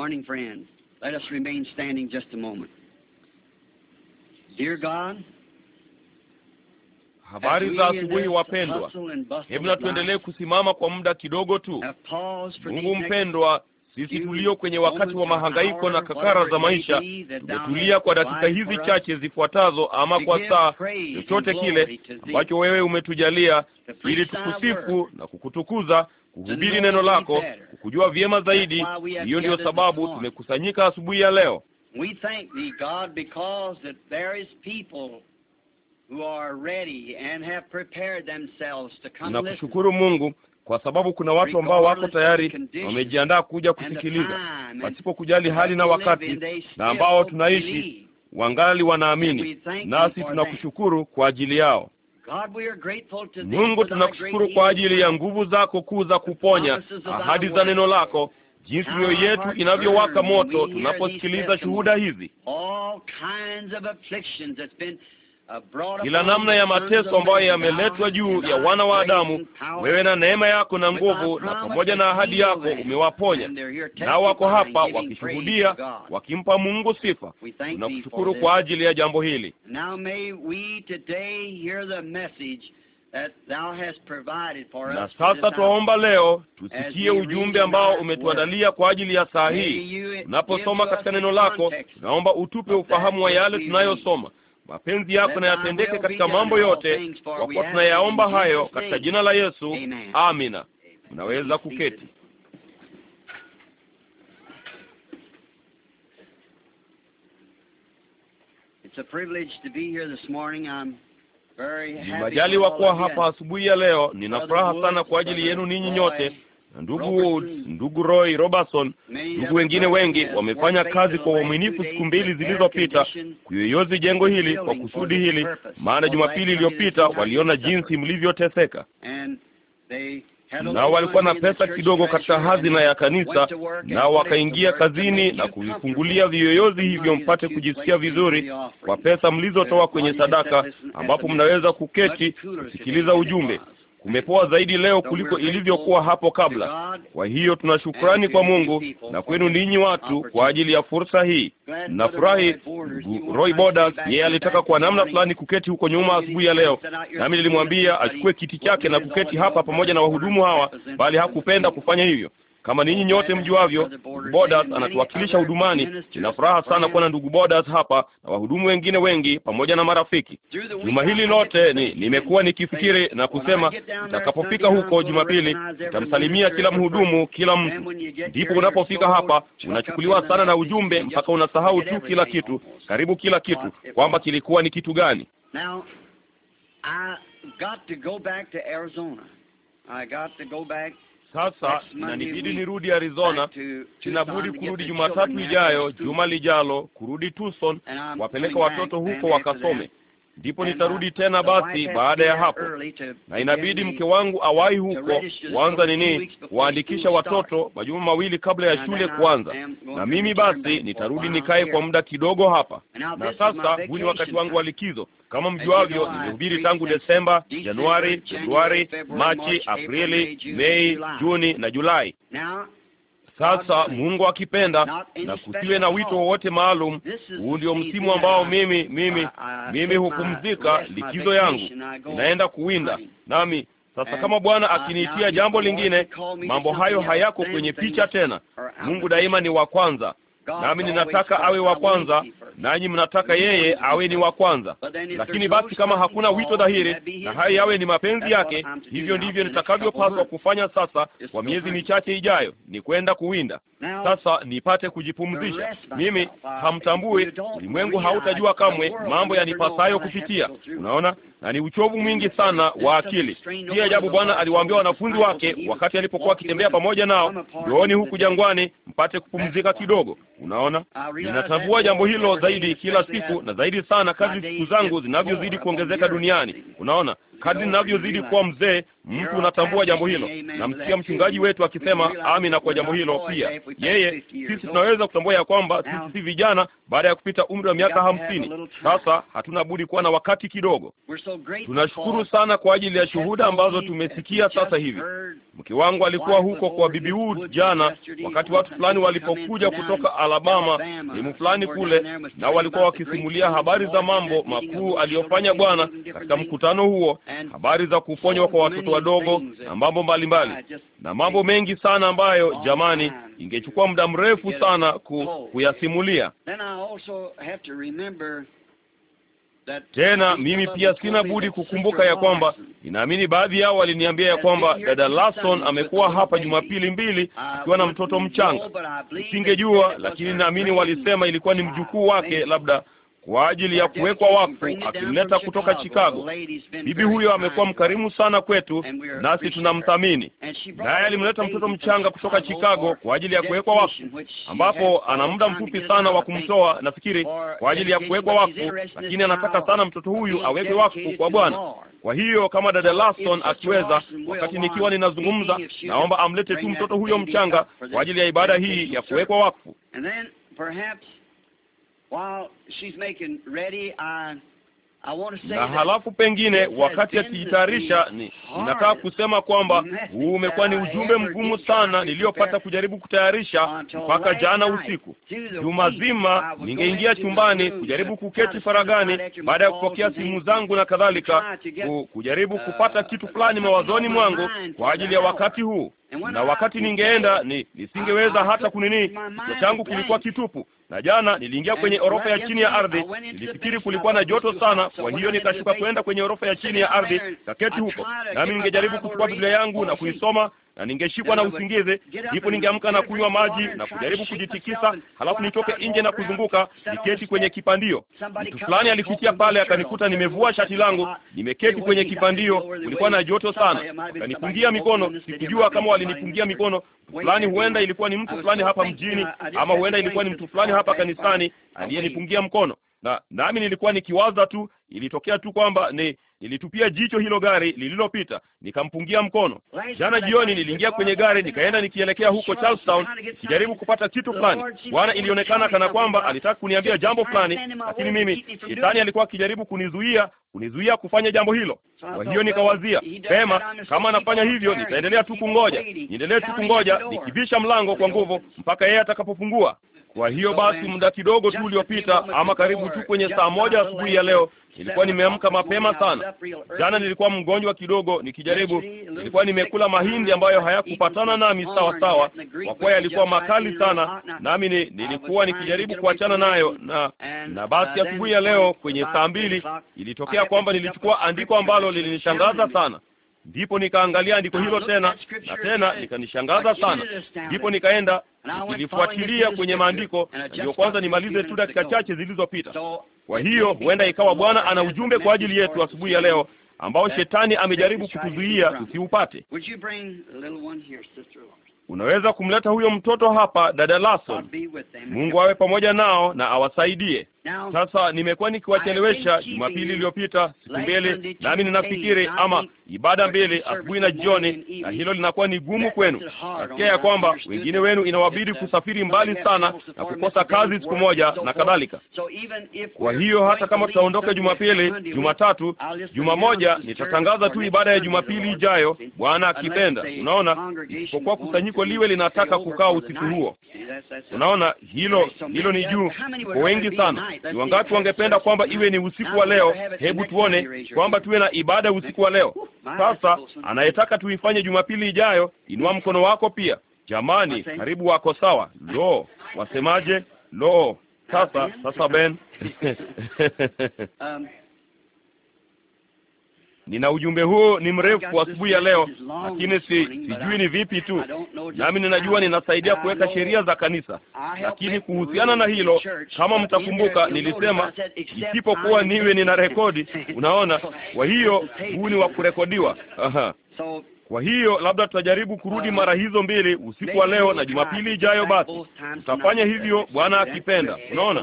Morning, friends. Let us remain standing just a moment. Dear God, Habari za asubuhi wapendwa, hebu na tuendelee kusimama kwa muda kidogo tu. Mungu mpendwa, sisi tulio kwenye wakati wa mahangaiko na kakara za maisha, tumetulia kwa dakika hizi chache zifuatazo, ama kwa saa chochote kile ambacho wewe umetujalia, ili tukusifu na kukutukuza kuhubiri neno lako, kukujua vyema zaidi. Hiyo ndiyo sababu tumekusanyika asubuhi ya leo. Tunakushukuru Mungu kwa sababu kuna watu ambao wako tayari wamejiandaa kuja kusikiliza pasipo kujali hali na wakati, na ambao tunaishi wangali wanaamini, nasi tunakushukuru kwa ajili yao. Mungu, tunakushukuru kwa ajili ya nguvu zako kuu za kuponya, ahadi za neno lako, jinsi mioyo yetu inavyowaka moto tunaposikiliza shuhuda hizi, kila namna ya mateso ambayo yameletwa juu ya wana wa Adamu, wewe na neema yako na nguvu na pamoja na ahadi yako umewaponya, nao wako hapa wakishuhudia, wakimpa Mungu sifa. Tunakushukuru kwa ajili ya jambo hili. Na sasa twaomba leo tusikie ujumbe ambao umetuandalia kwa ajili ya saa hii. Unaposoma katika neno lako, tunaomba utupe ufahamu wa yale tunayosoma mapenzi yako na yatendeke katika mambo yote, kwa kuwa tunayaomba hayo katika jina la Yesu, amina. Mnaweza kuketi. wa kuwa hapa asubuhi ya leo. Nina furaha sana kwa ajili yenu ninyi nyote, ndugu Wood, ndugu Roy Robertson, ndugu wengine wengi wamefanya kazi kwa uaminifu siku mbili zilizopita kuyoyozi jengo hili kwa kusudi hili, maana Jumapili iliyopita waliona jinsi mlivyoteseka nao walikuwa na pesa kidogo katika hazina ya kanisa, nao wakaingia kazini na kuvifungulia viyoyozi hivyo mpate kujisikia vizuri kwa pesa mlizotoa kwenye sadaka, ambapo mnaweza kuketi kusikiliza ujumbe. Kumepoa zaidi leo kuliko ilivyokuwa hapo kabla. Kwa hiyo tuna shukrani kwa Mungu na kwenu ninyi watu kwa ajili ya fursa hii. Nafurahi Roy Bodas, yeye alitaka kwa namna fulani kuketi huko nyuma asubuhi ya leo, nami nilimwambia achukue kiti chake na kuketi hapa pamoja na wahudumu hawa, bali hakupenda kufanya hivyo. Kama ninyi nyote mjuavyo, Bodas anatuwakilisha hudumani. Nina furaha sana kuwa na ndugu Bodas hapa na wahudumu wengine wengi pamoja na marafiki. Juma hili lote ni nimekuwa nikifikiri na kusema, nitakapofika huko Jumapili nitamsalimia kila mhudumu, kila mtu. Ndipo unapofika hapa unachukuliwa sana na ujumbe mpaka unasahau tu kila kitu, karibu kila kitu, kwamba kilikuwa ni kitu gani. Sasa inanibidi nirudi Arizona, sinabudi kurudi Jumatatu ijayo, juma lijalo kurudi Tucson, wapeleka watoto huko wakasome ndipo uh, nitarudi tena basi baada ya hapo, na inabidi mke wangu awahi huko kuanza nini, kuwaandikisha watoto majuma mawili kabla ya shule kuanza, na mimi basi nitarudi nikae kwa muda kidogo hapa. Na sasa huu ni wakati wangu wa likizo. Kama mjuavyo, nimehubiri tangu Desemba, Januari, Februari, Machi, Aprili, Mei, Juni na Julai. Sasa Mungu akipenda, na kusiwe na wito wowote maalum. Huu ndio msimu ambao mimi mimi mimi hupumzika likizo yangu, inaenda kuwinda nami sasa kama Bwana akiniitia jambo lingine, mambo hayo hayako kwenye picha tena. Mungu daima ni wa kwanza, nami ninataka awe wa kwanza, nanyi mnataka yeye awe ni wa kwanza. Lakini basi kama hakuna wito dhahiri na hayo yawe ni mapenzi yake, hivyo ndivyo nitakavyopaswa kufanya sasa. Kwa miezi michache ijayo ni kwenda kuwinda sasa nipate kujipumzisha. Mimi hamtambui, ulimwengu hautajua kamwe mambo yanipasayo kupitia. Unaona, na ni uchovu mwingi sana wa akili. Si ajabu Bwana aliwaambia wanafunzi wake wakati alipokuwa akitembea pamoja nao, njooni huku jangwani mpate kupumzika kidogo. Unaona, ninatambua jambo hilo zaidi kila siku na zaidi sana, kazi siku zangu zinavyozidi kuongezeka duniani. Unaona, Kadri ninavyozidi kuwa mzee, mtu unatambua jambo hilo. Namsikia mchungaji wetu akisema amina kwa jambo hilo pia. Yeye, sisi tunaweza kutambua ya kwamba sisi si vijana baada ya kupita umri wa miaka hamsini. Sasa hatuna budi kuwa na wakati kidogo. Tunashukuru sana kwa ajili ya shuhuda ambazo tumesikia sasa hivi. Mke wangu alikuwa huko kwa Bibi Wood jana, wakati watu fulani walipokuja kutoka Alabama, sehemu fulani kule, na walikuwa wakisimulia habari za mambo makuu aliyofanya Bwana katika mkutano huo habari za kuponywa kwa watoto wadogo na mambo mbalimbali na mambo mengi sana ambayo, oh, jamani, ingechukua muda mrefu sana ku, oh. kuyasimulia. Tena mimi pia sina budi kukumbuka ya kwamba ninaamini baadhi yao waliniambia ya kwamba dada Lawson amekuwa hapa Jumapili mbili uh, akiwa na mtoto mchanga. Singejua, lakini naamini walisema ilikuwa ni mjukuu wake labda kwa ajili ya kuwekwa wakfu, akimleta kutoka Chicago. Bibi huyo amekuwa mkarimu sana kwetu, nasi tunamthamini. Naye alimleta mtoto mchanga kutoka Chicago kwa ajili ya kuwekwa wakfu, ambapo ana muda mfupi sana wa kumtoa, nafikiri, kwa ajili ya kuwekwa wakfu, lakini anataka sana mtoto huyu awekwe wakfu kwa Bwana. Kwa hiyo kama dada Laston akiweza, wakati nikiwa ninazungumza, naomba amlete tu mtoto huyo mchanga kwa ajili ya ibada hii ya kuwekwa wakfu na halafu pengine wakati akijitayarisha, ninataka kusema kwamba huu umekuwa ni ujumbe mgumu sana niliyopata kujaribu kutayarisha mpaka jana usiku. Juma zima ningeingia chumbani kujaribu kuketi faragani, baada ya kupokea simu zangu na kadhalika, kujaribu uh, kupata kitu fulani mawazoni mwangu kwa ajili ya wakati huu na wakati ningeenda ni nisingeweza hata kunini, kichwa changu kilikuwa kitupu na jana niliingia kwenye orofa ya chini ya ardhi. Nilifikiri kulikuwa na joto sana, kwa hiyo nikashuka kwenda kwenye orofa ya chini ya ardhi, kaketi huko, nami ningejaribu kuchukua Biblia yangu na kuisoma na ningeshikwa na usingizi, ndipo ningeamka na kunywa maji na kujaribu kujitikisa, halafu nitoke nje na kuzunguka, niketi kwenye kipandio. Mtu fulani alipitia pale akanikuta nimevua shati langu, nimeketi kwenye kipandio. Kulikuwa na joto sana, akanipungia mikono. Sikujua kama walinipungia mikono fulani, huenda ilikuwa ni mtu fulani hapa mjini, ama huenda ilikuwa ni mtu fulani hapa kanisani aliyenipungia mkono na nami nilikuwa nikiwaza tu, ilitokea tu kwamba ni nilitupia jicho hilo gari lililopita, nikampungia mkono. Jana jioni niliingia kwenye gari nikaenda nikielekea huko Charlestown, nikijaribu kupata kitu fulani. Bwana ilionekana kana kwamba alitaka kuniambia jambo fulani, lakini mimi, shetani alikuwa akijaribu kunizuia kunizuia kufanya jambo hilo. Kwa hiyo nikawazia pema, kama anafanya hivyo, nitaendelea tu kungoja, niendelee tu kungoja, nikivisha mlango kwa nguvu mpaka yeye atakapofungua. Kwa hiyo basi, muda kidogo tu uliopita, ama karibu tu kwenye saa moja asubuhi ya leo, nilikuwa nimeamka mapema sana. Jana nilikuwa mgonjwa kidogo, nikijaribu, nilikuwa nimekula mahindi ambayo hayakupatana nami sawa sawa, kwa kuwa yalikuwa makali sana, nami nilikuwa nikijaribu kuachana nayo na, na basi, asubuhi ya leo kwenye saa mbili ilitokea kwamba nilichukua andiko ambalo lilinishangaza sana. Ndipo nikaangalia andiko hilo tena na tena, nikanishangaza sana. Ndipo nikaenda nikilifuatilia kwenye maandiko, ndio kwanza nimalize tu dakika chache zilizopita. Kwa hiyo huenda ikawa Bwana ana ujumbe kwa ajili yetu asubuhi ya leo ambao shetani amejaribu kutuzuia tusiupate. Unaweza kumleta huyo mtoto hapa, dada lason Mungu awe pamoja nao na awasaidie. Sasa nimekuwa nikiwachelewesha Jumapili iliyopita siku mbili, nami ninafikiri ama ibada mbili, asubuhi na jioni, na hilo linakuwa ni gumu kwenu. Nasikia ya kwamba wengine wenu inawabidi kusafiri mbali sana na kukosa kazi siku moja na kadhalika. Kwa hiyo hata kama tutaondoka Jumapili, Jumatatu, Jumamoja, nitatangaza tu ibada ya Jumapili ijayo, Bwana akipenda. Unaona, isipokuwa kusanyiko liwe linataka kukaa usiku huo. Unaona, hilo hilo ni juu, kwa wengi sana ni wangapi wangependa kwamba iwe ni usiku wa leo? Hebu tuone kwamba tuwe na ibada usiku wa leo. Sasa anayetaka tuifanye Jumapili ijayo, inua mkono wako pia. Jamani, karibu wako sawa. Lo, wasemaje? Lo, sasa sasa Ben Nina ujumbe huo, ni mrefu kwa asubuhi ya leo, lakini si sijui ni vipi tu, nami ninajua ninasaidia kuweka sheria za kanisa, lakini kuhusiana na hilo, kama mtakumbuka, nilisema isipokuwa niwe nina rekodi. Unaona, kwa hiyo huu ni wa kurekodiwa. Aha. Kwa hiyo labda tutajaribu kurudi mara hizo mbili usiku wa leo na Jumapili ijayo. Basi tutafanya hivyo Bwana akipenda. Unaona,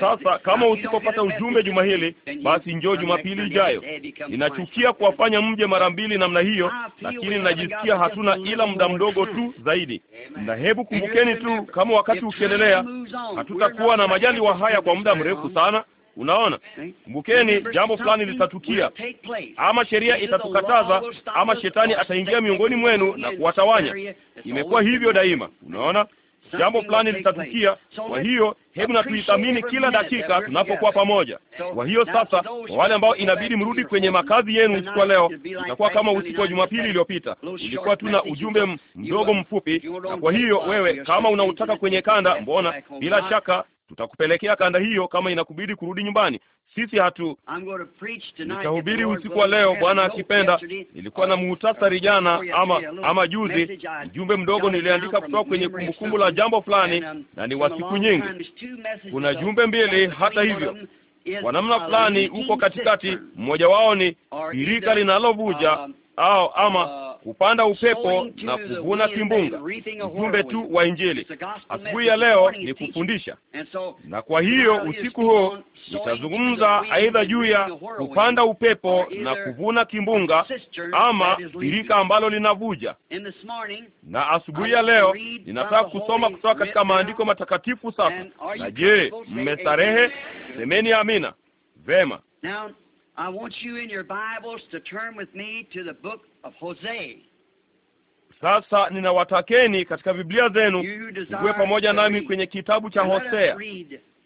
sasa kama usipopata ujumbe juma hili, basi njoo Jumapili ijayo. Ninachukia kuwafanya mje mara mbili namna hiyo, lakini ninajisikia hatuna ila muda mdogo tu zaidi, na hebu kumbukeni tu, kama wakati ukiendelea, hatutakuwa na majali wa haya kwa muda mrefu sana Unaona, kumbukeni, jambo fulani litatukia, ama sheria itatukataza, ama shetani ataingia miongoni mwenu na kuwatawanya. Imekuwa hivyo daima. Unaona, jambo fulani litatukia. Kwa hiyo hebu na tuithamini kila dakika tunapokuwa pamoja. Kwa hiyo sasa, kwa wale ambao inabidi mrudi kwenye makazi yenu usiku wa leo, itakuwa kama usiku wa Jumapili iliyopita, ulikuwa tu na ujumbe mdogo mfupi. Na kwa hiyo wewe, kama unautaka kwenye kanda, mbona bila shaka tutakupelekea kanda hiyo kama inakubidi kurudi nyumbani. Sisi hatu nitahubiri usiku wa leo, Bwana akipenda. Nilikuwa na muhtasari jana ama ama juzi, jumbe mdogo niliandika kutoka kwenye kumbukumbu la jambo fulani, um, na ni wa siku nyingi. Kuna jumbe mbili, hata hivyo kwa namna uh, fulani uko katikati. Mmoja wao ni shirika linalovuja um, au ama uh, kupanda upepo na kuvuna kimbunga, ujumbe tu wa Injili. Asubuhi ya leo ni kufundisha, na kwa hiyo usiku huu nitazungumza aidha juu ya kupanda upepo na kuvuna kimbunga, ama shirika ambalo linavuja. Na asubuhi ya leo ninataka kusoma kutoka katika maandiko matakatifu sasa. Na je, mmestarehe? Semeni amina. Vema. I want you in your Bibles to turn with me to the book of Hosea. Sasa ninawatakeni katika Biblia zenu kuwe pamoja nami kwenye kitabu cha Hosea.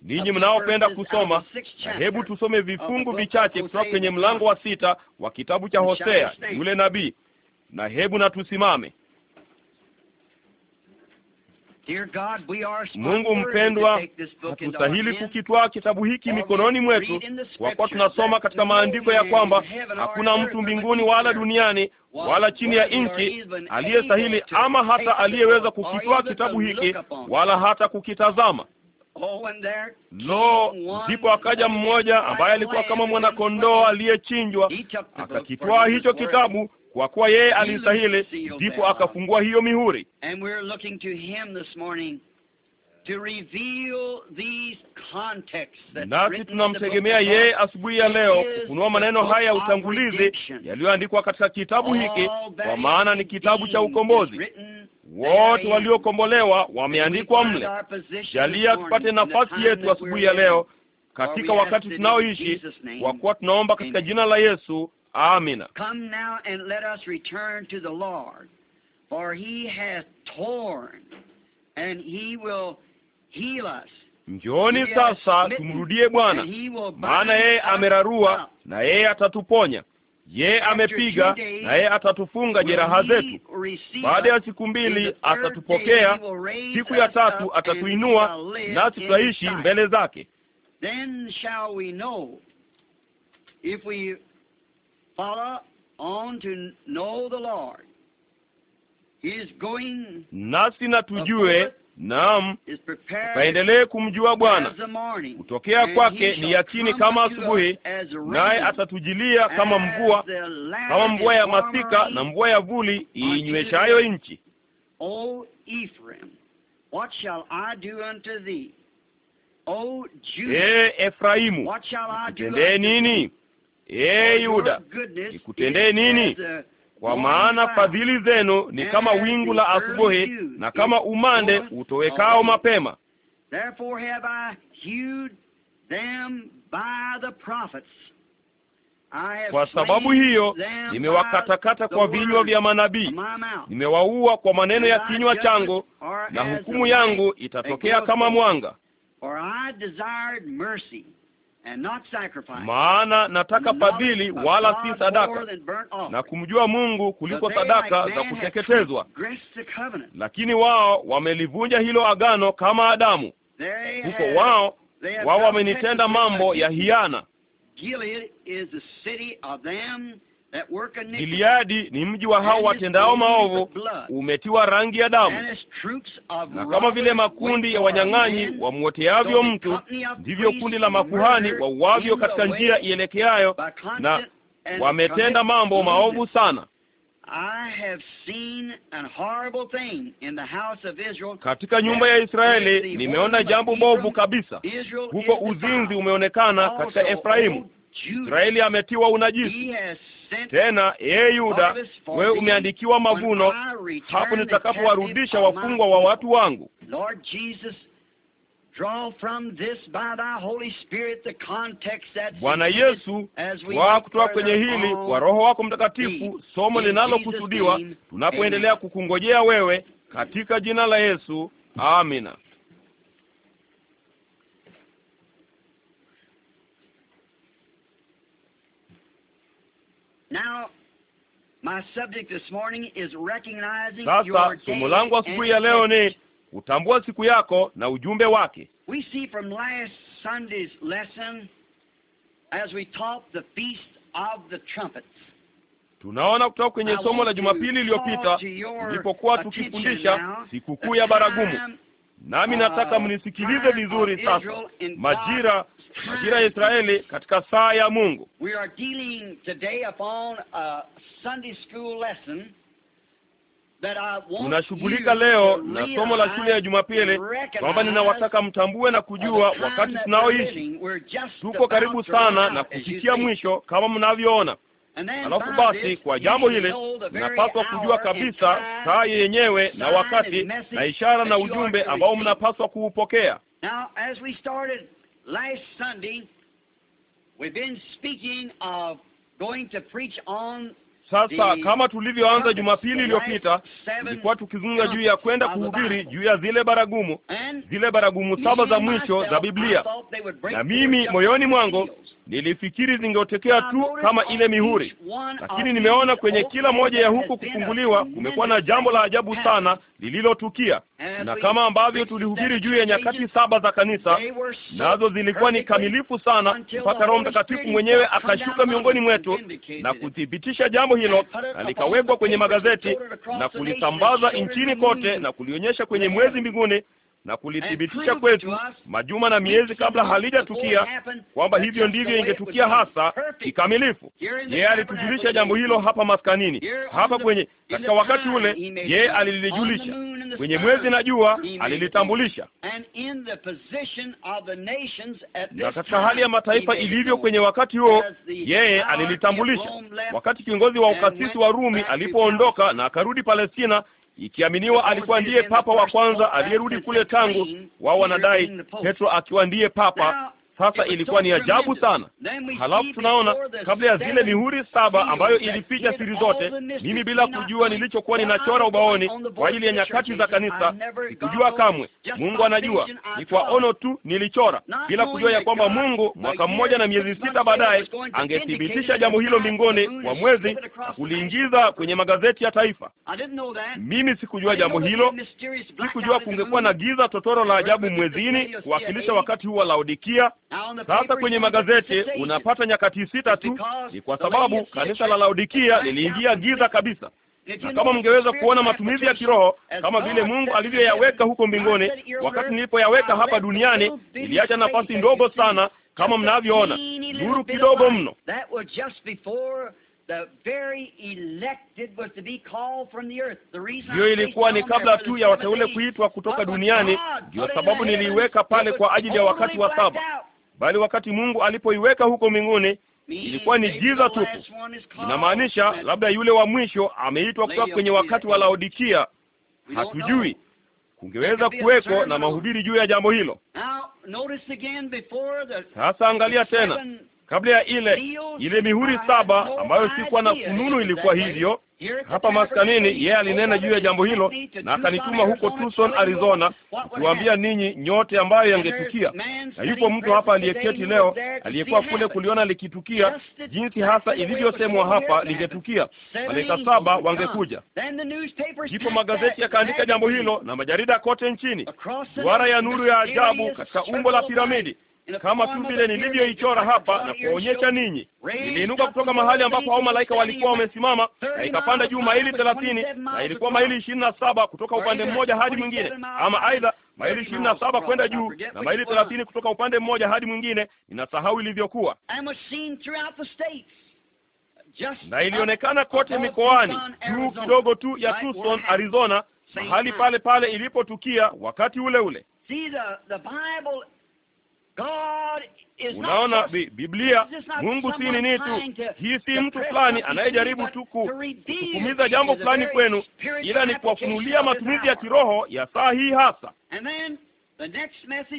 Ninyi mnaopenda kusoma, na hebu tusome vifungu vichache kutoka kwenye mlango wa sita wa kitabu cha Hosea yule nabii, na hebu na tusimame. Mungu mpendwa, hatustahili kukitwaa kitabu hiki mikononi mwetu, kwa kuwa tunasoma katika maandiko ya kwamba hakuna mtu mbinguni wala duniani wala chini ya nchi aliyestahili ama hata aliyeweza kukitwaa kitabu hiki wala hata kukitazama. Oh, Lo, ndipo akaja mmoja ambaye alikuwa kama mwanakondoo aliyechinjwa, akakitwaa hicho kitabu kwa kuwa yeye alistahili, ndipo akafungua hiyo mihuri. Nasi tunamtegemea yeye asubuhi ya leo kufunua maneno haya ya utangulizi yaliyoandikwa katika kitabu hiki, kwa maana ni kitabu cha ukombozi. Wote waliokombolewa wameandikwa mle. Jalia tupate nafasi yetu asubuhi ya leo katika wakati tunaoishi, kwa kuwa tunaomba katika jina la Yesu. Amina. Come now and let us return to the Lord, for he has torn and he will heal us. Njooni sasa tumrudie Bwana, maana yeye amerarua na yeye atatuponya, yeye amepiga na yeye atatufunga jeraha zetu. Baada ya siku mbili atatupokea, siku ya tatu atatuinua, nasi tutaishi mbele zake. Then shall we know if we nasi na tujue, naam, tukaendelee kumjua Bwana. Kutokea kwake ni yakini kama asubuhi, naye atatujilia kama mvua, kama mvua ya masika na mvua ya vuli iinyweshayo nchi. O Ephraim, what shall I do unto thee? O Judah, ee Efraimu, nitendee nini? Ee Yuda, ikutendee nini? Kwa maana fadhili zenu ni kama wingu la asubuhi na kama umande utowekao mapema. Kwa sababu hiyo nimewakatakata kwa vinywa vya manabii, nimewaua kwa maneno ya kinywa changu, na hukumu yangu itatokea kama mwanga maana nataka fadhili wala si sadaka, na kumjua Mungu kuliko sadaka za kuteketezwa. Lakini wao wamelivunja hilo agano kama Adamu. Huko wao wao wamenitenda mambo ya hiana. Gileadi ni mji wa hao watendao maovu, umetiwa rangi ya damu, na kama vile makundi ya wanyang'anyi wamwoteavyo mtu, ndivyo kundi la makuhani wauavyo katika njia ielekeayo, na wametenda mambo maovu sana. I have seen an horrible thing in the house of Israel. Katika nyumba ya Israeli nimeona jambo bovu kabisa. Huko uzinzi umeonekana katika Efraimu. Israeli ametiwa unajisi. Tena ye ee Yuda, wewe umeandikiwa mavuno, hapo nitakapowarudisha wafungwa wa watu wangu. Bwana Yesu, twaa kutoka kwenye hili kwa Roho wako Mtakatifu somo linalokusudiwa tunapoendelea kukungojea wewe, katika jina la Yesu, amina. Sasa somo langu asubuhi ya leo ni kutambua siku yako na ujumbe wake. Tunaona kutoka kwenye somo la Jumapili iliyopita tulipokuwa tukifundisha sikukuu ya baragumu. Nami nataka mnisikilize vizuri sasa, majira majira ya Israeli katika saa ya Mungu. We are dealing today upon a Sunday school lesson Tunashughulika leo na somo la shule ya Jumapili, kwamba ninawataka mtambue na kujua wakati tunaoishi. Tuko karibu sana na kufikia mwisho kama mnavyoona. Alafu basi, kwa jambo hili mnapaswa kujua kabisa saa yenyewe na wakati na ishara na ujumbe ambao mnapaswa kuupokea last Sunday, we've been speaking of going to preach on sasa kama tulivyoanza Jumapili iliyopita tulikuwa tukizungumza juu ya kwenda kuhubiri juu ya zile baragumu, zile baragumu saba za mwisho za Biblia, na mimi moyoni mwangu Nilifikiri zingeotekea ah, tu kama ile mihuri, lakini nimeona kwenye kila moja ya huku kufunguliwa kumekuwa na jambo la ajabu sana lililotukia. Na kama ambavyo tulihubiri juu ya nyakati saba za kanisa, nazo zilikuwa ni kamilifu sana mpaka Roho Mtakatifu mwenyewe akashuka miongoni mwetu na kuthibitisha jambo hilo, na likawekwa kwenye magazeti na kulisambaza nchini kote na kulionyesha kwenye mwezi mbinguni na kulithibitisha kwetu majuma na miezi kabla halijatukia kwamba hivyo ndivyo ingetukia hasa kikamilifu. Yeye alitujulisha jambo hilo hapa maskanini, hapa kwenye katika wakati ule, yeye alilijulisha kwenye mwezi na jua, alilitambulisha na katika hali ya mataifa ilivyo kwenye wakati huo, yeye alilitambulisha. Wakati kiongozi wa ukasisi wa Rumi alipoondoka na akarudi Palestina ikiaminiwa alikuwa ndiye papa wa kwanza aliyerudi kule tangu wao wanadai Petro akiwa ndiye papa sasa ilikuwa ni ajabu sana. Halafu tunaona kabla ya zile mihuri saba ambayo ilipiga siri zote, mimi bila kujua nilichokuwa ninachora ubaoni kwa ajili ya nyakati za kanisa, sikujua kamwe. Mungu anajua, ni kwa ono tu nilichora, bila kujua ya kwamba Mungu mwaka mmoja na miezi sita baadaye angethibitisha jambo hilo mbinguni kwa mwezi na kuliingiza kwenye magazeti ya taifa. Mimi sikujua jambo hilo, sikujua kungekuwa na giza totoro la ajabu mwezini kuwakilisha wakati huwa wa Laodikia. Sasa kwenye magazeti unapata nyakati sita tu, ni kwa sababu kanisa la Laodikia liliingia giza kabisa. Na kama mngeweza kuona matumizi ya kiroho kama vile Mungu alivyoyaweka huko mbinguni, wakati nilipoyaweka hapa duniani, niliacha nafasi ndogo sana, kama mnavyoona, nuru kidogo mno. Hiyo ilikuwa ni kabla tu ya wateule kuitwa kutoka duniani. ndio sababu niliiweka pale kwa ajili ya wakati wa saba bali wakati Mungu alipoiweka huko mbinguni ilikuwa ni giza tupu. Inamaanisha labda yule wa mwisho ameitwa kutoka kwenye wakati wa Laodikia, hatujui. Kungeweza kuweko na mahubiri juu ya jambo hilo. Sasa angalia tena, kabla ya ile ile mihuri saba ambayo sikuwa na kununu, ilikuwa hivyo hapa maskanini, yeye alinena juu ya jambo hilo na akanituma huko Tucson, Arizona, kuambia ninyi nyote ambayo yangetukia. Na yupo mtu hapa aliyeketi leo aliyekuwa kule kuliona likitukia, jinsi hasa ilivyosemwa hapa lingetukia. Malaika saba wangekuja. Ndipo magazeti yakaandika jambo hilo na majarida kote nchini, duara ya nuru ya ajabu katika umbo la piramidi kama tu vile nilivyoichora hapa na kuwaonyesha ninyi. Niliinuka kutoka mahali ambapo hao malaika walikuwa wamesimama, na ikapanda juu maili thelathini, na ilikuwa maili ishirini na saba kutoka upande mmoja hadi mwingine, ama aidha maili ishirini na saba kwenda juu na maili thelathini kutoka upande mmoja hadi mwingine. Ninasahau ilivyokuwa na ilionekana kote mikoani, juu kidogo tu ya Tucson, Arizona, mahali pale pale ilipotukia wakati ule ule. Unaona Biblia, Mungu si nini tu, hii si mtu fulani anayejaribu tu kusukumiza jambo fulani kwenu, ila ni kuwafunulia matumizi ya kiroho ya saa hii hasa.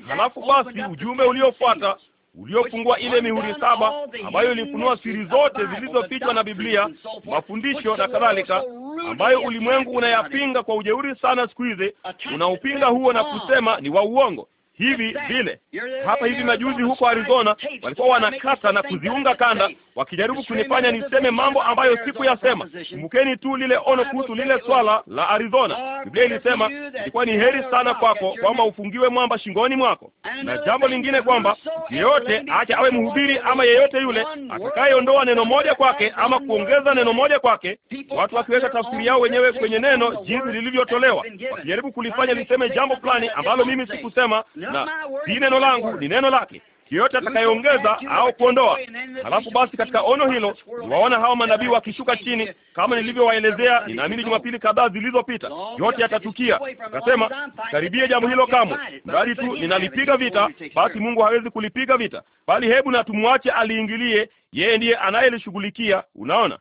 Halafu basi ujumbe uliofuata uliofungua ile mihuri saba ambayo ilifunua siri zote zilizofichwa na Biblia, mafundisho na kadhalika, ambayo ulimwengu unayapinga kwa ujeuri sana siku hizi. Unaupinga huo na kusema ni wa uongo hivi vile. Hapa hivi majuzi huko Arizona walikuwa wanakata na kuziunga kanda wakijaribu kunifanya niseme mambo ambayo sikuyasema. Kumbukeni tu lile ono kuhusu lile swala la Arizona. Biblia ilisema ilikuwa ni heri sana kwako kwamba ufungiwe mwamba shingoni mwako, na jambo lingine kwamba yeyote acha awe mhubiri ama yeyote yule atakayeondoa neno moja kwake ama kuongeza neno moja kwake, watu wakiweka tafsiri yao wenyewe kwenye neno jinsi lilivyotolewa, wakijaribu kulifanya liseme jambo fulani ambalo mimi sikusema, na si neno langu, ni neno lake yeyote atakayeongeza au kuondoa. Halafu basi katika ono hilo waona hao manabii wakishuka chini, kama nilivyowaelezea, ninaamini Jumapili kadhaa zilizopita, yote yatatukia. Kasema karibie jambo hilo kamwe, mradi tu ninalipiga vita. Basi Mungu hawezi kulipiga vita, bali hebu na tumwache aliingilie, yeye ndiye anayelishughulikia. Unaona.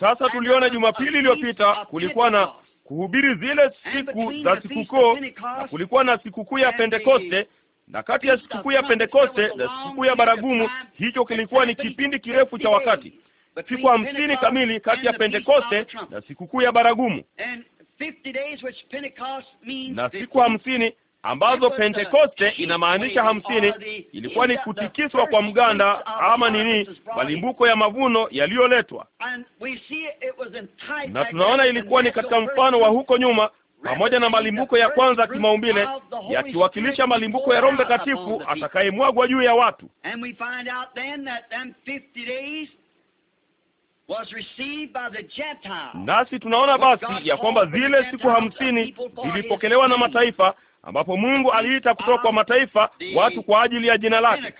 Sasa tuliona Jumapili iliyopita kulikuwa na kuhubiri zile siku za sikukuu, na kulikuwa na sikukuu ya Pentekoste na kati ya sikukuu ya Pentekoste na sikukuu ya baragumu, hicho kilikuwa ni kipindi kirefu cha wakati, siku hamsini kamili kati ya Pentekoste na sikukuu ya baragumu, na siku hamsini ambazo Pentekoste inamaanisha hamsini, ilikuwa ni kutikiswa kwa mganda ama nini, malimbuko ya mavuno yaliyoletwa, na tunaona ilikuwa ni katika mfano wa huko nyuma pamoja na malimbuko ya kwanza kimaumbile yakiwakilisha malimbuko ya Roho Mtakatifu atakayemwagwa juu ya watu. Nasi tunaona basi ya kwamba zile siku hamsini zilipokelewa na mataifa ambapo Mungu aliita kutoka kwa ah, mataifa watu kwa ajili ya jina lake,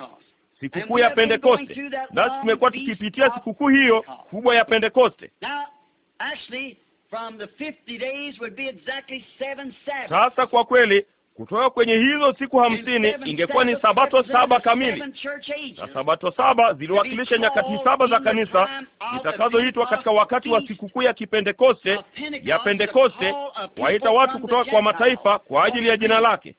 sikukuu ya Pentekoste. Nasi tumekuwa tukipitia sikukuu hiyo kubwa ya Pentekoste. Sasa kwa kweli kutoka kwenye hizo siku hamsini ingekuwa ni sabato saba kamili, na sabato saba ziliwakilisha nyakati saba za kanisa zitakazoitwa katika wakati wa sikukuu ya Kipentekoste ya Pentekoste, waita watu kutoka kwa mataifa kwa ajili ya jina lake.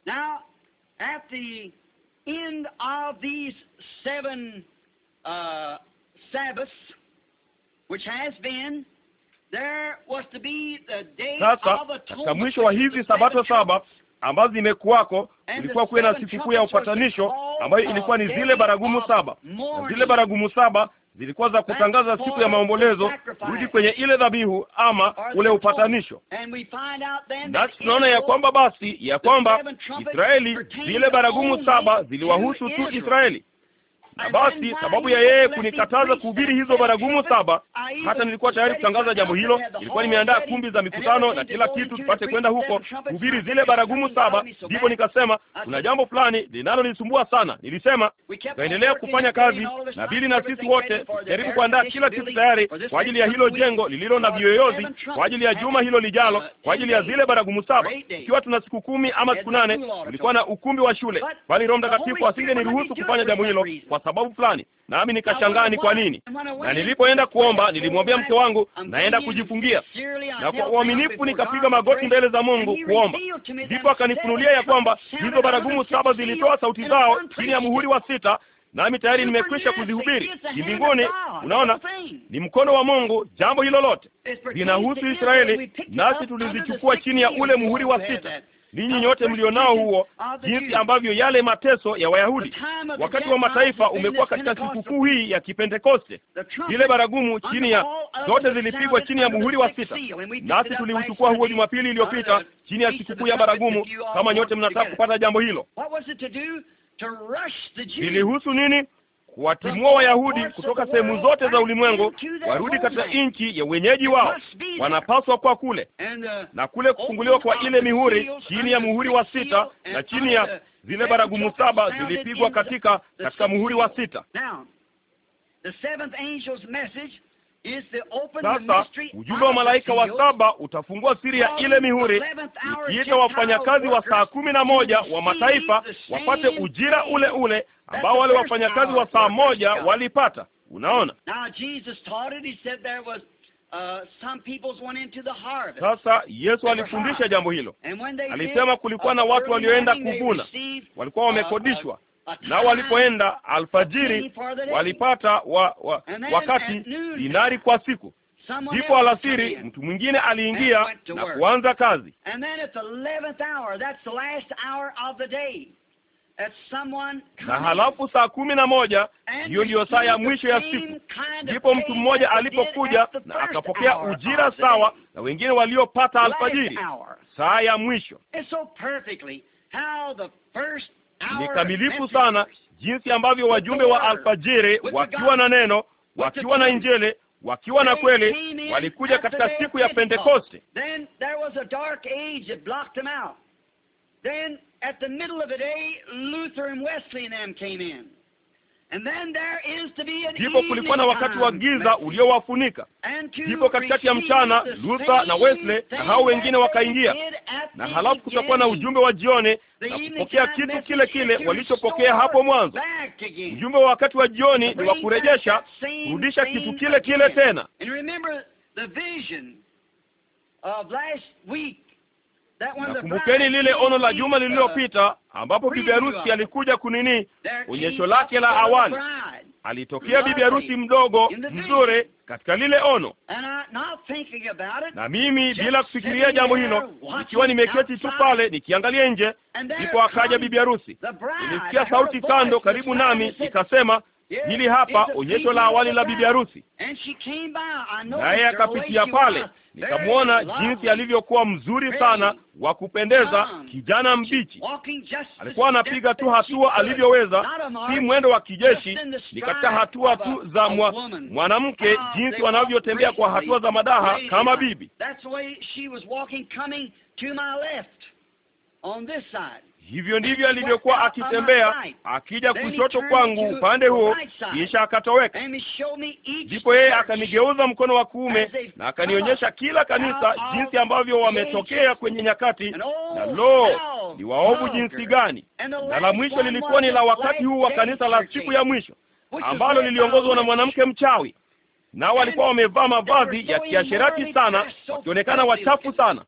Uh, Sasa katika mwisho wa hizi sabato saba ambazo zimekuwako, ilikuwa kuwe na sikukuu ya upatanisho ambayo ilikuwa ni zile baragumu saba, na zile baragumu saba zilikuwa za kutangaza siku ya maombolezo, kurudi kwenye ile dhabihu ama ule upatanisho. Nasi tunaona ya kwamba basi, ya kwamba Israeli, zile baragumu saba ziliwahusu tu Israeli. Na basi sababu ya yeye kunikataza kuhubiri hizo baragumu saba, hata nilikuwa tayari kutangaza jambo hilo, Nilikuwa nimeandaa kumbi za mikutano na kila kitu, tupate kwenda huko kuhubiri zile baragumu saba. Ndipo nikasema kuna jambo fulani linalonisumbua sana. Nilisema tutaendelea kufanya kazi na Bili na sisi wote jaribu kuandaa kila kitu tayari kwa ajili ya hilo jengo lililo na viyoyozi, kwa ajili ya juma hilo lijalo, uh, kwa ajili ya zile baragumu saba. Ikiwa tuna siku kumi ama siku nane, tulikuwa na ukumbi wa shule, bali Roho Mtakatifu asingeniruhusu kufanya jambo hilo kwa sababu fulani, nami nikashangaa ni kwa nini. Na nilipoenda kuomba, nilimwambia mke wangu naenda kujifungia, na kwa uaminifu nikapiga magoti mbele za Mungu kuomba. Ndipo akanifunulia ya kwamba hizo baragumu saba zilitoa sauti zao chini ya muhuri wa sita, nami tayari nimekwisha kuzihubiri mbinguni. Unaona, ni mkono wa Mungu. Jambo hilo lote linahusu Israeli, nasi tulizichukua chini ya ule muhuri wa sita. Ninyi nyote mlionao huo, jinsi ambavyo yale mateso ya Wayahudi wakati wa mataifa umekuwa katika sikukuu hii ya Kipentekoste. Ile baragumu chini ya zote zilipigwa chini ya muhuri wa sita, nasi tuliuchukua huo Jumapili iliyopita chini ya sikukuu ya baragumu. Kama nyote mnataka kupata jambo hilo, ilihusu nini? kuwatimua Wayahudi kutoka sehemu zote za ulimwengu warudi katika nchi ya wenyeji wao. Wanapaswa kwa kule na kule kufunguliwa kwa ile mihuri, chini ya muhuri wa sita na chini ya zile baragumu saba zilipigwa katika katika muhuri wa sita. Sasa ujumbe wa malaika wa saba utafungua siri ya ile mihuri, ikiita wafanyakazi wa saa kumi na moja wa mataifa wapate ujira ule ule ambao wale wafanyakazi wa saa moja walipata. Unaona, uh, sasa Yesu alifundisha jambo hilo, alisema kulikuwa na watu walioenda kuvuna, walikuwa wamekodishwa na walipoenda alfajiri walipata wa, wa, wakati dinari kwa siku. Ndipo alasiri mtu mwingine aliingia na kuanza kazi. Na halafu saa kumi na moja hiyo ndiyo saa ya mwisho ya siku, ndipo mtu mmoja alipokuja na akapokea ujira sawa na wengine waliopata alfajiri, saa ya mwisho. Ni kamilifu sana jinsi ambavyo wajumbe wa alfajiri wakiwa na neno, wakiwa na Injili, wakiwa na kweli walikuja katika siku ya Pentekoste. Then at the middle of the day Luther and came in. Ndipo kulikuwa na wakati wa giza uliowafunika. Ndipo katikati ya mchana Luther na Wesley na hao wengine wakaingia, na halafu kutakuwa na ujumbe wa jioni na kupokea kitu kile kile walichopokea hapo mwanzo. Ujumbe wa wakati wa jioni ni wa kurejesha, kurudisha kitu kile kile tena. Nakumbukeni lile ono la juma lililopita, ambapo bibi harusi alikuja kunini, onyesho lake la awali. Alitokea bibi harusi mdogo mzuri katika lile ono, na mimi bila kufikiria jambo hilo, nikiwa nimeketi tu pale nikiangalia nje, ndipo akaja bibi harusi. Nilisikia sauti kando karibu nami, ikasema hili hapa onyesho la awali la bibi harusi. Naye akapitia pale, nikamwona jinsi alivyokuwa mzuri sana wa kupendeza. Kijana mbichi alikuwa anapiga tu hatua alivyoweza, si mwendo wa kijeshi, ni katika hatua tu za mwa, mwanamke, ah, jinsi wanavyotembea kwa hatua za madaha kama bibi. Hivyo ndivyo alivyokuwa akitembea, akija kushoto kwangu upande huo, kisha akatoweka. Ndipo yeye akanigeuza mkono wa kuume na akanionyesha kila kanisa jinsi ambavyo wametokea kwenye nyakati, na lo, ni waovu jinsi gani! Na la mwisho lilikuwa ni la wakati huu wa kanisa la siku ya mwisho ambalo liliongozwa na mwanamke mchawi nao walikuwa wamevaa mavazi ya kiasherati sana, wakionekana wachafu sana,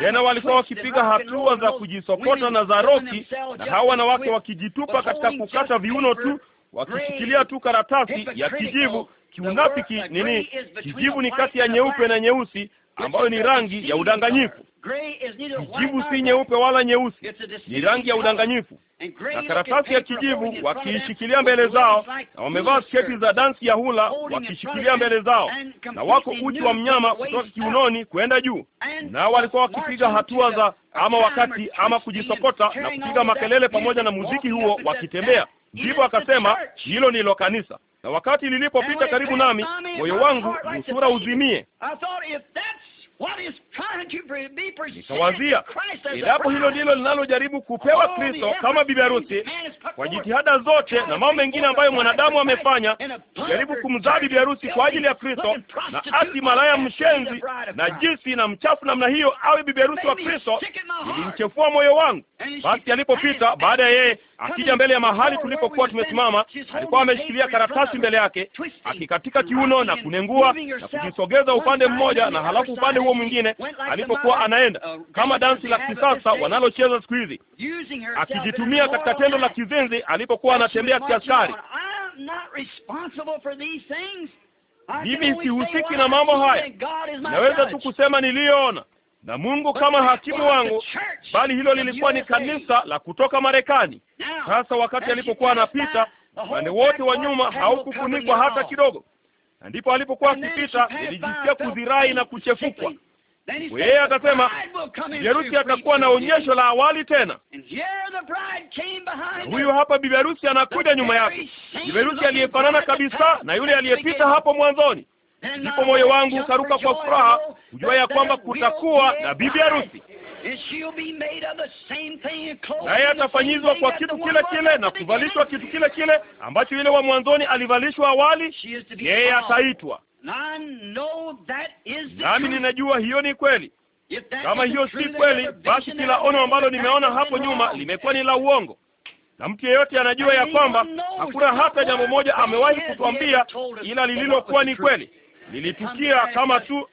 tena walikuwa wakipiga hatua za kujisokota na za roki, na hawa wanawake wakijitupa katika kukata viuno tu, wakishikilia tu karatasi ya kijivu. Kiunafiki nini? Kijivu ni kati ya nyeupe na nyeusi, ambayo ni rangi ya udanganyifu. Kijivu si nyeupe wala nyeusi, ni rangi ya udanganyifu. Na karatasi ya kijivu wakiishikilia mbele zao, na wamevaa sketi za dansi ya hula wakishikilia mbele zao, na wako uchi wa mnyama kutoka kiunoni kwenda juu, na walikuwa wakipiga hatua za ama wakati ama kujisokota na kupiga makelele pamoja na muziki huo wakitembea. Ndipo akasema hilo nilo kanisa, na wakati lilipopita karibu nami, moyo wangu usura uzimie nikawazia, endapo hilo ndilo linalojaribu kupewa Kristo kama bibi harusi, kwa jitihada zote na mambo mengine ambayo mwanadamu amefanya jaribu kumzaa bibi harusi kwa ajili ya Kristo, na ati malaya mshenzi na jinsi na mchafu namna hiyo awe bibi harusi wa Kristo, ilimchefua moyo wangu. Basi alipopita baada ya yeye akija mbele ya mahali tulipokuwa tumesimama, alikuwa ameshikilia karatasi mbele yake, akikatika kiuno na kunengua na kujisogeza upande mmoja na halafu upande huo mwingine, alipokuwa anaenda, kama dansi la kisasa wanalocheza siku hizi, akijitumia katika tendo la kizinzi alipokuwa anatembea kiaskari. Mimi sihusiki na mambo haya, naweza tu kusema niliyoona na Mungu kama hakimu wangu, bali hilo lilikuwa ni kanisa la kutoka Marekani. Sasa wakati alipokuwa anapita, upande wote wa nyuma haukufunikwa hata kidogo, na ndipo alipokuwa akipita nilijisikia kudhirai na kuchefukwa yeye atasema bibi atakuwa na onyesho la awali tena. Huyu hapa bibi-arusi anakuja nyuma yake, bibi-arusi aliyefanana kabisa na yule aliyepita hapo mwanzoni. Ndipo moyo wangu ukaruka kwa furaha kujua ya kwamba kutakuwa na bibi-arusi, naye atafanyizwa kwa kitu kile kile na kuvalishwa kitu kile kile ambacho yule wa mwanzoni alivalishwa awali. Yeye ataitwa nami ninajua hiyo ni kweli. Kama hiyo si kweli, basi kila ono ambalo nimeona hapo nyuma limekuwa ni la uongo, na mtu yeyote anajua ya kwamba hakuna hata jambo moja amewahi kutwambia ila lililokuwa ni kweli lilitukia kama tu.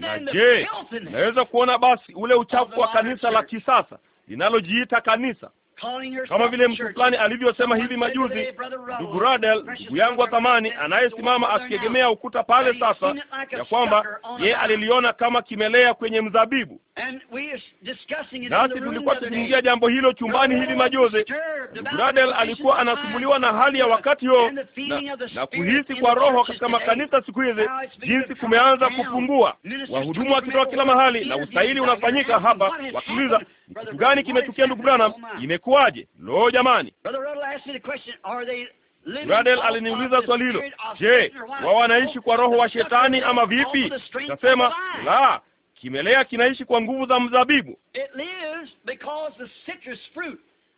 Na je, naweza kuona basi ule uchafu wa kanisa la kisasa linalojiita kanisa kama vile mtu fulani alivyosema hivi majuzi, ndugu Radel, ndugu yangu wa thamani, anayesimama akiegemea ukuta pale sasa, ya kwamba ye aliliona kama kimelea kwenye mzabibu. Nasi tulikuwa tukiingia jambo hilo chumbani hivi majuzi. Ndugu Radel alikuwa anasumbuliwa na hali ya wakati huo na, na kuhisi kwa roho katika makanisa siku hizi, jinsi kumeanza kupungua, wahudumu wakitoa kila mahali na ustahili unafanyika hapa, wakiuliza kitu gani kimetukia ndugu Branham, imekuwa itakuwaje? Lo, jamani! Radel aliniuliza swali hilo, je, wao wanaishi kwa roho wa shetani ama vipi? Nasema la, kimelea kinaishi kwa nguvu za mzabibu.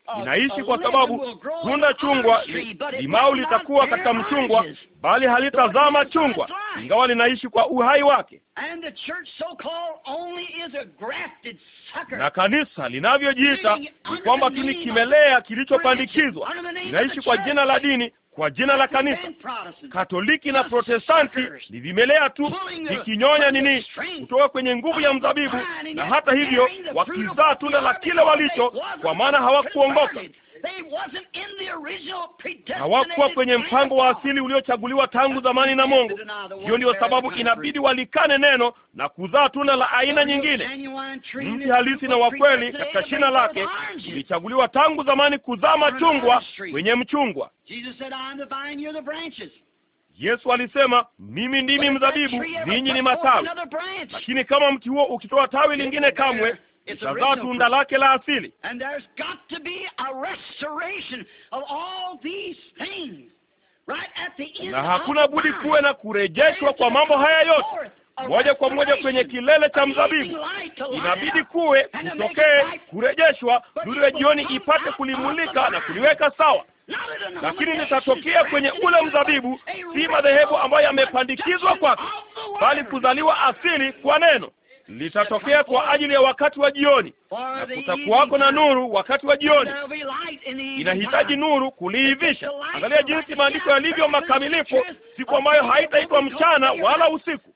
Oh, inaishi kwa sababu tunda chungwa li, limau litakuwa katika mchungwa, bali halitazama chungwa, ingawa linaishi kwa uhai wake. Na kanisa linavyojiita ni kwamba tu ni kimelea kilichopandikizwa, inaishi kwa jina la dini kwa jina la kanisa Katoliki na Protestanti ni vimelea tu vikinyonya nini kutoka kwenye nguvu ya mzabibu, na hata hivyo wakizaa tunda la kile walicho, kwa maana hawakuongoka hawakuwa kwenye mpango wa asili uliochaguliwa tangu zamani na Mungu. Hiyo ndiyo sababu inabidi walikane neno na kuzaa tunda la aina nyingine. Mti halisi na wakweli katika shina lake ulichaguliwa tangu zamani kuzaa machungwa kwenye mchungwa. Yesu alisema mimi ndimi mzabibu, ninyi ni matawi. Lakini kama mti huo ukitoa tawi lingine kamwe itazaa tunda lake la asili. And there's got to be a restoration of all these things right at the end. Na hakuna budi kuwe na kurejeshwa kwa mambo haya yote moja kwa moja kwenye kilele cha mzabibu. Inabidi kuwe kutokee kurejeshwa, nuru ya jioni ipate kulimulika na kuliweka sawa lakini litatokea kwenye ule mzabibu, si madhehebu ambayo yamepandikizwa kwake, bali kuzaliwa asili kwa neno litatokea kwa ajili ya wakati wa jioni, na kutakuwako na nuru wakati wa jioni. Inahitaji nuru kuliivisha. Angalia jinsi maandiko yalivyo makamilifu, siku ambayo haitaitwa mchana wala usiku.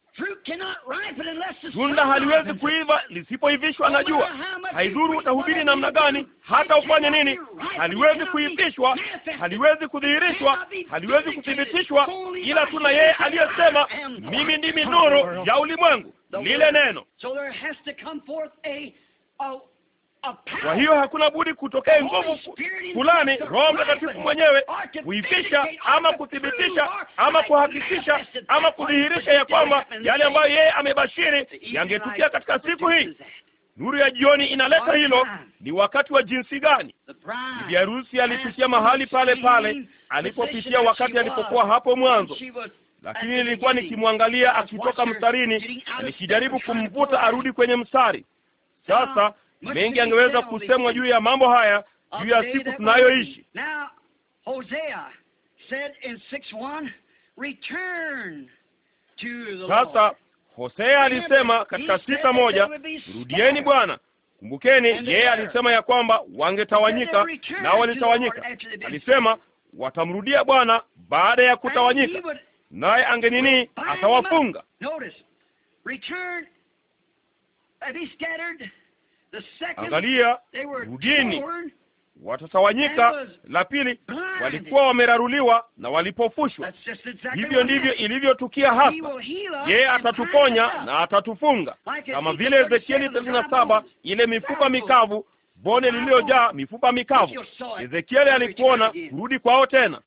Tunda haliwezi kuiva lisipoivishwa na jua. Haidhuru utahubiri namna gani, hata ufanye nini, haliwezi kuivishwa, haliwezi kudhihirishwa, haliwezi kuthibitishwa, ila tuna yeye aliyesema, mimi ndimi nuru ya ulimwengu lile neno. Kwa hiyo hakuna budi kutokea nguvu fulani, Roho Mtakatifu mwenyewe kuifisha ama kuthibitisha ama kuhakikisha ama kudhihirisha ya kwamba yale ambayo yeye amebashiri yangetukia katika siku hii. Nuru ya jioni inaleta hilo. Ni wakati wa jinsi gani? Bibi harusi alipitia mahali pale pale alipopitia wakati alipokuwa hapo mwanzo lakini nilikuwa nikimwangalia akitoka mstarini, nikijaribu kumvuta arudi kwenye mstari. Sasa mengi angeweza kusemwa juu ya mambo haya, juu ya siku tunayoishi. Sasa Hosea alisema katika sita moja, rudieni Bwana. Kumbukeni, yeye alisema ya kwamba wangetawanyika na walitawanyika. Alisema watamrudia Bwana baada ya kutawanyika, naye ange nini, atawafunga Angalia, rudini, watatawanyika. La pili, walikuwa wameraruliwa na walipofushwa. Hivyo ndivyo ilivyotukia hasa. Yeye atatuponya na atatufunga, kama vile Ezekieli thelathini na saba, ile mifupa mikavu, bone lililojaa mifupa mikavu. Ezekieli alikuona kurudi kwao tena.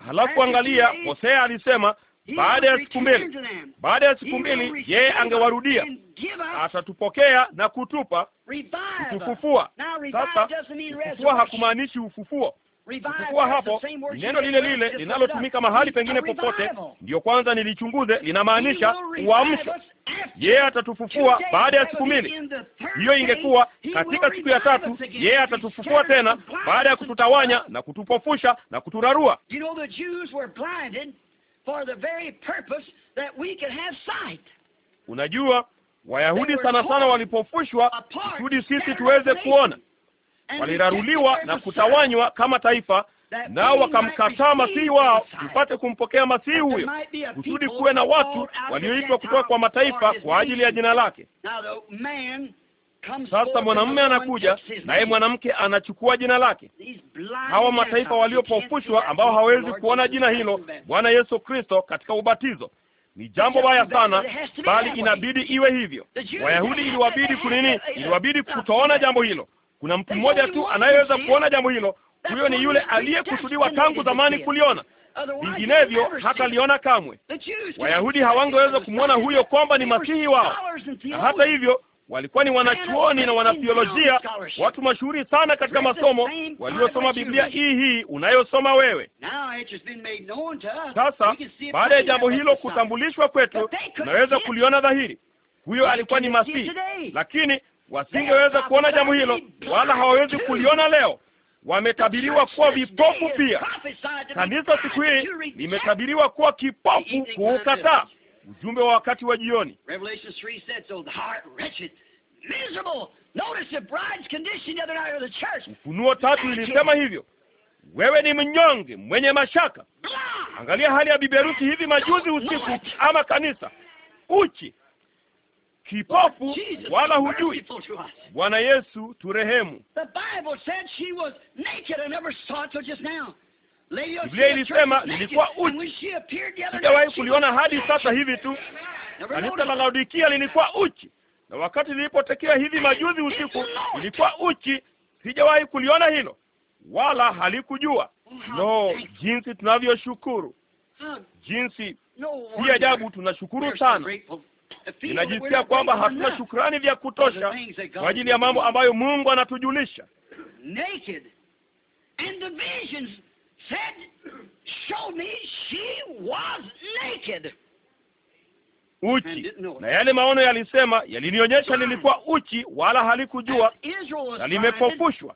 Halafu angalia, Hosea alisema baada ya siku mbili, baada ya siku mbili yeye angewarudia, atatupokea na kutupa, kutufufua. Sasa kufufua hakumaanishi ufufuo. Chukua hapo neno lile lile linalotumika mahali pengine popote, ndiyo kwanza nilichunguze, linamaanisha uamsho. Yeye atatufufua baada ya siku mbili. Hiyo ingekuwa katika siku ya tatu, yeye atatufufua tena baada ya kututawanya na kutupofusha na kuturarua. Unajua, Wayahudi sana sana walipofushwa kusudi sisi tuweze kuona waliraruliwa na kutawanywa kama taifa, nao wakamkataa Masihi wao mpate kumpokea Masihi huyo, kusudi kuwe na watu walioitwa kutoka kwa mataifa kwa ajili ya jina lake. Sasa mwanamume anakuja naye mwanamke anachukua jina lake. Hawa mataifa waliopofushwa ambao hawezi kuona jina hilo Bwana Yesu Kristo katika ubatizo ni jambo baya sana, bali inabidi iwe hivyo. Wayahudi iliwabidi kunini? Iliwabidi kutoona jambo hilo. Kuna mtu mmoja tu anayeweza kuona jambo hilo, huyo ni yule aliyekusudiwa tangu zamani kuliona, vinginevyo hataliona kamwe. Wayahudi hawangeweza kumwona huyo kwamba ni masihi wao, na hata hivyo walikuwa ni wanachuoni na wanathiolojia watu mashuhuri sana katika masomo, waliosoma Biblia hii hii unayosoma wewe sasa. Baada ya jambo hilo kutambulishwa kwetu, tunaweza kuliona dhahiri, huyo alikuwa ni Masihi, lakini wasingeweza kuona jambo hilo, wala hawawezi kuliona leo. Wametabiriwa kuwa vipofu pia. Kanisa siku hii limetabiriwa kuwa kipofu kuukataa ujumbe wa wakati wa jioni. Ufunuo tatu ilisema hivyo, wewe ni mnyonge mwenye mashaka. Angalia hali ya bibi harusi hivi majuzi usiku, ama kanisa uchi kipofu wala hujui. Bwana Yesu turehemu. Biblia ilisema nilikuwa uchi, sijawahi kuliona hadi sasa hivi tu. Kanisa la Laodikia lilikuwa uchi, na wakati lilipotekea hivi majuzi usiku lilikuwa uchi, sijawahi kuliona hilo wala oh, halikujua. No, jinsi tunavyoshukuru, jinsi si ajabu, tunashukuru sana ninajisikia kwamba hatuna shukrani vya kutosha kwa ajili ya mambo ambayo Mungu anatujulisha. Uchi na yale maono yalisema, yalinionyesha nilikuwa uchi, wala halikujua na limepofushwa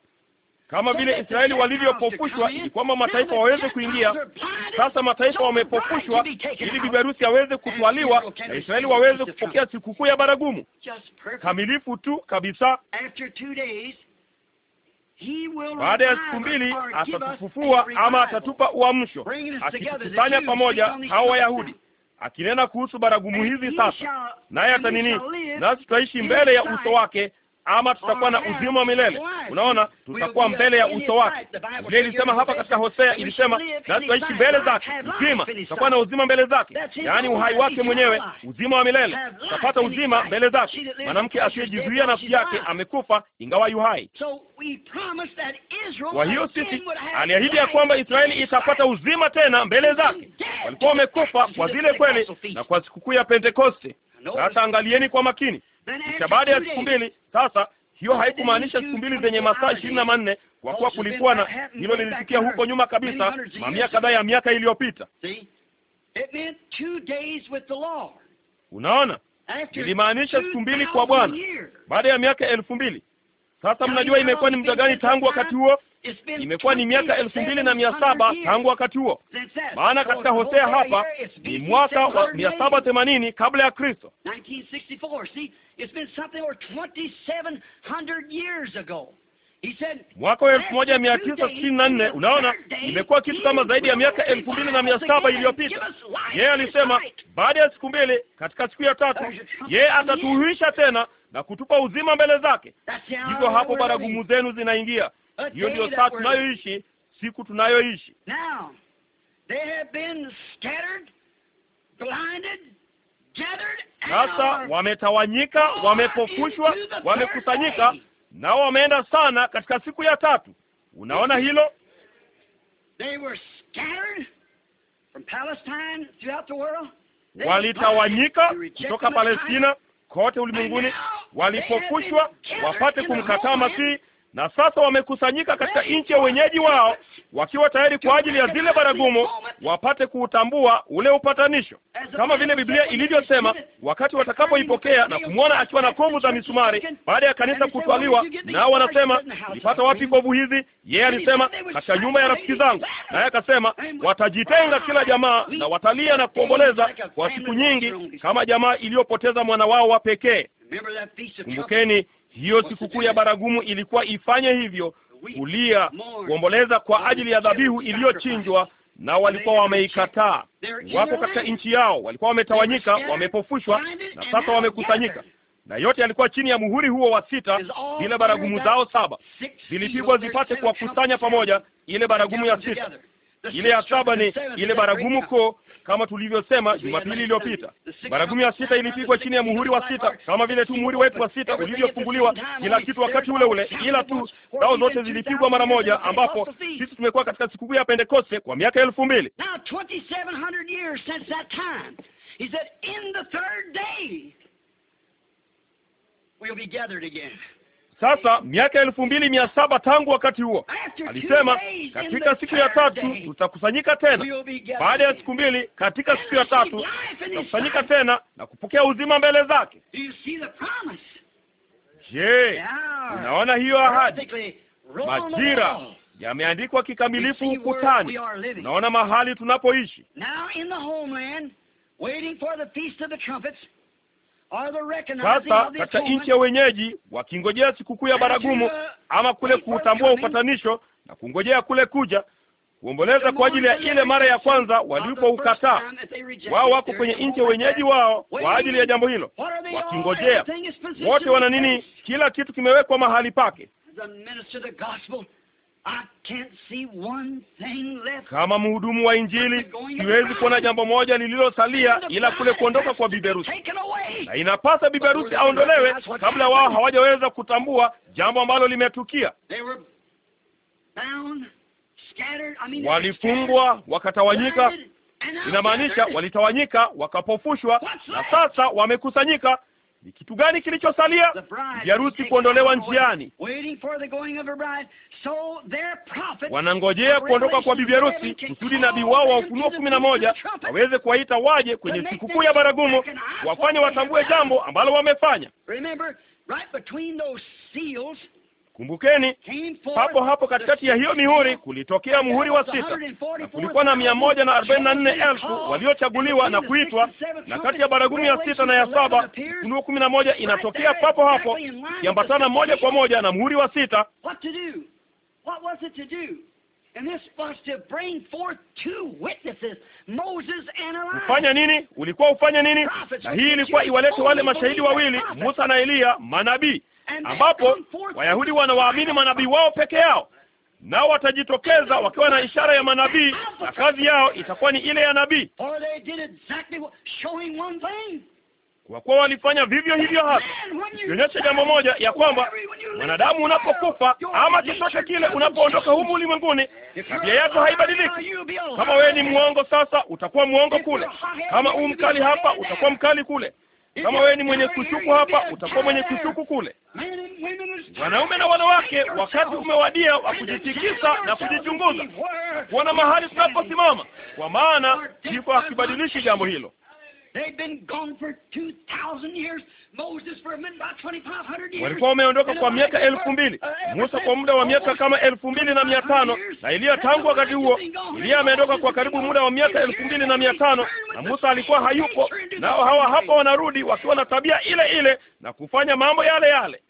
kama vile Israeli walivyopofushwa ili kwamba mataifa waweze kuingia. Sasa mataifa wamepofushwa ili bibi harusi aweze kutwaliwa na Israeli waweze kupokea sikukuu ya baragumu kamilifu tu kabisa. Baada ya siku mbili atatufufua, ama atatupa uamsho, akitukusanya pamoja hao Wayahudi, akinena kuhusu baragumu hizi sasa, naye atanini, nasi tutaishi mbele ya uso wake ama tutakuwa na uzima wa milele. Unaona, tutakuwa mbele ya uso wake. Biblia ilisema hapa katika Hosea, ilisema na tutaishi mbele zake, uzima, tutakuwa na uzima mbele zake, yaani uhai wake mwenyewe, uzima wa milele. Tutapata uzima mbele zake. Mwanamke asiyejizuia nafsi yake amekufa ingawa yu hai. Kwa hiyo sisi, aliahidi ya kwamba Israeli itapata uzima tena mbele zake. Walikuwa wamekufa kwa zile kweli na kwa sikukuu ya Pentekoste. Sasa angalieni kwa makini kisha baada ya siku mbili. Sasa hiyo haikumaanisha siku mbili zenye masaa ishirini na manne kwa kuwa kulikuwa na hilo, lilitukia huko nyuma kabisa, mamia kadhaa ya miaka iliyopita. Unaona, ilimaanisha siku mbili kwa Bwana baada ya miaka elfu mbili. Sasa mnajua imekuwa ni muda gani tangu wakati huo? Imekuwa ni miaka elfu mbili na mia saba tangu wakati huo, maana katika Hosea hapa ni mwaka wa mia saba themanini kabla ya Kristo. Mwaka wa elfu moja mia tisa sitini na nne. Unaona, imekuwa kitu kama zaidi ya miaka elfu mbili na mia saba iliyopita. Yeye alisema baada ya siku mbili, katika siku ya tatu yeye atatuhuisha tena na kutupa uzima mbele zake. Hivyo hapo baragumu zenu zinaingia hiyo ndiyo saa tunayoishi, siku tunayoishi. Sasa wametawanyika, wamepofushwa, wamekusanyika, nao wameenda sana katika siku ya tatu. Unaona hilo? Walitawanyika kutoka Palestina kote ulimwenguni, walipofushwa wapate kumkataa Masihi na sasa wamekusanyika katika nchi ya wenyeji wao, wakiwa tayari kwa ajili ya zile baragumu, wapate kuutambua ule upatanisho, kama vile Biblia ilivyosema, wakati watakapoipokea na kumwona akiwa na kovu za misumari baada ya kanisa kutwaliwa. Nao wanasema ulipata wapi kovu hizi? Yeye alisema katika nyumba ya rafiki zangu, naye akasema watajitenga kila jamaa na watalia na kuomboleza kwa siku nyingi, kama jamaa iliyopoteza mwana wao wa pekee. Kumbukeni hiyo sikukuu ya baragumu ilikuwa ifanye hivyo, kulia, kuomboleza kwa ajili ya dhabihu iliyochinjwa, na walikuwa wameikataa. Wako katika nchi yao, walikuwa wametawanyika, wamepofushwa, na sasa wamekusanyika na yote yalikuwa chini ya muhuri huo wa sita. Zile baragumu zao saba zilipigwa zipate kuwakusanya pamoja, ile baragumu ya sita. Ile ya saba ni ile baragumu kuu kama tulivyosema Jumapili iliyopita. Baragumu ya sita ilipigwa chini ya muhuri wa sita, kama vile tu muhuri wetu wa sita ulivyofunguliwa, kila kitu wakati ule ule, ila tu dao zote zilipigwa mara moja, ambapo sisi tumekuwa katika sikukuu ya Pentekoste kwa miaka elfu mbili sasa miaka elfu mbili mia saba tangu wakati huo, alisema katika siku ya tatu tutakusanyika tena. Baada ya siku mbili, katika siku ya tatu tutakusanyika tena na kupokea uzima mbele zake. Je, unaona hiyo ahadi? Majira yameandikwa kikamilifu ukutani. Unaona mahali tunapoishi sasa katika nchi ya wenyeji wakingojea sikukuu ya baragumu, ama kule kuutambua upatanisho na kungojea kule kuja kuomboleza kwa ajili ya ile mara ya kwanza walipoukataa. Wao wako kwenye nchi ya wenyeji wao kwa ajili ya jambo hilo, wakingojea. Wote wana nini? Kila kitu kimewekwa mahali pake. Kama mhudumu wa Injili siwezi kuona jambo moja lililosalia ila kule kuondoka kwa biberusi, na inapasa biberusi aondolewe kabla wao hawajaweza kutambua jambo ambalo limetukia. Walifungwa wakatawanyika, inamaanisha walitawanyika wakapofushwa, na sasa wamekusanyika ni kitu gani kilichosalia? Biharusi kuondolewa njiani, wanangojea kuondoka kwa bibi harusi kusudi nabii wao wa Ufunuo kumi na moja waweze kuwaita waje kwenye sikukuu ya baragumu, wafanye watambue jambo ambalo wamefanya. Kumbukeni, papo hapo katikati ya hiyo mihuri kulitokea muhuri wa sita, na kulikuwa na mia moja na arobaini na nne elfu waliochaguliwa na kuitwa, na kati ya baragumu ya sita na ya saba Ufunuo kumi na moja inatokea papo hapo ikiambatana moja kwa moja na muhuri wa sita. Ufanya nini? Ulikuwa ufanya nini? Na hii ilikuwa iwalete wale mashahidi wawili, Musa na Eliya, manabii ambapo Wayahudi wanawaamini manabii wao peke yao, nao watajitokeza wakiwa na ishara ya manabii, na kazi yao itakuwa ni ile ya nabii, kwa kuwa walifanya vivyo hivyo hapa, ikionyesha jambo moja ya kwamba mwanadamu unapokufa ama chochote kile, unapoondoka humu ulimwenguni, tabia yako haibadiliki. Kama wewe ni mwongo sasa, utakuwa mwongo kule. Kama u mkali hapa, utakuwa mkali kule. Kama wewe ni mwenye kushuku hapa, utakuwa mwenye kushuku kule. Wanaume na wanawake, wakati umewadia wa kujitikisa na kujichunguza, kuona mahali tunaposimama, kwa maana jiko hakibadilishi jambo hilo walikuwa wameondoka kwa miaka elfu mbili uh, Musa uh, kwa muda wa miaka kama elfu mbili na mia tano na Eliya tangu wakati huo. Eliya ameondoka kwa karibu muda wa miaka elfu mbili na mia tano na Musa alikuwa hayupo, nao hawa hapa wanarudi wakiwa na tabia ile ile na kufanya mambo yale yale.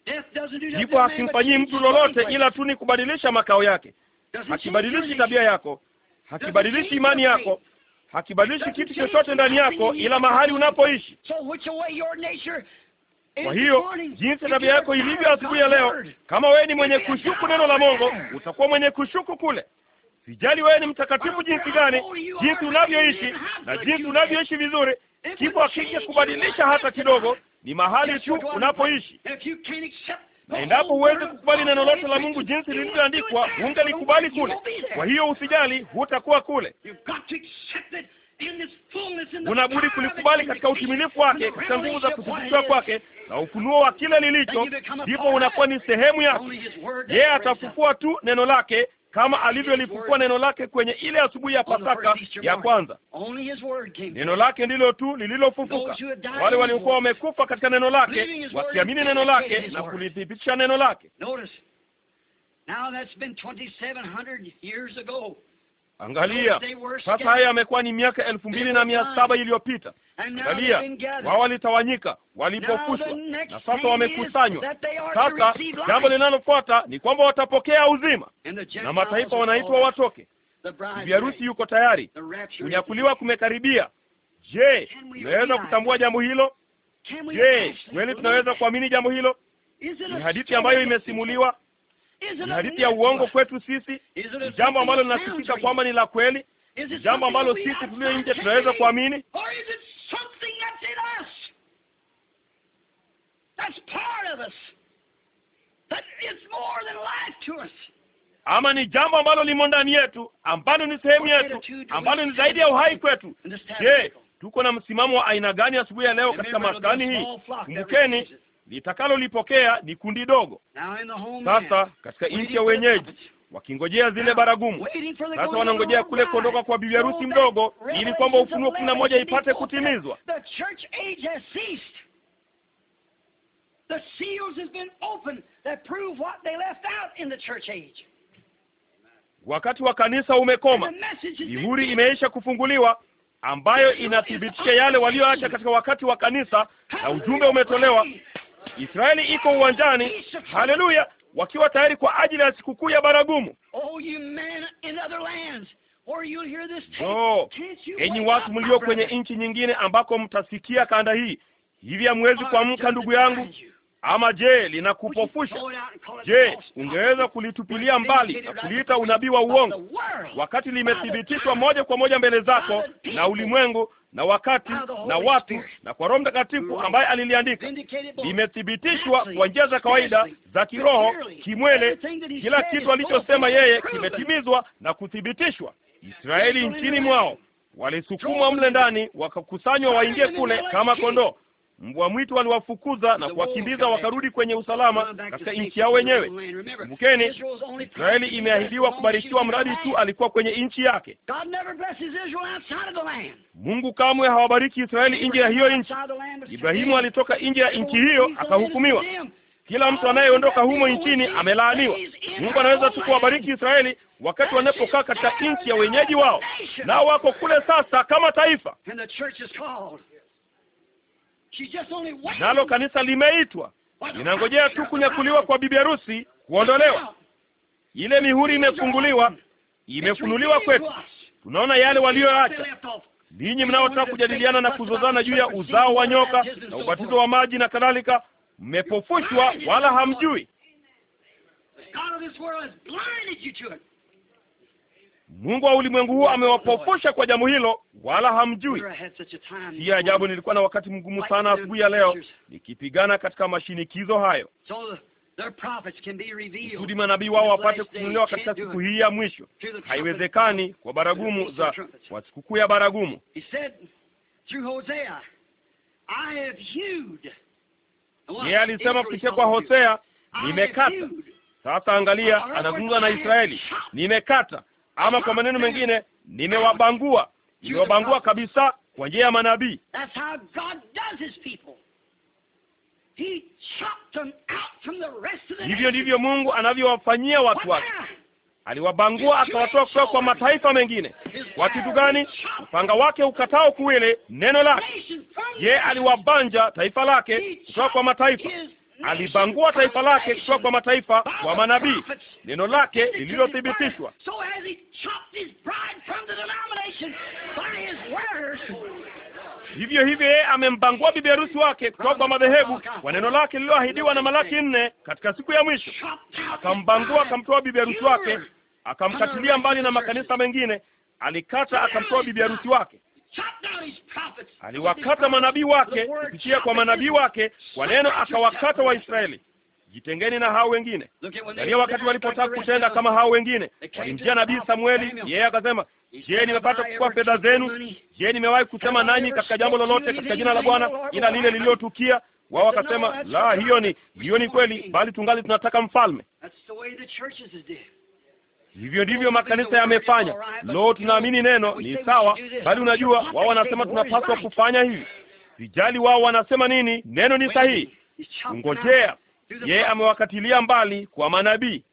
Ndipo hakimfanyii mtu lolote, ila tu ni kubadilisha makao yake. Hakibadilishi tabia yako, hakibadilishi imani yako hakibadilishi kitu chochote ndani yako, ila mahali unapoishi. Kwa hiyo jinsi tabia yako ilivyo asubuhi ya leo, kama wewe ni mwenye kushuku neno la Mungu, utakuwa mwenye kushuku kule. Sijali wewe ni mtakatifu jinsi gani, jinsi unavyoishi na jinsi unavyoishi vizuri, kipo hakija kubadilisha hata kidogo. Ni mahali tu unapoishi na endapo huwezi kukubali neno lote la Mungu jinsi lilivyoandikwa, ungalikubali kule. Kwa hiyo usijali, hutakuwa kule. Unabudi kulikubali katika utimilifu wake, katika nguvu za kuthibitishwa kwake na ufunuo wa kile lilicho, ndipo unakuwa ni sehemu yake. Yeye atafufua tu neno lake kama alivyolifukua neno lake kwenye ile asubuhi ya Pasaka ya kwanza. Neno lake ndilo tu lililofufuka. Wale waliokuwa wamekufa katika neno lake, wakiamini neno lake na kulithibitisha neno lake. Angalia sasa, haya yamekuwa ni miaka elfu mbili na mia saba iliyopita. Angalia, wao walitawanyika walipofushwa, na sasa wamekusanywa. Sasa jambo linalofuata ni kwamba watapokea uzima, na mataifa wanaitwa watoke. Bibi yuko tayari, kunyakuliwa kumekaribia. Je, tunaweza kutambua jambo hilo? Je, kweli tunaweza kuamini jambo hilo? Ni hadithi ambayo imesimuliwa ni hadithi ya uongo kwetu sisi, jambo ambalo linasikitika kwamba ni la kweli, jambo ambalo sisi tulio nje tunaweza kuamini ama ni jambo ambalo limo ndani yetu, ambalo ni sehemu yetu, ambalo ni zaidi ya uhai kwetu. Je, tuko na msimamo wa aina gani asubuhi ya, ya leo katika maskani hii? Kumbukeni, litakalolipokea ni kundi dogo. Sasa katika nchi ya wenyeji wakingojea zile baragumu, sasa wanangojea kule kuondoka kwa bibi harusi mdogo, ili kwamba Ufunuo kumi na moja ipate kutimizwa. Wakati wa kanisa umekoma, mihuri imeisha kufunguliwa ambayo inathibitisha yale walioacha katika wakati wa kanisa, na ujumbe umetolewa Israeli iko uwanjani, haleluya, wakiwa tayari kwa ajili ya sikukuu ya baragumu. Oh, enyi watu mlio kwenye nchi nyingine ambako mtasikia kanda hii, hivi hamwezi kuamka, ndugu yangu? Ama je, linakupofusha? Je, ungeweza kulitupilia mbali na kuliita unabii wa uongo, wakati limethibitishwa moja kwa moja mbele zako na ulimwengu na wakati na watu na kwa Roho Mtakatifu ambaye aliliandika, limethibitishwa kwa njia za kawaida za kiroho kimwele. Kila kitu alichosema yeye kimetimizwa na kuthibitishwa. Israeli nchini mwao walisukumwa mle ndani, wakakusanywa waingie kule kama kondoo. Mbwa mwitu waliwafukuza na kuwakimbiza wakarudi kwenye usalama katika nchi yao wenyewe. Kumbukeni, Israeli imeahidiwa kubarikiwa mradi tu alikuwa kwenye nchi yake. Mungu kamwe hawabariki Israeli nje ya hiyo nchi. Ibrahimu alitoka nje ya nchi hiyo akahukumiwa. Kila mtu anayeondoka humo nchini amelaaniwa. Mungu anaweza tu kuwabariki Israeli wakati wanapokaa katika nchi ya wenyeji wao, nao wako kule sasa kama taifa nalo kanisa limeitwa, linangojea tu kunyakuliwa kwa bibi harusi, kuondolewa. Ile mihuri imefunguliwa, imefunuliwa kwetu. Tunaona yale walioacha. Ninyi mnaotaka kujadiliana na kuzozana juu ya uzao wa nyoka na ubatizo wa maji na kadhalika, mmepofushwa wala hamjui. Mungu wa ulimwengu huu amewapofusha kwa jambo hilo, wala hamjui. Si ajabu nilikuwa na wakati mgumu sana asubuhi ya leo nikipigana katika mashinikizo hayo, kusudi manabii wao wapate kufunuliwa katika siku hii ya mwisho. Haiwezekani kwa baragumu za kwa sikukuu ya baragumu. Yeye alisema kupitia kwa Hosea, nimekata. Sasa angalia, anazungumza na Israeli, nimekata ama kwa maneno mengine, nimewabangua, nimewabangua kabisa kwa njia ya manabii. Hivyo ndivyo Mungu anavyowafanyia watu wake. Aliwabangua akawatoa kutoka kwa mataifa mengine. Kwa kitu gani? Upanga wake ukatao kuwili neno lake. Ye aliwabanja taifa lake kutoka kwa mataifa alibangua taifa lake kutoka kwa mataifa wa manabii, neno lake lililothibitishwa. Hivyo hivyo yeye amembangua bibi harusi wake kutoka kwa madhehebu kwa neno lake lililoahidiwa na Malaki nne katika siku ya mwisho. Akambangua, akamtoa bibi harusi wake, akamkatilia mbali na makanisa mengine, alikata, akamtoa bibi harusi wake aliwakata manabii wake kupitia kwa manabii wake kwa neno, akawakata Waisraeli. Jitengeni na hao wengine. Angalia wakati walipotaka kutenda kama hao wengine, walimjia nabii Samueli, yeye akasema, je, nimepata kuchukua fedha zenu? Je, nimewahi kusema nanyi katika jambo lolote katika jina la Bwana ila lile lililotukia? Wao wakasema, la, hiyo ni hiyo ni kweli, bali tungali tunataka mfalme. Hivyo ndivyo makanisa yamefanya. Lo, tunaamini neno ni sawa, bali unajua, wao wanasema tunapaswa kufanya hivi. Sijali wao wanasema nini, neno ni sahihi. Ungojea yeye amewakatilia mbali kwa manabii.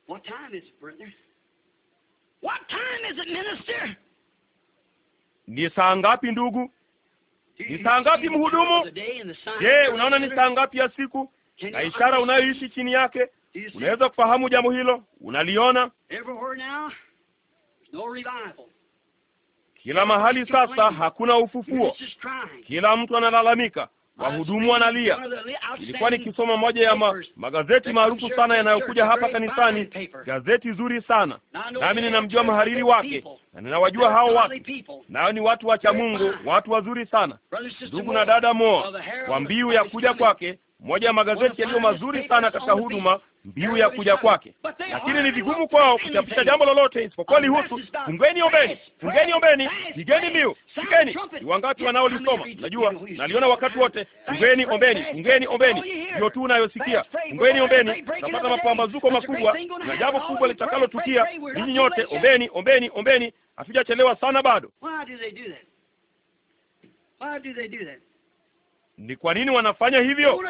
Ni saa ngapi ndugu? Ni saa ngapi mhudumu? Je, unaona ni saa ngapi ya siku na ishara unayoishi chini yake? Unaweza kufahamu jambo hilo, unaliona kila mahali sasa. Hakuna ufufuo, kila mtu analalamika, wahudumu wanalia. Ilikuwa nikisoma moja ya ma, magazeti maarufu sana yanayokuja hapa kanisani, gazeti zuri sana nami ninamjua mhariri wake na ninawajua hao watu, nao ni watu wacha Mungu, watu wazuri sana, ndugu na dada moa, kwa mbiu ya kuja kwake moja ya magazeti yaliyo mazuri sana katika huduma mbiu ya kuja kwake, lakini ni vigumu kwao kuchapisha jambo lolote isipokuwa lihusu fungeni, ombeni, fungeni, ombeni, pigeni mbiu, pigeni. Ni wangapi wanaolisoma? Najua naliona wakati wote, fungeni, ombeni, fungeni, ombeni, ndio tu unayosikia, fungeni, ombeni. Tunapata mapambazuko makubwa na jambo kubwa litakalotukia. Ninyi nyote, ombeni, ombeni, ombeni. Hatujachelewa sana bado. Why do they do that? Why do they do that? Ni kwa nini wanafanya hivyo?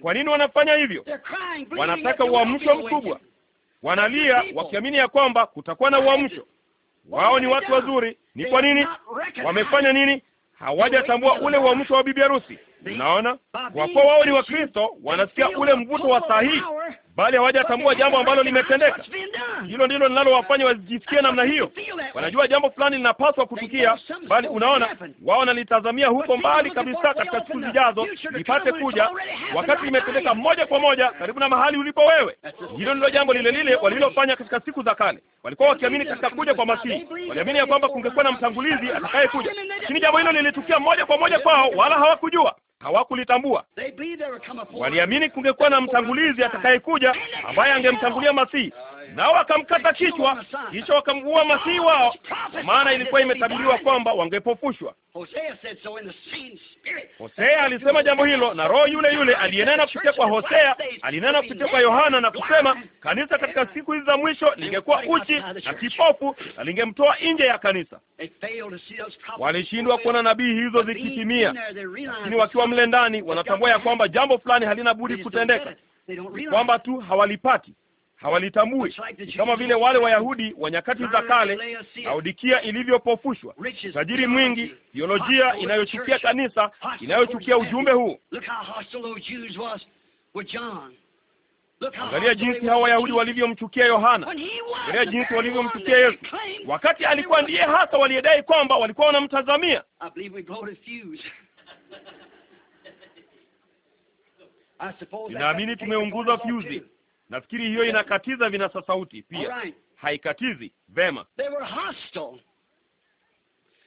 Kwa nini wanafanya hivyo? Wanataka uamsho mkubwa, wanalia wakiamini ya kwamba kutakuwa na uamsho. Wao ni watu wazuri. Ni kwa nini wamefanya nini? Hawajatambua ule uamsho wa bibi harusi. Unaona, kwa kuwa wao ni Wakristo, wanasikia ule mvuto wa sahihi bali hawajatambua jambo ambalo limetendeka. Hilo ndilo linalowafanya wajisikie namna hiyo. Wanajua jambo fulani linapaswa kutukia, bali unaona, wao wanalitazamia huko mbali kabisa, katika siku zijazo lipate kuja, wakati limetendeka moja kwa moja karibu na mahali ulipo wewe. Hilo ndilo jambo lile lile walilofanya katika siku za kale. Walikuwa wakiamini katika kuja kwa Masihi, waliamini ya kwamba kungekuwa na mtangulizi atakayekuja, lakini jambo hilo lilitukia moja kwa moja kwao, wala hawakujua hawakulitambua. Waliamini kungekuwa na mtangulizi atakayekuja ambaye angemtangulia Masihi, nao wakamkata kichwa, kisha wakamuua masihi wao, maana ilikuwa imetabiriwa kwamba wangepofushwa. Hosea alisema jambo hilo, na roho yule yule aliyenena kupitia kwa Hosea alinena kupitia kwa Yohana na kusema, kanisa katika siku hizi za mwisho lingekuwa uchi na kipofu na lingemtoa nje ya kanisa. Walishindwa kuona nabii hizo zikitimia, lakini wakiwa mle ndani wanatambua ya kwamba jambo fulani halina budi kutendeka, kwamba tu hawalipati hawalitambui, kama vile wale Wayahudi wa nyakati za kale. Laodikia ilivyopofushwa, tajiri mwingi, theolojia inayochukia kanisa, inayochukia ujumbe huu. Angalia jinsi hawa Wayahudi walivyomchukia Yohana. Angalia jinsi walivyomchukia Yesu wakati alikuwa ndiye hasa waliyedai kwamba walikuwa wanamtazamia. Ninaamini tumeunguza fuse Nafikiri hiyo inakatiza vinasa sauti pia. right. Haikatizi vema. They were hostile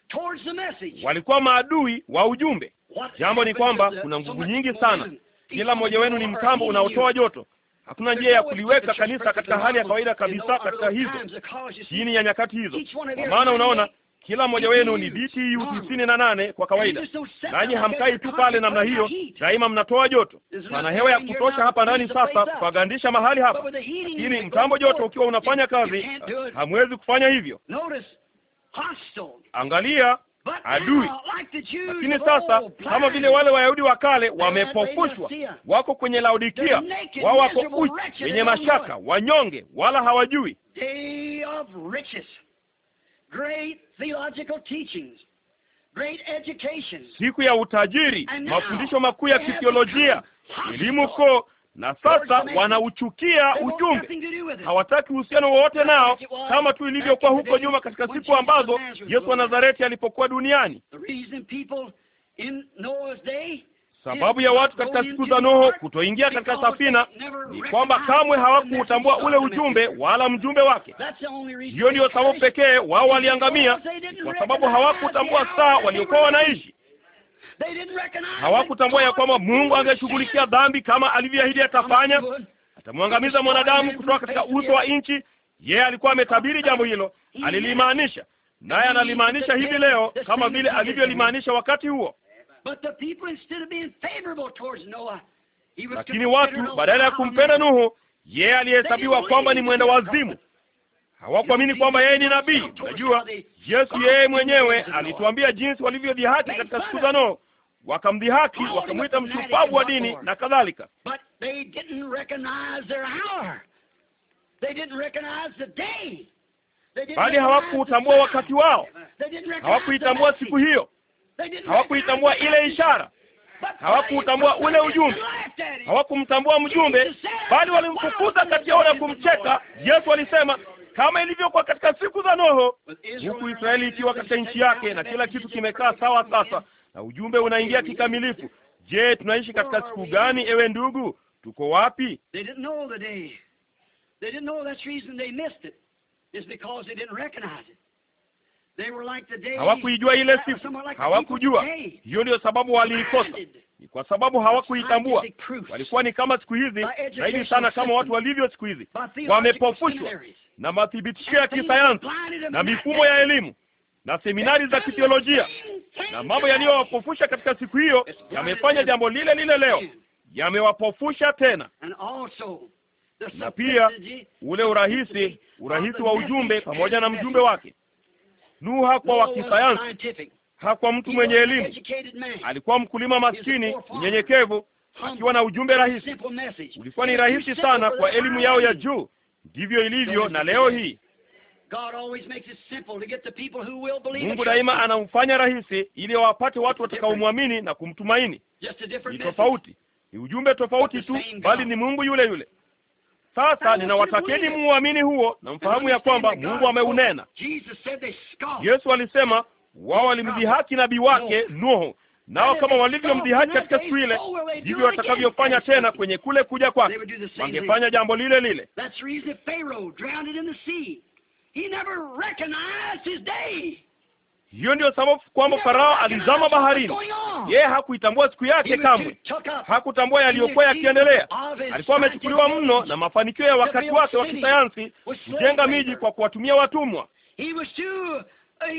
towards the message. Walikuwa maadui wa ujumbe. Jambo ni kwamba kuna nguvu nyingi sana. Kila mmoja wenu ni mtambo unaotoa joto. Hakuna njia ya kuliweka kanisa katika hali ya kawaida kabisa katika hizo chini ya nyakati hizo, kwa maana unaona kila mmoja wenu ni BTU tisini na nane kwa kawaida, nanyi hamkai tu pale namna hiyo, daima mnatoa joto. Pana hewa ya kutosha hapa ndani sasa kwagandisha mahali hapa, lakini mtambo joto ukiwa unafanya kazi, hamwezi kufanya hivyo. Angalia adui. Lakini sasa kama vile wale Wayahudi wa kale wamepofushwa, wako kwenye Laodikia, wao wako uchi, wenye mashaka, wanyonge, wala hawajui siku ya utajiri, mafundisho makuu ya kithiolojia, elimu koo na sasa wanauchukia ujumbe, hawataki uhusiano wowote nao, kama tu ilivyokuwa huko nyuma katika siku ambazo Yesu wa Nazareti alipokuwa duniani. Sababu ya watu katika siku za Nuhu kutoingia katika safina ni kwamba kamwe hawakuutambua ule ujumbe wala mjumbe wake. Hiyo ndiyo sababu pekee wao waliangamia, kwa sababu hawakutambua saa waliokuwa wanaishi. Hawakutambua ya kwamba Mungu angeshughulikia dhambi kama alivyoahidi atafanya, atamwangamiza mwanadamu kutoka katika uso wa nchi. Yeye alikuwa ametabiri jambo hilo, alilimaanisha naye analimaanisha hivi leo kama vile alivyolimaanisha wakati huo. Lakini watu badala ya kumpenda Nuhu, yeye alihesabiwa kwamba ni mwenda wazimu. Hawakuamini kwamba yeye ni nabii. Unajua, Yesu yeye mwenyewe alituambia jinsi walivyodhihaki katika siku za noo wakamdhihaki, wakamwita mshupavu wa dini na kadhalika. Bali hawakutambua wakati wao, hawakuitambua siku hiyo hawakuitambua ile ishara, hawakutambua ule ujumbe, hawakumtambua mjumbe, bali walimfukuza kati yao na kumcheka. Yesu alisema kama ilivyokuwa katika siku za Noho, huku Israeli ikiwa katika nchi yake na kila kitu kimekaa sawa sasa, na ujumbe unaingia kikamilifu. Je, tunaishi katika siku gani, ewe ndugu? Tuko wapi? Hawakuijua ile sifa, hawakujua. Hiyo ndio sababu waliikosa, ni kwa sababu hawakuitambua. Walikuwa ni kama siku hizi, zaidi sana kama watu walivyo siku hizi, wamepofushwa na mathibitisho ya kisayansi na mifumo ya elimu na seminari za kiteolojia, na mambo yaliyowapofusha katika siku hiyo yamefanya jambo lile lile leo, yamewapofusha tena. Na pia ule urahisi, urahisi wa ujumbe pamoja na mjumbe wake Nuhu hakuwa wa kisayansi, hakuwa mtu mwenye elimu. Alikuwa mkulima maskini mnyenyekevu, akiwa na ujumbe rahisi. Ulikuwa ni rahisi sana kwa elimu yao ya juu. Ndivyo ilivyo na leo hii. Mungu daima anamfanya rahisi ili wapate watu watakaomwamini na kumtumaini. Ni tofauti, ni ujumbe tofauti tu, bali ni Mungu yule yule. Sasa ninawatakeni muamini huo na mfahamu ya kwamba Mungu ameunena. Yesu alisema wao walimdhihaki nabii wake Nuhu, nao kama walivyomdhihaki katika siku ile, oh, ndivyo watakavyofanya tena kwenye kule kuja kwake, wangefanya jambo lile lile. He never recognized his day. Hiyo ndiyo sababu kwamba Farao alizama baharini. Yeye hakuitambua siku yake kamwe, hakutambua yaliyokuwa yakiendelea. Alikuwa amechukuliwa mno na mafanikio ya wakati wake wa kisayansi, kujenga miji kwa kuwatumia watumwa. Uh,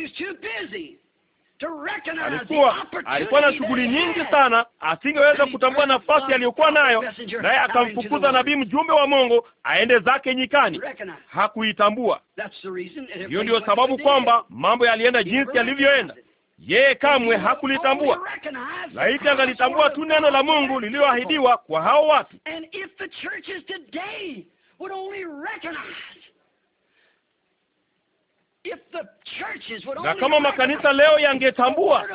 alikuwa alikuwa na shughuli nyingi sana, asingeweza kutambua nafasi aliyokuwa nayo, naye akamfukuza nabii mjumbe wa Mungu aende zake nyikani. Hakuitambua. Hiyo ndiyo sababu kwamba mambo yalienda jinsi yalivyoenda. Yeye kamwe hakulitambua. Laiti angalitambua tu neno la Mungu lililoahidiwa kwa hao watu na kama makanisa leo yangetambua,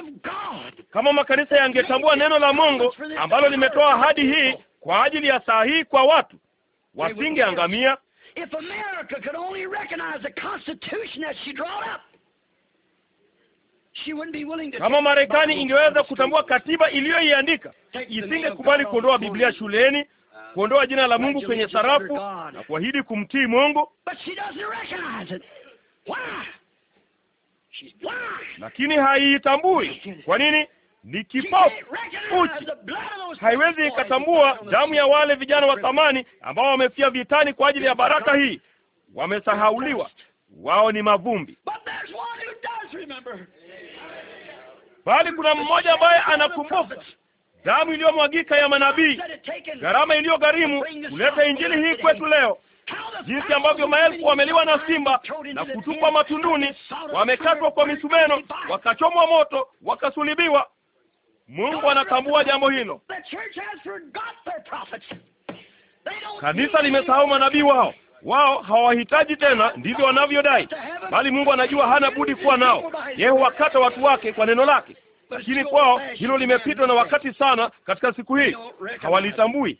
kama makanisa yangetambua neno la Mungu ambalo limetoa ahadi hii kwa ajili ya saa hii kwa watu, wasingeangamia. Kama Marekani ingeweza kutambua katiba iliyoiandika, isingekubali kuondoa Biblia shuleni, kuondoa jina la Mungu kwenye sarafu na kuahidi kumtii Mungu lakini haiitambui. Kwa nini? Ni kipofu uchi, haiwezi ikatambua damu ya wale vijana wa thamani ambao wamefia vitani kwa ajili ya baraka hii. Wamesahauliwa, wao ni mavumbi. Bali kuna mmoja ambaye anakumbuka damu iliyomwagika ya manabii, gharama iliyogharimu kuleta injili hii kwetu leo jinsi ambavyo maelfu wameliwa na simba na kutupwa matunduni, wamekatwa kwa misumeno, wakachomwa moto, wakasulibiwa. Mungu anatambua jambo hilo. Kanisa limesahau manabii wao wao hawahitaji tena, ndivyo wanavyodai, bali Mungu anajua hana budi kuwa nao. Yeye huwakata watu wake kwa neno lake, lakini kwao hilo limepitwa na wakati sana. Katika siku hii hawalitambui.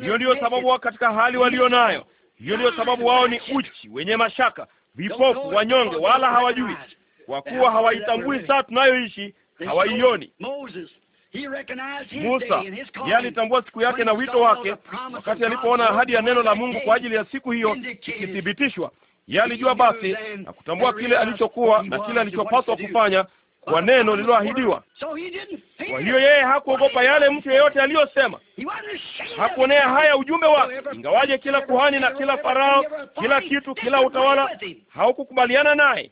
Hiyo ndiyo sababu katika hali walio nayo, hiyo ndiyo sababu wao ni uchi, wenye mashaka, vipofu, wanyonge, wala hawajui, kwa kuwa hawaitambui saa tunayoishi, hawaioni. Musa yeye alitambua siku yake na wito wake, wakati alipoona ahadi ya neno la Mungu kwa ajili ya siku hiyo ikithibitishwa. Yeye alijua basi na kutambua kile alichokuwa na kile alichopaswa kufanya kwa neno lililoahidiwa. Kwa hiyo yeye hakuogopa yale mtu yeyote aliyosema, hakuonea haya ujumbe wake, ingawaje kila kuhani na kila farao, kila kitu, kila utawala haukukubaliana naye,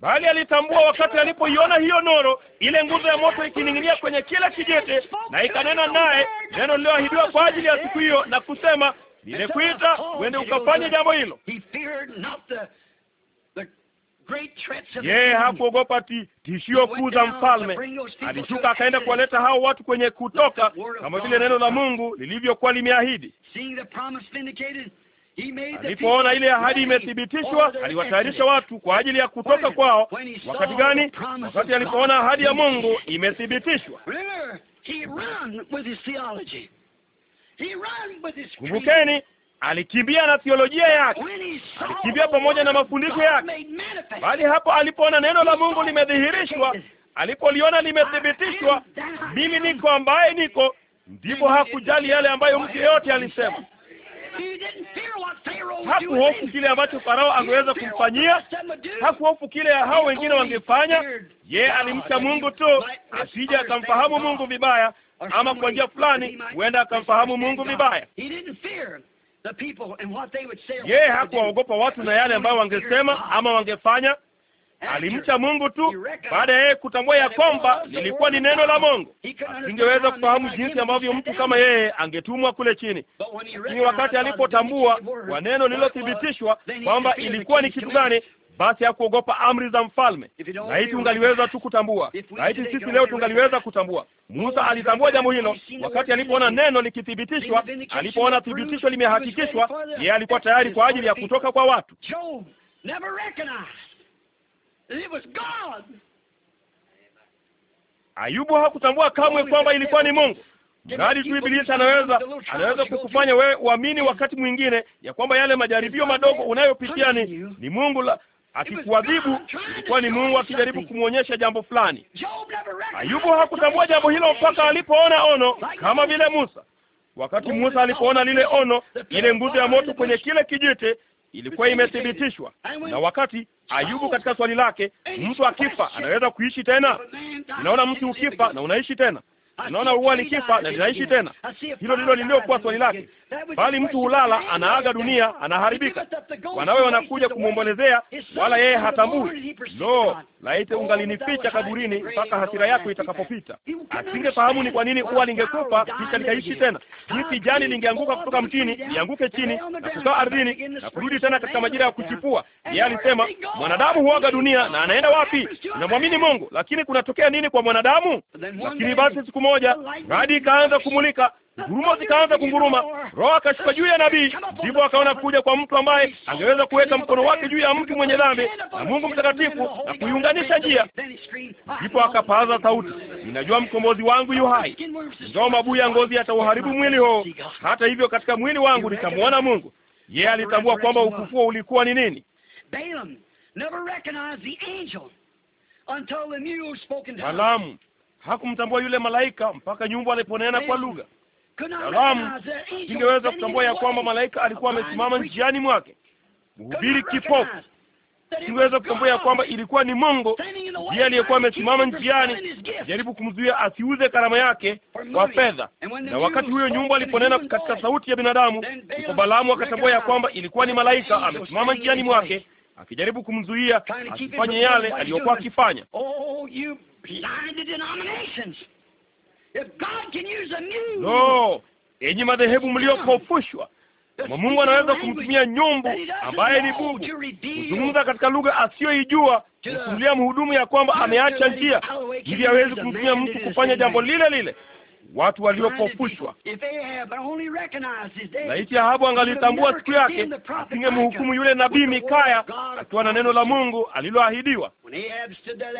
bali alitambua wakati alipoiona hiyo noro, ile nguzo ya moto ikining'inia kwenye kila kijete, na ikanena naye neno lililoahidiwa kwa ajili ya siku hiyo, na kusema, nimekuita uende ukafanye jambo hilo. Yeye hakuogopa tishio kuu za mfalme. Alishuka akaenda kuwaleta hao watu kwenye Kutoka, kama vile neno la Mungu lilivyokuwa limeahidi. Alipoona ile ahadi imethibitishwa, aliwatayarisha watu kwa ajili ya kutoka kwao. Wakati gani? Wakati alipoona ahadi ya Mungu imethibitishwa. Kumbukeni, alikimbia na theolojia yake, alikimbia pamoja na mafundisho yake, bali hapo alipoona neno la Mungu limedhihirishwa, alipoliona limethibitishwa, mimi niko ambaye niko, ndipo hakujali yale ambayo mtu yeyote alisema. Hakuhofu kile ambacho Farao angeweza kumfanyia, hakuhofu kile hao wengine wangefanya. Yeye alimcha Mungu tu, asije akamfahamu Mungu vibaya, ama kwa njia fulani huenda akamfahamu Mungu vibaya. Yeye hakuwaogopa watu na yale ambayo wangesema ama wangefanya. Alimcha Mungu tu baada ya yeye kutambua ya kwamba lilikuwa ni neno la Mungu. Asingeweza kufahamu jinsi ambavyo mtu kama yeye angetumwa kule chini, lakini wakati alipotambua kwa neno lililothibitishwa kwamba ilikuwa ni kitu gani, basi hakuogopa amri za mfalme. Laiti tungaliweza tu kutambua, laiti sisi leo tungaliweza kutambua. Musa alitambua jambo hilo wakati alipoona neno likithibitishwa, alipoona thibitisho limehakikishwa, yeye alikuwa tayari kwa ajili ya kutoka kwa watu. Ayubu hakutambua kamwe kwamba ilikuwa ni Mungu. Mradi tu Ibilisi anaweza anaweza kukufanya wewe uamini wakati mwingine ya kwamba yale majaribio madogo unayopitia ni ni Mungu la akikuadhibu ilikuwa ni Mungu akijaribu kumwonyesha jambo fulani. Ayubu hakutambua jambo hilo mpaka alipoona ono, kama vile Musa. Wakati Musa alipoona lile ono, ile nguzo ya moto kwenye kile kijiti ilikuwa imethibitishwa. Na wakati Ayubu katika swali lake, mtu akifa anaweza kuishi tena? Unaona, mtu ukifa na unaishi tena Naona uwa kifa na ninaishi tena. Hilo ndilo liliokuwa swali lake, bali mtu hulala, anaaga dunia, anaharibika, wanawe wanakuja kumwombolezea, wala yeye hatambui. Lo, laiti oh, ungalinificha kaburini mpaka hasira yako itakapopita. Asingefahamu ni kwa nini uwa lingekufa kisha likaishi tena. Jiti jani lingeanguka kutoka mtini, lianguke chini na kukaa ardhini na kurudi tena katika majira ya kuchipua. Yeye alisema mwanadamu huaga dunia na anaenda wapi? Unamwamini Mungu, lakini kunatokea nini kwa mwanadamu? Lakini basi siku moja, hadi ikaanza kumulika, ngurumo zikaanza kunguruma, Roho akashuka juu ya nabii. Ndipo akaona kuja kwa mtu ambaye angeweza kuweka mkono wake juu ya mtu mwenye dhambi na Mungu mtakatifu na kuiunganisha njia. Ndipo akapaza sauti, ninajua mkombozi wangu yu hai, ingawa mabuu ya ngozi yatauharibu mwili huo, hata hivyo katika mwili wangu nitamwona Mungu. Yeye alitambua kwamba ufufuo ulikuwa ni nini. Balaam hakumtambua yule malaika mpaka nyumba aliponena kwa lugha. Salamu singeweza kutambua ya kwamba malaika alikuwa amesimama njiani mwake. Mhubiri kipofu singeweza kutambua ya kwamba ilikuwa ni Mungu ndiye aliyekuwa amesimama njiani jaribu kumzuia asiuze karama yake kwa fedha. Na wakati huyo nyumba aliponena katika sauti ya binadamu, ndipo Balaamu akatambua ya kwamba ilikuwa ni malaika amesimama njiani mwake akijaribu kumzuia asifanye yale aliyokuwa akifanya. No, enyi madhehebu mliopofushwa, kama Mungu anaweza kumtumia nyumbu ambaye ni bubu kuzungumza katika lugha asiyoijua, kusimulia mhudumu ya kwamba ameacha njia, ili aweze kumtumia mtu kufanya jambo lile lile watu waliopofushwa. Laiti Ahabu angalitambua siku yake, asingemhukumu yule nabii Mikaya akiwa na neno la Mungu aliloahidiwa.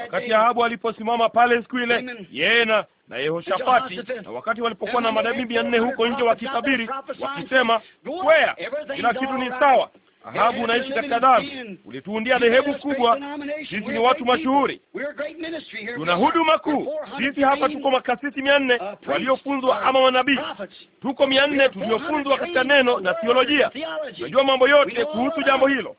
Wakati Ahabu aliposimama pale siku ile, yeye na na Yehoshafati na wakati walipokuwa na madabii mia nne huko nje wakitabiri wakisema, kwea kila kitu ni sawa, Ahabu, unaishi katika dhambi, ulituundia dhehebu kubwa. Sisi ni watu mashuhuri, tuna huduma kuu. Sisi hapa tuko makasisi mia nne uh, waliofunzwa uh, ama manabii, tuko mia nne tuliofunzwa katika neno na theolojia. Tunajua mambo yote kuhusu jambo hilo.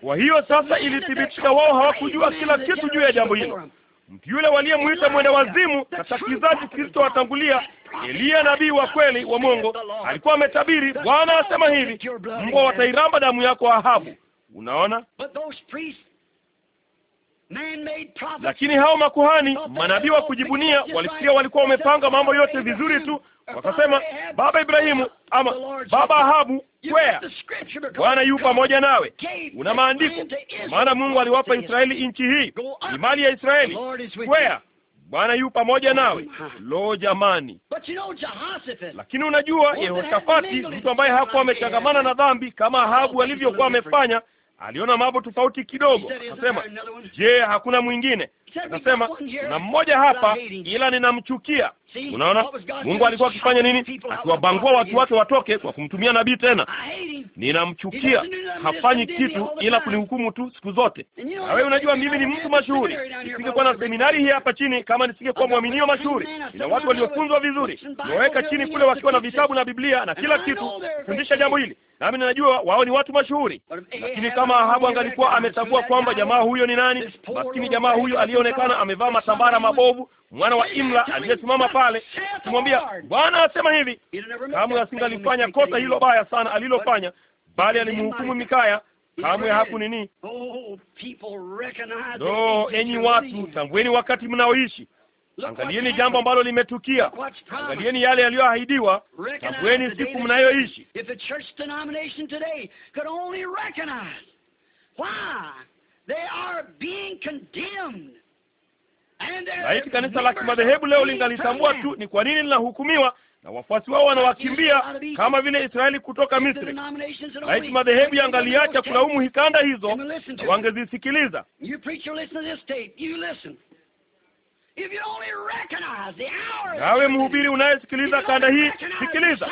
Kwa hiyo sasa ilithibitika wao hawakujua kila kitu juu ya jambo hilo. Mtu yule waliyemwita mwenda wazimu katika kizazi kilichowatangulia Eliya nabii wa kweli wa Mungu alikuwa ametabiri, Bwana asema hivi, mbwa watairamba damu yako Ahabu. Unaona, lakini hao makuhani manabii wa kujibunia walifikiria walikuwa wamepanga mambo yote vizuri tu, wakasema baba Ibrahimu ama baba Ahabu, kwea Bwana yu pamoja nawe, una maandiko, maana Mungu aliwapa Israeli nchi hii, ni mali ya Israeli, kwea Bwana yu pamoja nawe. Lo, jamani! Lakini unajua, Yehoshafati, mtu ambaye hakuwa amechangamana na dhambi kama Ahabu alivyokuwa amefanya, aliona mambo tofauti kidogo. Akasema, je, hakuna mwingine? Akasema, na mmoja hapa, ila ninamchukia Unaona, Mungu alikuwa akifanya nini? Akiwabangua watu wake watoke kwa kumtumia nabii. Tena ninamchukia, hafanyi kitu ila kunihukumu tu siku zote. Na wewe unajua, mimi ni mtu mashuhuri. Nisingekuwa na seminari hii hapa chini kama nisingekuwa wa mashuhuri. na watu waliofunzwa vizuri, naweka chini kule wakiwa na vitabu na Biblia na kila kitu kufundisha jambo hili, nami ninajua wao ni watu mashuhuri. Lakini kama Ahabu angalikuwa ametambua kwamba jamaa huyo ni nani, maskini jamaa huyo aliyeonekana amevaa matambara mabovu mwana wa Imla aliyesimama pale, kumwambia Bwana asema hivi. Kamwe asingalifanya kosa hilo baya sana alilofanya, bali alimhukumu Mikaya. Kamwe haku nini do. Enyi watu, tambueni wakati mnaoishi Angalieni jambo ambalo limetukia, angalieni yale yaliyoahidiwa, tambueni siku mnayoishi laiti kanisa la kimadhehebu leo lingalitambua tu ni kwa nini linahukumiwa na wafuasi wao wanawakimbia kama vile Israeli kutoka Misri. Laiti madhehebu yangaliacha kulaumu hikanda hizo na wangezisikiliza. Nawe mhubiri unayesikiliza kanda hii, sikiliza.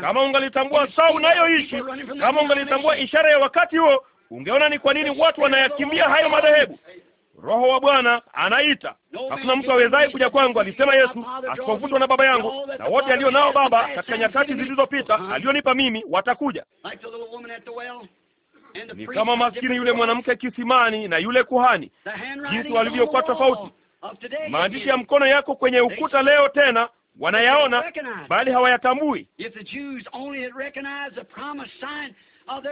Kama ungalitambua saa unayoishi, kama ungalitambua ishara ya wakati huo, ungeona ni kwa nini watu wanayakimbia hayo madhehebu. Roho wa Bwana anaita. Hakuna mtu awezaye kuja kwangu, alisema Yesu, asipovutwa na Baba yangu, na wote alio nao Baba katika nyakati zilizopita uh-huh. alionipa mimi watakuja. Ni kama maskini yule mwanamke kisimani na yule kuhani, jinsi walivyokuwa tofauti. Maandishi ya mkono yako kwenye ukuta leo tena wanayaona, bali hawayatambui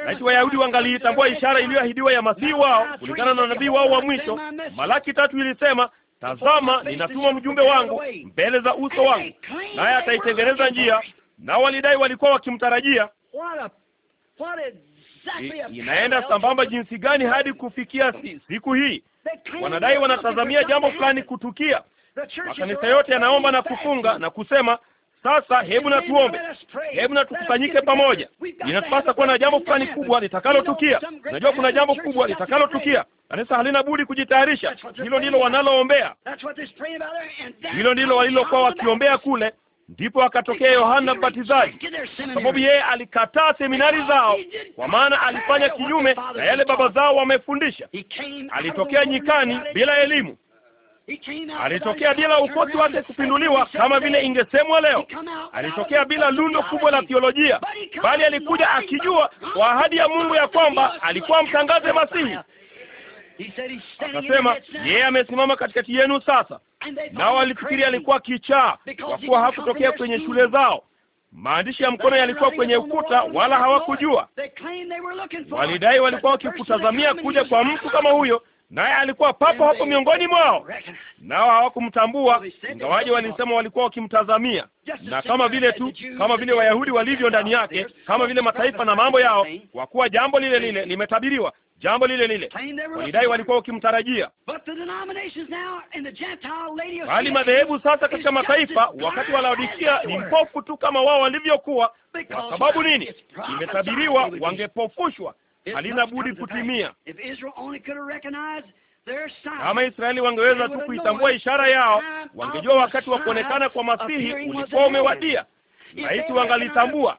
laiti Wayahudi wangaliitambua ishara iliyoahidiwa ya Masihi wao kulingana na nabii wao wa mwisho. Malaki tatu ilisema, tazama, ninatuma mjumbe wangu mbele za uso wangu, naye ataitengeneza njia. Nao walidai walikuwa wakimtarajia. I, inaenda sambamba jinsi gani hadi kufikia siku hii? Wanadai wanatazamia jambo fulani kutukia. Makanisa yote yanaomba na kufunga na kusema sasa hebu na tuombe, hebu na tukusanyike pamoja. Inatupasa kuwa na jambo fulani kubwa litakalotukia. Unajua, kuna jambo kubwa litakalotukia. Kanisa halina budi kujitayarisha. Hilo ndilo wanaloombea, hilo ndilo walilokuwa wakiombea kule. Ndipo akatokea Yohana Mbatizaji, sababu yeye alikataa seminari zao, kwa maana alifanya kinyume na yale baba zao wamefundisha. Alitokea nyikani bila elimu, Alitokea bila ukoti wake kupinduliwa kama vile ingesemwa leo. Alitokea bila lundo kubwa la theolojia, bali alikuja akijua kwa ahadi ya Mungu ya kwamba alikuwa mtangaze Masihi. Akasema yeye, yeah, amesimama katikati yenu sasa. Nao walifikiri alikuwa kichaa, kwa kuwa hakutokea kwenye shule zao. Maandishi ya mkono yalikuwa kwenye ukuta, wala hawakujua. Walidai walikuwa wakikutazamia kuja kwa mtu kama huyo naye alikuwa papo hapo miongoni mwao, nao hawakumtambua ingawaje walisema walikuwa wakimtazamia. Na kama vile tu kama vile Wayahudi walivyo ndani yake, kama vile mataifa na mambo yao, kwa kuwa jambo lile lile limetabiriwa jambo lile lile walidai walikuwa wakimtarajia. Bali madhehebu sasa katika mataifa, wakati wa Laodikia, ni mpofu tu kama wao walivyokuwa. Kwa sababu nini? Imetabiriwa wangepofushwa, halina budi kutimia. Kama Israeli wangeweza tu kuitambua ishara yao, wangejua wakati wa kuonekana kwa Masihi ulikuwa umewadia. Laiti wangalitambua.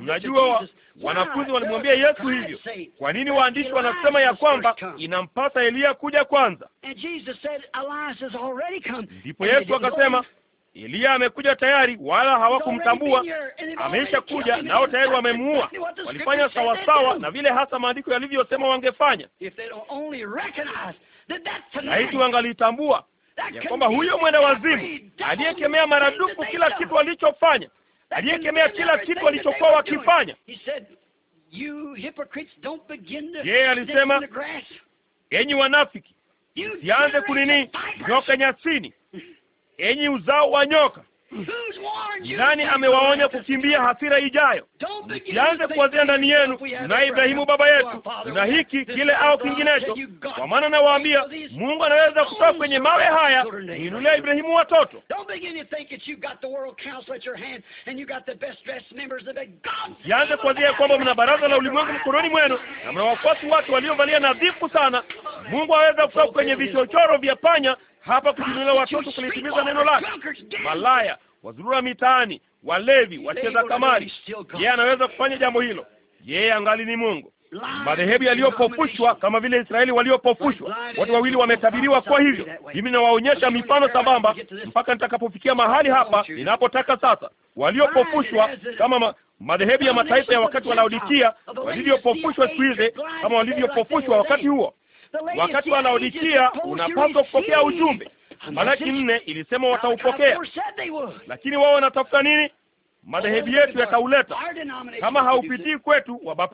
Mnajua, wanafunzi walimwambia Yesu hivyo. Kwa nini waandishi wanasema ya kwamba inampasa Eliya kuja kwanza? Ndipo Yesu akasema Eliya amekuja tayari, wala hawakumtambua. Ameisha kuja nao tayari wamemuua. Walifanya sawasawa na vile hasa maandiko yalivyosema wangefanya. Laiti wangalitambua ya kwamba huyo mwenda wazimu aliyekemea maradufu kila kitu alichofanya, aliyekemea kila kitu alichokuwa wakifanya, yeye alisema, enyi wanafiki, sianze kunini nyoka nyasini enyi uzao wa nyoka, nani amewaonya kukimbia hasira ijayo? Msianze kuwazia ndani yenu na Ibrahimu baba yetu na hiki kile au kinginecho, kwa maana nawaambia, Mungu anaweza kutoka kwenye mawe haya kuinulia Ibrahimu watoto. Msianze kuwazia kwamba mna baraza la ulimwengu mkononi mwenu na mna wafuasi wake waliovalia nadhifu sana. Mungu anaweza kutoka kwenye vichochoro vya panya hapa kujinunulia watoto kulitimiza neno lake. Malaya, wazurura mitaani, walevi, wacheza kamari, yeye anaweza kufanya jambo hilo. Yeye angali ni Mungu. Madhehebu yaliyopofushwa kama vile Israeli waliopofushwa, watu wawili wametabiriwa. Kwa hivyo mimi nawaonyesha mifano sambamba mpaka nitakapofikia mahali hapa ninapotaka sasa. Waliopofushwa kama ma madhehebu ya mataifa ya wakati wa Laodikia, walivyopofushwa siku hizi kama walivyopofushwa wakati huo. Wakati wa Laodikia unapaswa kupokea ujumbe. Malaki nne ilisema wataupokea, lakini wao wanatafuta nini? Madhehebu yetu yatauleta. Kama haupitii kwetu, wa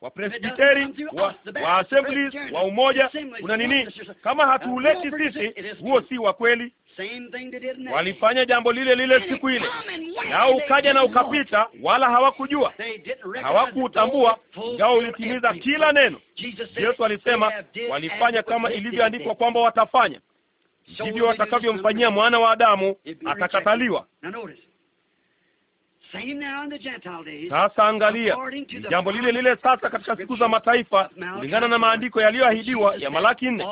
Wapresbiteri, wa, wa Assemblies, wa Umoja, kuna nini? Kama hatuuleti sisi, huo si wa kweli. Walifanya jambo lile lile siku ile, nao ukaja na ukapita, wala hawakujua, hawakuutambua, ingawa ulitimiza kila neno. Yesu alisema walifanya kama ilivyoandikwa kwamba watafanya, ndivyo watakavyomfanyia mwana wa Adamu, atakataliwa. Sasa angalia, jambo lile lile sasa katika siku za mataifa, kulingana na maandiko yaliyoahidiwa ya Malaki nne,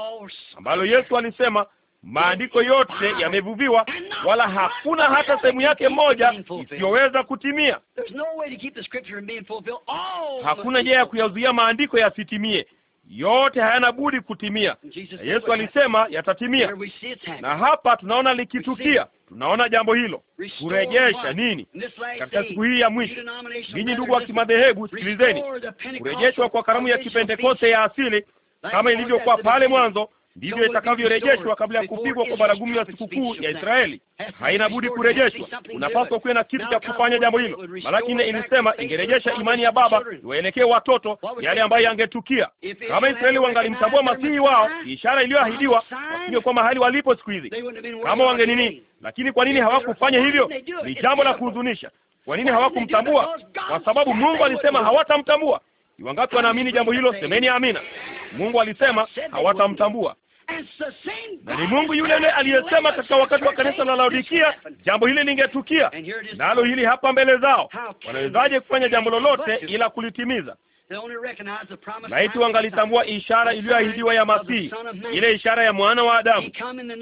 ambalo Yesu alisema Maandiko yote yamevuviwa, wala hakuna hata sehemu yake moja isiyoweza kutimia. Hakuna njia ya kuyazuia maandiko yasitimie, yote hayana budi kutimia. Yesu alisema yatatimia, na hapa tunaona likitukia. Tunaona jambo hilo kurejesha nini katika siku hii ya mwisho. Ninyi ndugu wa kimadhehebu, sikilizeni, kurejeshwa kwa karamu ya Kipentekoste ya asili kama ilivyokuwa pale mwanzo ndivyo itakavyorejeshwa kabla ya kupigwa kwa baragumu ya sikukuu ya Israeli. Haina budi kurejeshwa. Unapaswa kuwe na kitu cha kufanya jambo hilo. Malaki nne ilisema ingerejesha imani ya baba iwaelekee watoto yale ambayo yangetukia kama Israeli wangalimtambua masihi wao, ishara iliyoahidiwa, wasingekuwa mahali walipo siku hizi kama wange nini. Lakini kwa nini hawakufanya hivyo? Ni jambo la kuhuzunisha. Kwa nini hawakumtambua? Kwa sababu Mungu alisema hawatamtambua. Iwangapi wanaamini jambo hilo? Semeni amina. Mungu alisema hawatamtambua, na ni Mungu yule yule aliyesema katika wakati wa kanisa la Laodikia jambo hili lingetukia, nalo hili hapa mbele zao. Wanawezaje kufanya jambo lolote ila kulitimiza? laiti wangalitambua ishara iliyoahidiwa ya Masihi, ile ishara ya mwana wa Adamu.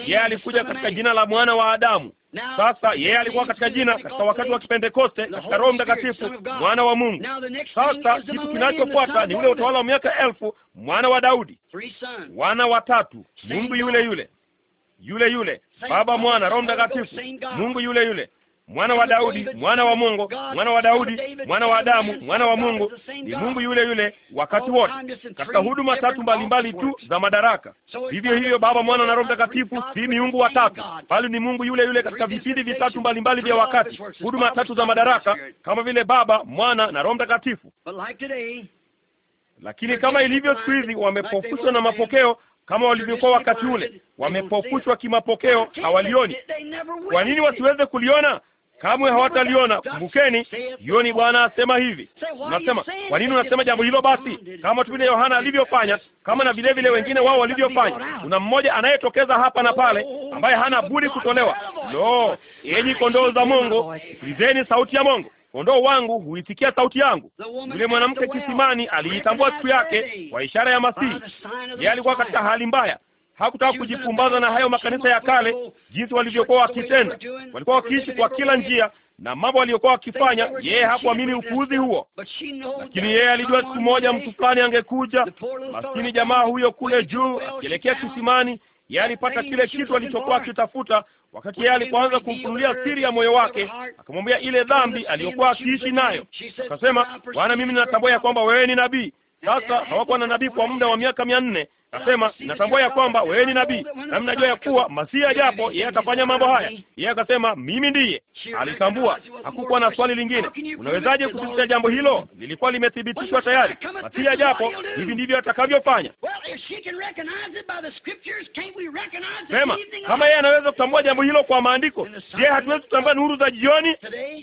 Yeye alikuja katika jina la mwana wa Adamu. Sasa yeye alikuwa katika jina, katika wakati wa Kipentekoste, katika Roho Mtakatifu, mwana wa Mungu. Sasa kitu kinachofuata ni ule utawala wa miaka elfu, mwana wa Daudi, wana watatu, Mungu yule yule yule yule, Baba, Mwana, Roho Mtakatifu, Mungu yule yule mwana wa Daudi, mwana wa Mungu, mwana wa Daudi, mwana wa Adamu, mwana wa Mungu, ni Mungu yule yule wakati wote, katika huduma tatu mbalimbali tu za madaraka. Vivyo hivyo, Baba, Mwana na Roho Mtakatifu si miungu watatu, bali ni Mungu yule yule katika vipindi vitatu mbalimbali vya wakati, huduma tatu za madaraka, kama vile Baba, Mwana na Roho Mtakatifu. Lakini kama ilivyo siku hizi, wamepofushwa na mapokeo kama walivyokuwa wakati ule, wamepofushwa kimapokeo, hawalioni. Kwa nini wasiweze kuliona? kamwe hawataliona. Kumbukeni, yoni Bwana asema hivi. Unasema, kwa nini unasema jambo hilo? Basi kama tu vile Yohana alivyofanya, kama na vile vile wengine wao walivyofanya. Kuna mmoja anayetokeza hapa na pale, oh, ambaye hana budi kutolewa. Lo, yenyi kondoo za Mungu, sikilizeni sauti ya Mungu. Kondoo wangu huitikia sauti yangu. Yule mwanamke kisimani aliitambua siku yake kwa ishara ya Masihi. Yeye alikuwa katika hali mbaya, hakutaka kujipumbaza na hayo makanisa ya kale, jinsi walivyokuwa wakitenda. Walikuwa wakiishi kwa kila njia na mambo aliyokuwa wakifanya. Yeye hakuamini upuuzi huo, lakini yeye alijua siku moja mtu fulani angekuja. Maskini jamaa huyo kule juu akielekea kisimani, yeye alipata kile kitu alichokuwa akitafuta. Wakati yeye alipoanza kumfunulia siri ya moyo wake, akamwambia ile dhambi aliyokuwa akiishi nayo, akasema, Bwana, mimi ninatambua ya kwamba wewe ni nabii. Sasa hawakuwa na nabii kwa muda wa miaka mia nne Akasema, natambua ya kwamba wewe ni nabii na mnajua ya kuwa Masia japo yeye atafanya mambo haya. Yeye akasema mimi ndiye. Alitambua, hakukuwa na swali lingine. Unawezaje kuthibitisha jambo hilo? Lilikuwa limethibitishwa tayari. Masia japo, hivi ndivyo atakavyofanya. Sema, kama yeye anaweza kutambua jambo hilo kwa maandiko, je, hatuwezi kutambua nuru za jioni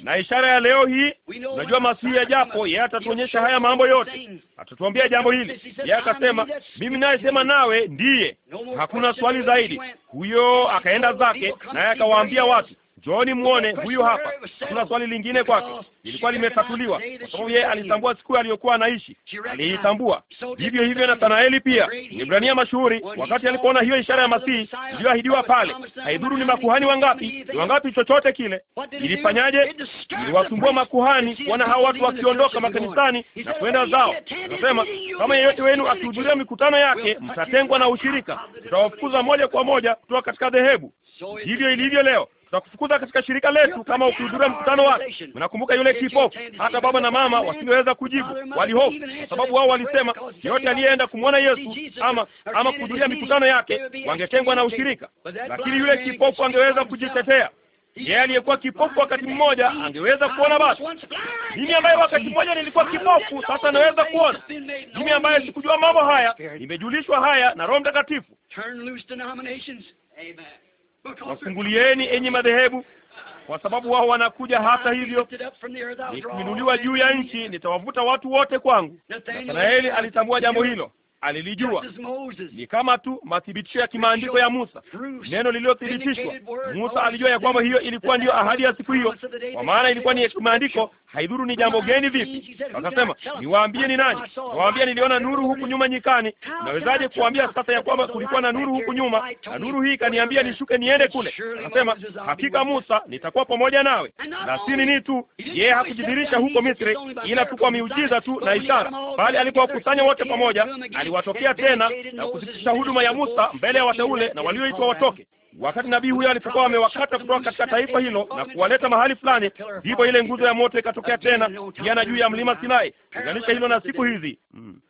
na ishara ya leo hii? Unajua Masia japo, yeye atatuonyesha haya mambo yote, atatuambia jambo hili. Yeye akasema mimi naye sema nawe ndiye, hakuna swali zaidi. Huyo akaenda zake, naye akawaambia watu, Njooni muone huyu hapa. Kuna swali lingine kwake, lilikuwa limetatuliwa kwa sababu yeye alitambua siku aliyokuwa anaishi, aliitambua. Hivyo hivyo Nathanaeli pia, Ibrania mashuhuri, wakati alipoona hiyo ishara ya Masihi iliyoahidiwa pale, haidhuru ni makuhani wangapi, ni wangapi, chochote kile. Ilifanyaje? Iliwasumbua makuhani, wana hao watu wakiondoka makanisani na kwenda zao. Anasema kama yeyote wenu akihudhuria mikutano yake, mtatengwa na ushirika, tutawafukuza moja kwa moja kutoka katika dhehebu. Hivyo ilivyo leo tutakufukuza katika shirika letu kama ukihudhuria mkutano wake. Mnakumbuka yule kipofu, hata baba na mama wasingeweza kujibu, walihofu kwa sababu wao walisema yote aliyeenda kumwona Yesu ama ama kuhudhuria mikutano yake wangetengwa na ushirika, lakini yule kipofu angeweza kujitetea. Yeye aliyekuwa kipofu wakati mmoja angeweza kuona. Basi mimi ambaye wakati mmoja nilikuwa kipofu, sasa naweza kuona. Mimi ambaye sikujua mambo haya, nimejulishwa haya na Roho Mtakatifu wafungulieni enyi madhehebu, kwa sababu wao wanakuja. Hata hivyo, nikinuliwa juu ya nchi, nitawavuta watu wote kwangu. Nathanaeli alitambua jambo hilo alilijua. Ni kama tu mathibitisho ya kimaandiko ya Musa, neno lililothibitishwa. Musa alijua ya kwamba hiyo ilikuwa ndiyo ahadi ya siku hiyo, kwa maana ilikuwa ni kimaandiko, haidhuru ni jambo geni vipi. Akasema, niwaambie ni nani? Niwaambie niliona nuru huku nyuma nyikani. Nawezaje kuambia sasa ya kwamba kulikuwa na nuru huku nyuma, na nuru hii ikaniambia nishuke niende kule? Akasema, hakika Musa, nitakuwa pamoja nawe. Na si nini tu, yeye hakujidhirisha huko Misri, ila tu kwa miujiza tu na ishara, bali alipowakusanya wote pamoja aliwatokea tena na kusitisha huduma ya Musa mbele ya wateule na walioitwa watoke. Wakati nabii huyo alipokuwa amewakata kutoka katika taifa hilo na kuwaleta mahali fulani, ndipo ile nguzo ya moto ikatokea tena jana juu ya mlima Sinai. Linganisha hilo na siku hizi mm.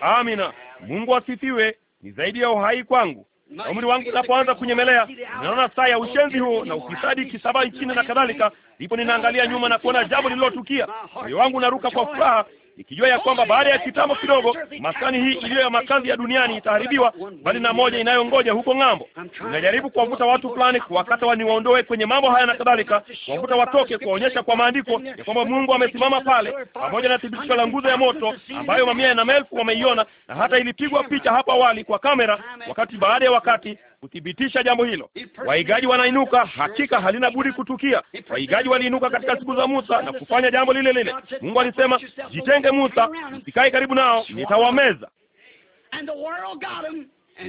Amina. Mungu asifiwe. Ni zaidi ya uhai kwangu umri wangu unapoanza kunyemelea, ninaona saa ya ushenzi huo na ufisadi kisabai chini na kadhalika, ndipo ninaangalia nyuma na kuona jambo lililotukia. Moyo wangu unaruka kwa furaha ikijua ya kwamba baada ya kitambo kidogo maskani hii iliyo ya makazi ya duniani itaharibiwa, bali na moja inayongoja huko ng'ambo. Ninajaribu kuwavuta watu fulani, kuwakata waniwaondoe kwenye mambo haya na kadhalika, kuwavuta watoke, kuwaonyesha kwa maandiko ya kwamba Mungu amesimama pale, pamoja na thibitisho la nguzo ya moto ambayo mamia na maelfu wameiona, na hata ilipigwa picha hapo awali kwa kamera, wakati baada ya wakati kuthibitisha jambo hilo. Waigaji wanainuka, hakika halina budi kutukia. Waigaji waliinuka katika siku za Musa na kufanya jambo lile lile. Mungu alisema, jitenge Musa, msikae karibu nao, nitawameza.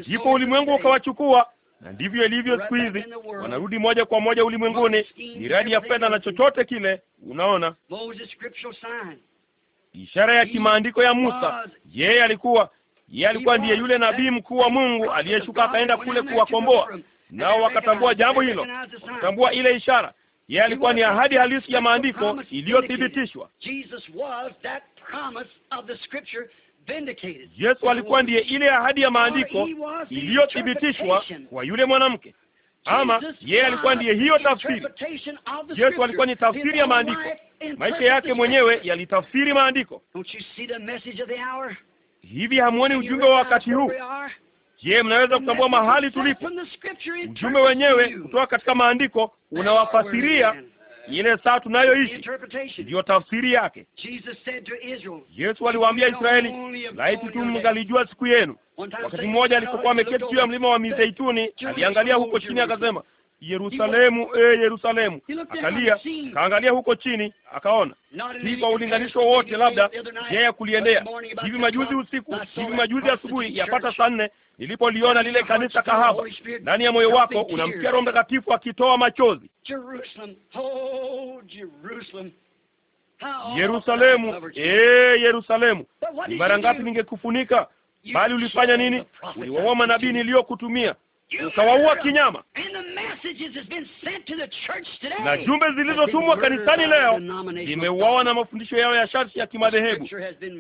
Ndipo ulimwengu ukawachukua na ndivyo ilivyo siku hizi, wanarudi moja kwa moja ulimwenguni, miradi ya fedha na chochote kile. Unaona ishara ya kimaandiko ya Musa, yeye alikuwa yeye alikuwa ndiye yule nabii mkuu wa Mungu aliyeshuka akaenda kule kuwakomboa, nao wakatambua jambo hilo, wakatambua ile ishara. Yeye alikuwa ni ahadi halisi ya maandiko iliyothibitishwa. Yesu alikuwa ndiye ile ahadi ya maandiko iliyothibitishwa kwa yule mwanamke, ama yeye alikuwa ndiye hiyo tafsiri. Yesu alikuwa ni tafsiri ya maandiko, maisha yake mwenyewe yalitafsiri maandiko. Hivi hamuoni ujumbe wa wakati huu? Je, mnaweza kutambua mahali tulipo? Ujumbe wenyewe kutoka katika maandiko unawafasiria ile saa tunayoishi, ndiyo tafsiri yake. Yesu aliwaambia Israeli, laiti tu mngalijua siku yenu. Wakati mmoja alipokuwa ameketi juu ya mlima wa Mizeituni, aliangalia huko chini akasema, Yerusalemu, e Yerusalemu! Akalia, akaangalia huko chini, akaona hii kwa ulinganisho wote, labda yeye ya kuliendea hivi majuzi usiku, hivi majuzi asubuhi, yapata saa nne, nilipoliona lile kanisa kahaba. Ndani ya moyo wako unamsikia Roho Mtakatifu akitoa machozi. Oh, Yerusalemu, e Yerusalemu, ni mara ngapi ningekufunika, bali ulifanya nini? Uliwaua manabii niliyokutumia ukawaua kinyama. Na jumbe zilizotumwa kanisani leo zimeuawa na mafundisho yao ya sharti ya kimadhehebu.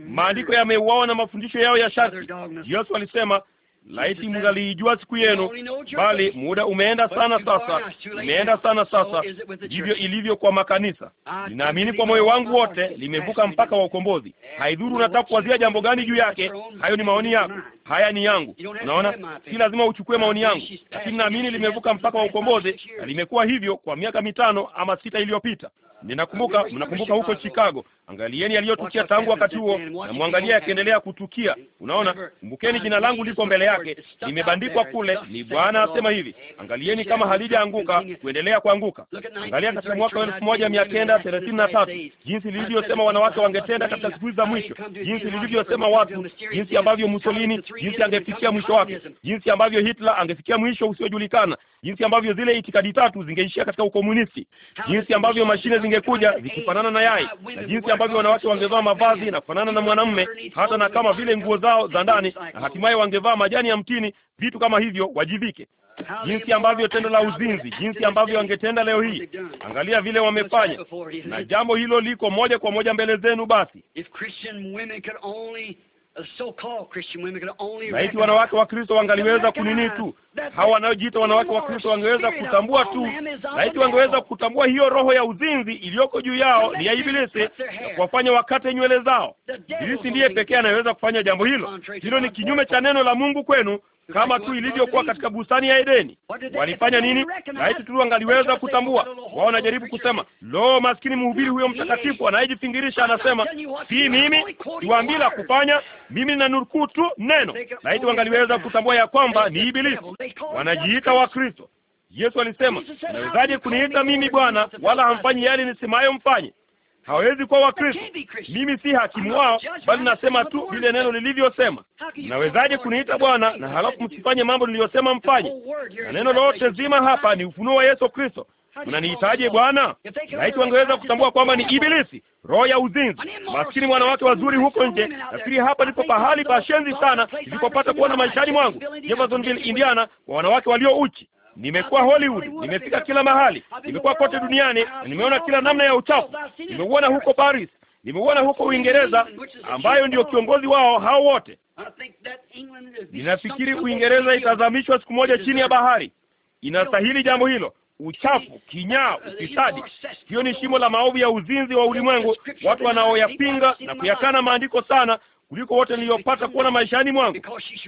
Maandiko yameuawa na mafundisho yao ya sharti. Yesu alisema Laiti mngalijua siku yenu, bali muda umeenda sana sasa, umeenda sana sasa. Ndivyo ilivyo kwa makanisa. Ah, Ninaamini kwa moyo wangu wote limevuka mpaka wa ukombozi. Haidhuru unataka kuwazia jambo gani juu yake, hayo ni maoni yako, haya ni yangu. Unaona, si lazima uchukue maoni yangu, lakini naamini limevuka mpaka wa ukombozi, na limekuwa hivyo kwa miaka mitano ama sita iliyopita. Ninakumbuka, mnakumbuka huko Chicago, angalieni yaliyotukia tangu wakati huo, na mwangalia yakiendelea kutukia. Unaona, kumbukeni jina langu liko mbele yake imebandikwa kule, ni Bwana asema hivi, angalieni kama halijaanguka kuendelea kuanguka. Angalia katika mwaka wa elfu moja mia kenda thelathini na tatu jinsi lilivyosema wanawake wangetenda katika siku za mwisho, jinsi lilivyosema watu, jinsi ambavyo Mussolini, jinsi angefikia mwisho wake, jinsi ambavyo Hitler angefikia mwisho usiojulikana, jinsi ambavyo zile itikadi tatu zingeishia katika ukomunisti, jinsi ambavyo mashine zingekuja zikifanana na yai, na jinsi ambavyo wanawake wangevaa mavazi na kufanana na mwanamume, hata na kama vile nguo zao za ndani, na hatimaye wangevaa majani ya mtini, vitu kama hivyo, wajivike jinsi ambavyo tendo la uzinzi, jinsi ambavyo wangetenda leo hii. Angalia vile wamefanya, na jambo hilo liko moja kwa moja mbele zenu. Basi Laiti wanawake wa Kristo wangaliweza kunini tu, hawa wanaojiita wanawake wa Kristo wangeweza kutambua tu, laiti wangeweza kutambua hiyo roho ya uzinzi iliyoko juu yao ni ya Ibilisi na kuwafanya wakate nywele zao. Ibilisi ndiye pekee anayeweza kufanya jambo hilo. Hilo ni kinyume cha neno la Mungu kwenu, kama tu ilivyokuwa katika bustani ya Edeni. Walifanya nini? Laiti tu angaliweza kutambua. Wao wanajaribu kusema, lo, maskini mhubiri huyo mtakatifu anayejifingirisha anasema, si mimi siwaambii la kufanya, mimi nina nukuu tu neno. Laiti wangaliweza kutambua ya kwamba ni Ibilisi. Wanajiita Wakristo. Yesu alisema, nawezaje kuniita mimi Bwana, wala hamfanyi yale nisemayo mfanye? hawawezi kuwa Wakristo. Mimi si hakimu wao, bali nasema tu vile neno lilivyosema. Mnawezaje kuniita Bwana na halafu msifanye mambo niliyosema mfanye? Na neno lote zima hapa ni ufunuo wa Yesu Kristo. Mnaniitaje Bwana? Laiti wangeweza kutambua kwamba ni Ibilisi, roho ya uzinzi. Maskini wanawake wazuri huko nje. Nafikiri hapa ndipo pahali pashenzi sana nilipopata kuona maishani mwangu, Jeffersonville, Indiana, kwa wanawake walio uchi. Nimekuwa Hollywood, nimefika kila mahali, nimekuwa kote duniani na nimeona kila namna ya uchafu. Nimeuona huko Paris, nimeuona huko Uingereza, ambayo ndiyo kiongozi wao hao wote. Ninafikiri Uingereza itazamishwa siku moja chini ya bahari. Inastahili jambo hilo. Uchafu, kinyaa, ufisadi, hiyo ni shimo la maovu ya uzinzi wa ulimwengu, watu wanaoyapinga na kuyakana maandiko sana, kuliko wote niliyopata kuona maishani mwangu.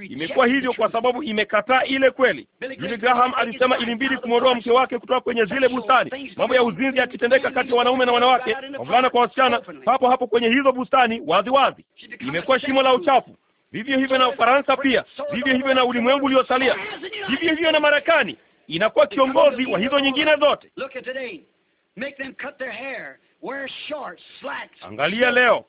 Imekuwa hivyo kwa sababu imekataa ile kweli. Billy Graham alisema ilimbidi kumwondoa mke wake kutoka kwenye zile bustani, mambo ya uzinzi yakitendeka kati ya wanaume na wanawake, wavulana kwa wasichana, papo hapo kwenye hizo bustani wazi wazi. Imekuwa shimo la uchafu. Vivyo hivyo na Ufaransa pia, vivyo hivyo na ulimwengu uliosalia, vivyo hivyo na Marekani inakuwa kiongozi wa hizo nyingine zote. Angalia leo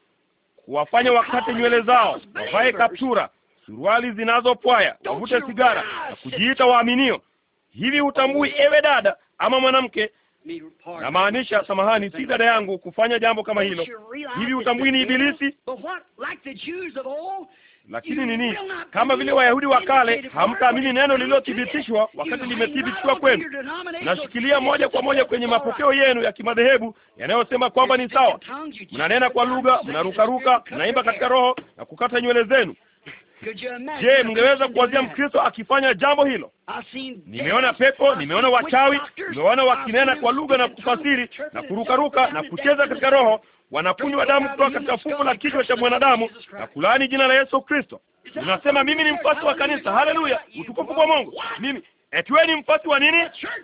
kuwafanya wakate nywele zao, wavae kaptura, suruali zinazopwaya, wavute sigara na kujiita waaminio. Hivi hutambui, ewe dada ama mwanamke na maanisha, samahani, si dada yangu, kufanya jambo kama hilo. Hivi utambui ni ibilisi? Lakini nini? Kama vile Wayahudi wa kale, hamtaamini neno lililothibitishwa wakati limethibitishwa kwenu. nashikilia moja kwa moja kwenye mapokeo yenu ya kimadhehebu yanayosema kwamba ni sawa. Mnanena kwa lugha, mnarukaruka, mnaimba katika roho na kukata nywele zenu. Je, mngeweza kuwazia Mkristo akifanya jambo hilo? Nimeona pepo, uh, nimeona wachawi, nimeona uh, wakinena kwa lugha na kufasiri na kurukaruka na kucheza katika roho, wanakunywa damu kutoka katika fumbo la kichwa cha mwanadamu na kulaani jina la Yesu Kristo. Unasema mimi ni mfasi wa kanisa. Haleluya, utukufu kwa Mungu. Mimi etiwe ni mfasi wa nini?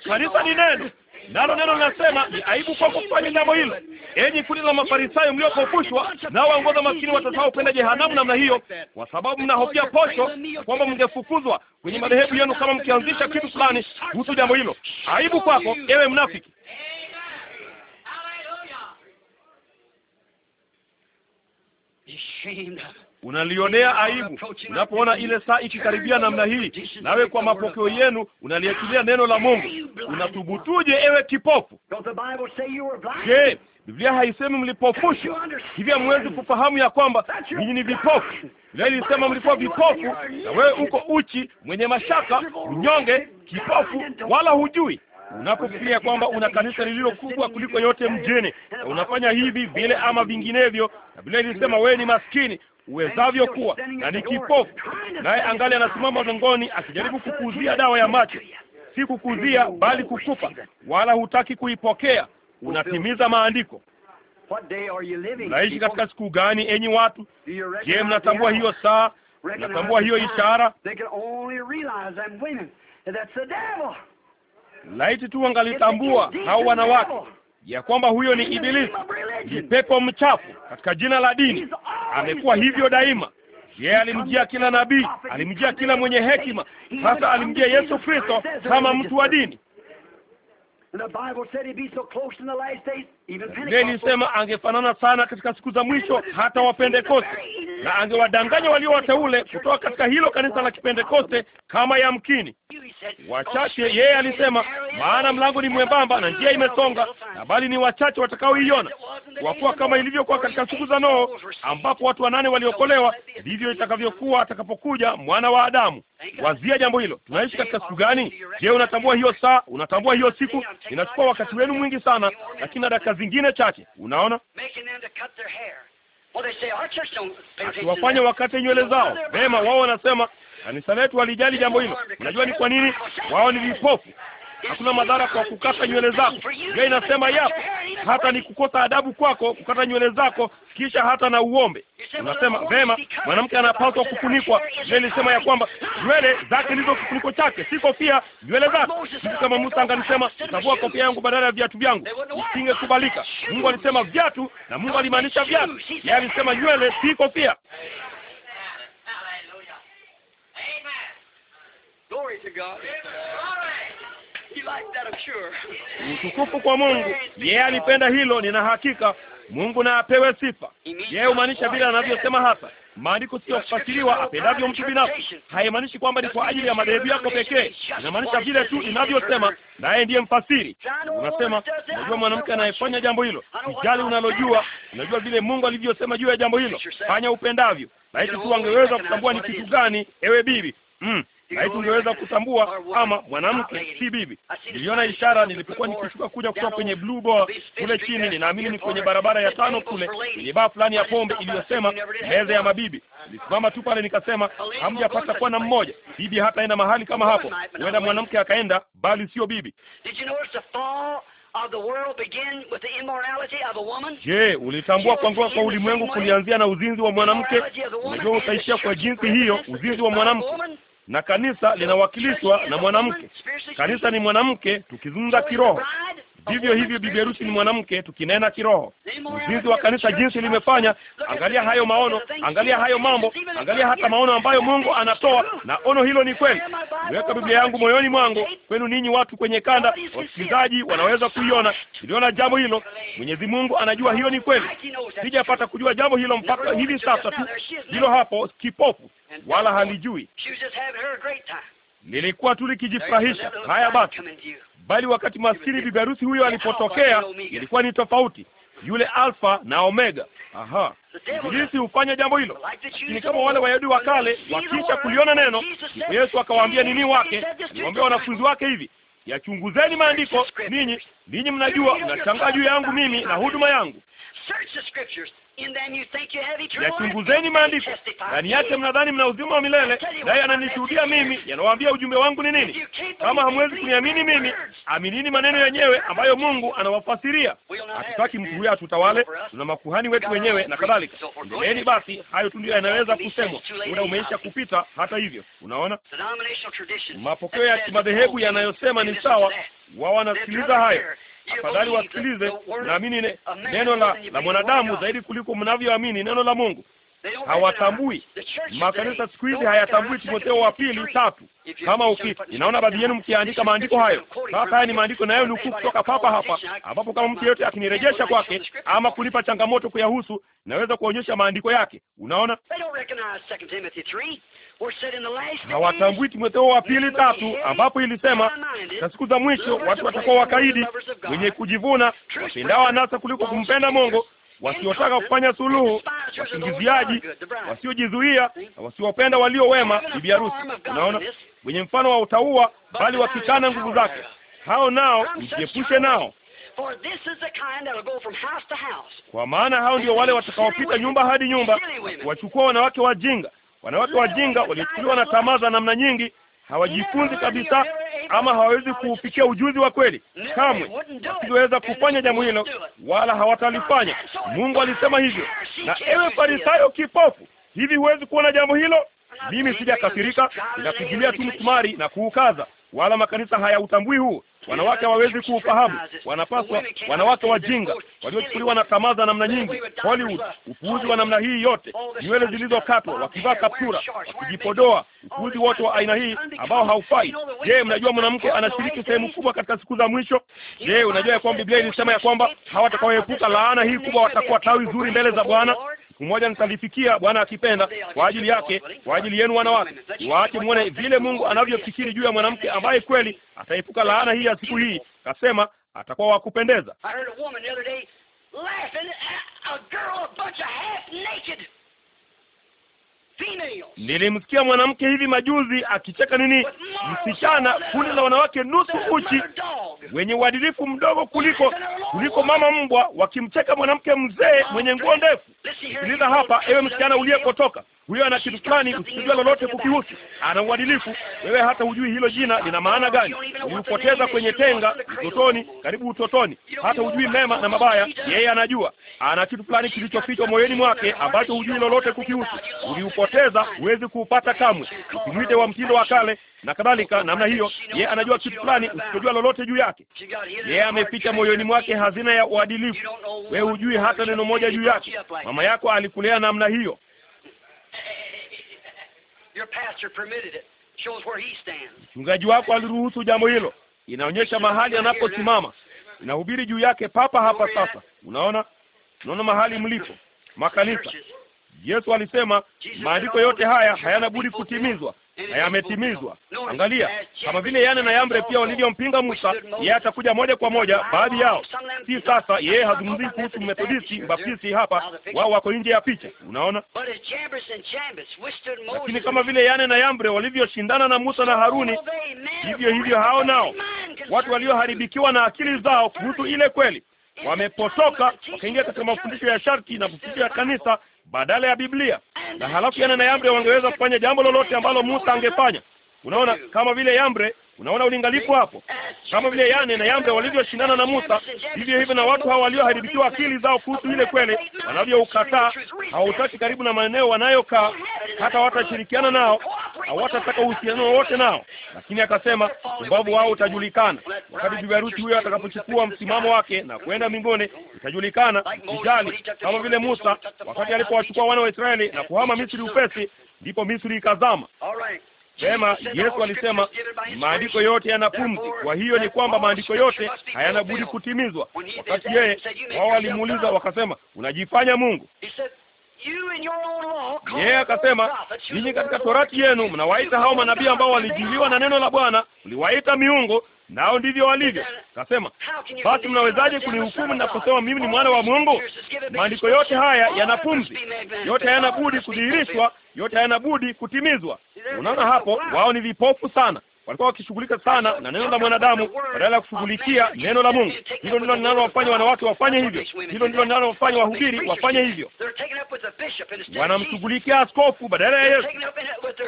Kanisa ni neno Nalo neno linasema ni aibu kwa kufanya jambo hilo. Enyi kundi la Mafarisayo mliokofushwa na waongoza maskini kwenda jehanamu namna hiyo, kwa sababu mnahofia posho, kwamba mngefukuzwa kwenye madhehebu yenu kama mkianzisha kitu fulani kuhusu jambo hilo. Aibu kwako, ewe mnafiki! unalionea aibu unapoona ile saa ikikaribia namna hii, nawe kwa mapokeo yenu unaliachilia neno la Mungu. Unathubutuje ewe kipofu? Je, Biblia haisemi mlipofushwa? Hivi hamwezi kufahamu ya kwamba ninyi ni vipofu? Biblia ilisema mlikuwa vipofu, na wewe uko uchi, mwenye mashaka, unyonge, kipofu, wala hujui unapofikiria kwamba una kanisa lililo kubwa kuliko yote mjini, unafanya hivi vile ama vinginevyo, na Biblia ilisema wewe ni maskini, uwezavyo kuwa, na ni kipofu, naye angali anasimama udongoni akijaribu kukuzia dawa ya macho, si kukuzia, bali kukupa, wala hutaki kuipokea. Unatimiza maandiko. Mnaishi katika siku gani, enyi watu? Je, mnatambua hiyo saa? Mnatambua hiyo ishara? Laiti tu wangalitambua hao wanawake ya kwamba huyo ni Ibilisi, ni pepo mchafu katika jina la dini. Amekuwa hivyo daima. Yeye alimjia kila nabii, alimjia kila mwenye hekima. Sasa alimjia Yesu Kristo kama mtu wa dini. Biblia ilisema angefanana sana katika siku za mwisho, hata Wapentekoste, na angewadanganya walio wateule kutoka katika hilo kanisa la Kipentekoste kama yamkini wachache. Yeye alisema, maana mlango ni mwembamba na njia imesonga, na bali ni wachache watakaoiona, kwa kuwa kama ilivyokuwa katika siku za noo ambapo watu wanane waliokolewa, ndivyo itakavyokuwa atakapokuja mwana wa Adamu. Wazia jambo hilo. Tunaishi katika siku gani? Je, unatambua hiyo saa? Unatambua hiyo siku? Inachukua wakati wenu mwingi sana, lakini na dakika zingine chache. Unaona, akiwafanya wakate nywele zao vema. Wao wanasema kanisa letu walijali jambo hilo. Unajua ni kwa nini? Wao ni vipofu hakuna madhara kwa kukata nywele zako. Hiyo inasema yapo, hata ni kukosa adabu kwako kukata nywele zako, kisha hata na uombe. Unasema vema, mwanamke anapaswa kufunikwa. Je, ilisema ya kwamba nywele zake ndizo kifuniko chake, si kofia nywele zake. Mtu kama Musa anganisema navua kofia yangu badala ya viatu vyangu, isingekubalika. Mungu alisema viatu, na Mungu alimaanisha viatu. Yeye alisema nywele, si kofia. Glory to God. Utukufu kwa Mungu, yeye alipenda hilo, nina hakika. Mungu na apewe sifa. Yeye humaanisha vile anavyosema hapa maandiko sio kufasiriwa apendavyo mtu binafsi. Haimaanishi kwamba ni kwa ajili ya madhehebu yako pekee, inamaanisha vile tu inavyosema, naye ndiye mfasiri. Unasema, unajua mwanamke anayefanya jambo hilo, sijali unalojua, unajua vile Mungu alivyosema juu ya jambo hilo, fanya upendavyo. Laiti tu angeweza kutambua ni kitu gani, ewe bibi mm haitungeweza kutambua ama mwanamke si bibi. Niliona ishara nilipokuwa nikishuka kuja kutoka kwenye Blue Ball kule chini, ninaamini ni kwenye barabara ya tano kule, ni baa fulani ya pombe iliyosema meza ya mabibi. Nilisimama tu pale nikasema, hamjapata kuwa na mmoja bibi, hataenda mahali kama hapo. Huenda mwanamke akaenda, bali sio bibi. Je, ulitambua kuanguka kwa ulimwengu kulianzia na uzinzi wa mwanamke? Unajua utaishia kwa jinsi hiyo, uzinzi wa mwanamke na kanisa linawakilishwa na mwanamke. Kanisa ni mwanamke, tukizungumza kiroho. Vivyo hivyo bibi harusi ni mwanamke, tukinena kiroho. Uzinzi wa kanisa jinsi limefanya, angalia hayo maono, angalia hayo mambo, angalia hata maono ambayo Mungu anatoa, na ono hilo ni kweli. Niweka Biblia yangu moyoni mwangu, kwenu ninyi watu kwenye kanda, wasikilizaji wanaweza kuiona. Niliona jambo hilo, Mwenyezi Mungu anajua hiyo ni kweli. Sijapata kujua jambo hilo mpaka hivi sasa tu, hilo hapo kipofu, wala halijui lilikuwa tu likijifurahisha. Haya basi, bali wakati maskini bibi harusi huyo alipotokea, ilikuwa ni tofauti, yule alfa na omega. Aha, Ibilisi hufanya jambo hilo, ni kama wale Wayahudi wa kale wakisha kuliona neno. Yesu akawaambia nini wake, aliwaambia wanafunzi wake hivi Yachunguzeni maandiko ninyi, ninyi mnajua, mnashangaa juu yangu mimi na huduma yangu, yachunguzeni maandiko, ndani yake mnadhani mna uzima wa milele, naye ananishuhudia mimi. Yanawaambia ujumbe wangu ni nini? Kama hamwezi kuniamini mimi, aminini maneno yenyewe ambayo Mungu anawafasiria. Hatutaki mtu huyo atutawale, tuna makuhani wetu wenyewe na kadhalika. Endeleeni basi, hayo tu ndio yanaweza kusemwa. Muda umeisha kupita. Hata hivyo, unaona mapokeo ya kimadhehebu yanayosema ni sawa, wao wanasikiliza hayo afadhali wasikilize naamini neno la la mwanadamu zaidi kuliko mnavyoamini neno la Mungu. Hawatambui, makanisa siku hizi hayatambui Timotheo wa pili tatu. Kama uki inaona baadhi yenu mkiandika maandiko hayo, sasa haya ni maandiko nayo nukuu kutoka papa hapa, ambapo kama mtu yeyote akinirejesha kwake ama kunipa changamoto kuyahusu, naweza kuonyesha maandiko yake. Unaona hawatambui Timotheo wa pili tatu, ambapo ilisema na siku za mwisho watu watakuwa wakaidi, wenye kujivuna, wapendao anasa kuliko kumpenda Mungu, wasiotaka kufanya suluhu, wasingiziaji, wasiojizuia na wasiopenda walio wema, bibi harusi. Unaona, wenye mfano wa utaua, bali wakikana nguvu zake. Hao nao ujiepushe nao, kwa maana hao ndio wale watakaopita nyumba hadi nyumba, wachukua wanawake wajinga Wanawake wajinga waliochukuliwa na tamaa za namna nyingi hawajifunzi kabisa, ama hawawezi kuufikia ujuzi wa kweli kamwe. Wasingeweza kufanya jambo hilo, wala hawatalifanya. Mungu alisema hivyo. Na ewe Farisayo kipofu, hivi huwezi kuona jambo hilo? Mimi sijakasirika, ninakujilia tu msumari na kuukaza wala makanisa hayautambui huo. Wanawake hawawezi kuufahamu, wanapaswa, wanawake wajinga waliochukuliwa na tamaa za namna nyingi, Hollywood, upuuzi wa namna hii yote, nywele zilizokatwa, wakivaa kaptura, wakijipodoa, upuuzi wote wa aina hii ambao haufai. Je, mnajua mwanamke anashiriki sehemu kubwa katika siku za mwisho? Je, unajua ya kwamba Biblia ilisema ya kwamba hawatakaoepuka laana hii kubwa watakuwa tawi zuri mbele za Bwana? siku moja nitalifikia, Bwana akipenda, kwa ajili yake, kwa ajili yenu wanawake. Waache muone vile Mungu anavyofikiri juu ya mwanamke ambaye kweli ataepuka laana hii ya siku hii. Kasema atakuwa wa kupendeza. Nilimsikia mwanamke hivi majuzi akicheka nini, msichana, kundi la wanawake nusu uchi wenye uadilifu mdogo kuliko kuliko mama mbwa, wakimcheka mwanamke mzee mwenye nguo ndefu. Sikiliza hapa, ewe msichana uliyepotoka huyo ana kitu fulani usijua lolote kukihusu, ana uadilifu. Wewe hata hujui hilo jina lina maana gani. Uliupoteza kwenye tenga utotoni, karibu utotoni, hata hujui mema na mabaya. Yeye anajua, ana kitu fulani kilichofichwa moyoni mwake ambacho hujui lolote kukihusu. Uliupoteza, huwezi kuupata kamwe. Ukimwite wa mtindo wa kale na kadhalika namna hiyo, yeye anajua kitu fulani usijua lolote juu yake. Yeye ameficha moyoni mwake hazina ya uadilifu. Wewe hujui hata neno moja juu yake. Mama yako alikulea namna hiyo. Mchungaji wako aliruhusu jambo hilo, inaonyesha mahali anaposimama. Inahubiri juu yake papa hapa sasa. Unaona, unaona mahali mlipo makanisa. Yesu alisema maandiko yote haya hayana budi kutimizwa na yametimizwa. Angalia, kama vile Yane na Yambre pia walivyompinga Musa, yeye atakuja moja kwa moja, baadhi yao. Si sasa, yeye hazungumzii kuhusu Methodisti, Baptisti hapa, wao wako nje ya picha, unaona. Lakini kama vile Yane na Yambre walivyoshindana na Musa na Haruni, hivyo hivyo hao nao, watu walioharibikiwa na akili zao kuhusu ile kweli wamepotoka wakaingia katika mafundisho ya sharti na mafundisho ya kanisa badala ya Biblia, na halafu Yana na Yambre wangeweza kufanya jambo lolote ambalo Musa angefanya. Unaona, kama vile Yambre Unaona ulingalifu hapo, kama vile Yane na yambe walivyoshindana na Musa, vivyo hivyo na watu hao walioharibikiwa akili zao kuhusu ile kweli, wanavyoukataa, hawautaki karibu na maeneo wanayokaa, hata watashirikiana nao, hawatataka uhusiano wowote nao. Lakini akasema ubavu wao utajulikana wakati bibi harusi huyo atakapochukua msimamo wake na kwenda mbinguni, itajulikana vijali, kama vile Musa wakati alipowachukua wana wa Israeli na kuhama Misri upesi, ndipo Misri ikazama. Sema Yesu alisema maandiko yote yana pumzi. Kwa hiyo ni kwamba maandiko yote hayana budi kutimizwa. Wakati yeye wao walimuuliza wakasema, unajifanya Mungu? Yeye akasema, ninyi katika torati yenu mnawaita hao manabii ambao walijiliwa na neno la Bwana, mliwaita miungu, nao ndivyo walivyo. Kasema, basi mnawezaje kunihukumu na kusema mimi ni mwana wa Mungu? Maandiko yote haya yana pumzi, yote hayana budi kudhihirishwa, yote hayana budi kutimizwa. Unaona hapo, wao ni vipofu sana walikuwa wakishughulika sana na neno la mwanadamu badala ya kushughulikia neno la Mungu. Hilo ndilo linalowafanya wanawake wafanye hivyo, hilo ndilo linalowafanya wahubiri wafanye hivyo. Wanamshughulikia askofu badala ya Yesu,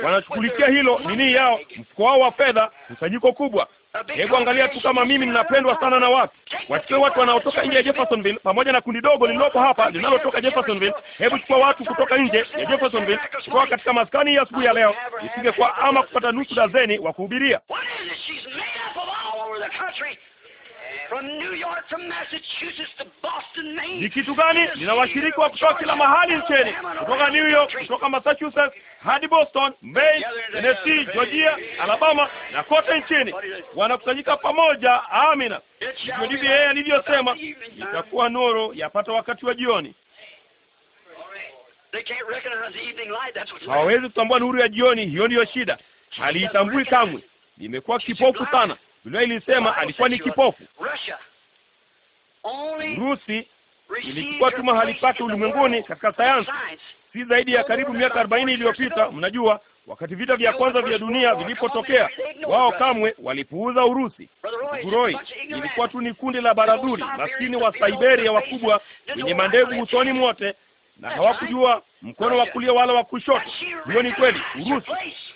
wanashughulikia hilo nini yao, mfuko wao wa fedha, kusanyiko kubwa, Hebu angalia tu kama mimi ninapendwa sana na watu. Wachukue watu wanaotoka nje ya Jeffersonville pamoja na kundi dogo lililopo hapa linalotoka Jeffersonville. Hebu chukua watu kutoka nje ya Jeffersonville, chukua katika maskani ya asubuhi ya leo, isingekuwa ama kupata nusu dazeni wa kuhubiria ni kitu gani? Nina washiriki wa kutoka kila mahali nchini, kutoka New York, kutoka Massachusetts hadi Boston, Maine, Tennessee, Georgia, Alabama na kote nchini wanakusanyika pamoja. Amina, hivyo ndivyo yeye alivyosema, itakuwa nuru yapata wakati wa jioni. Hawawezi kutambua nuru ya jioni, hiyo ndiyo shida. Haliitambui kamwe, limekuwa kipofu sana. Biblia ilisema alikuwa ni kipofu. Urusi ilikuwa tu mahali pake ulimwenguni katika sayansi, si zaidi ya karibu miaka arobaini iliyopita. Mnajua, wakati vita vya kwanza vya dunia vilipotokea, wao kamwe walipuuza Urusi. Roy ilikuwa tu ni kundi la baradhuri maskini wa Siberia wakubwa, wenye mandevu usoni mwote na hawakujua mkono wa kulia wala wa kushoto. Hiyo ni kweli Urusi,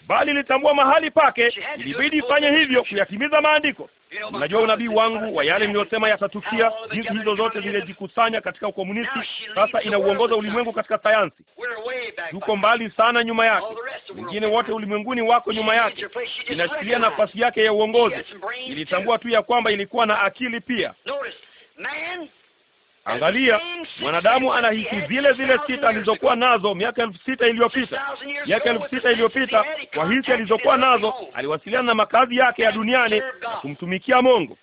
bali ilitambua mahali pake, ilibidi ifanye hivyo kuyatimiza maandiko. Mnajua unabii wangu wa yale niliyosema yatatukia, jinsi hizo zote zimejikusanya katika ukomunisti. Sasa inauongoza ulimwengu katika sayansi, yuko mbali sana nyuma yake. Wengine wote ulimwenguni wako nyuma yake, inashikilia nafasi yake ya uongozi. Ilitambua tu ya kwamba ilikuwa na akili pia. Angalia, mwanadamu anahisi zile zile sita alizokuwa nazo miaka elfu sita iliyopita. Miaka elfu sita iliyopita, kwa hisi alizokuwa nazo, aliwasiliana na makazi yake ya duniani na kumtumikia Mungu.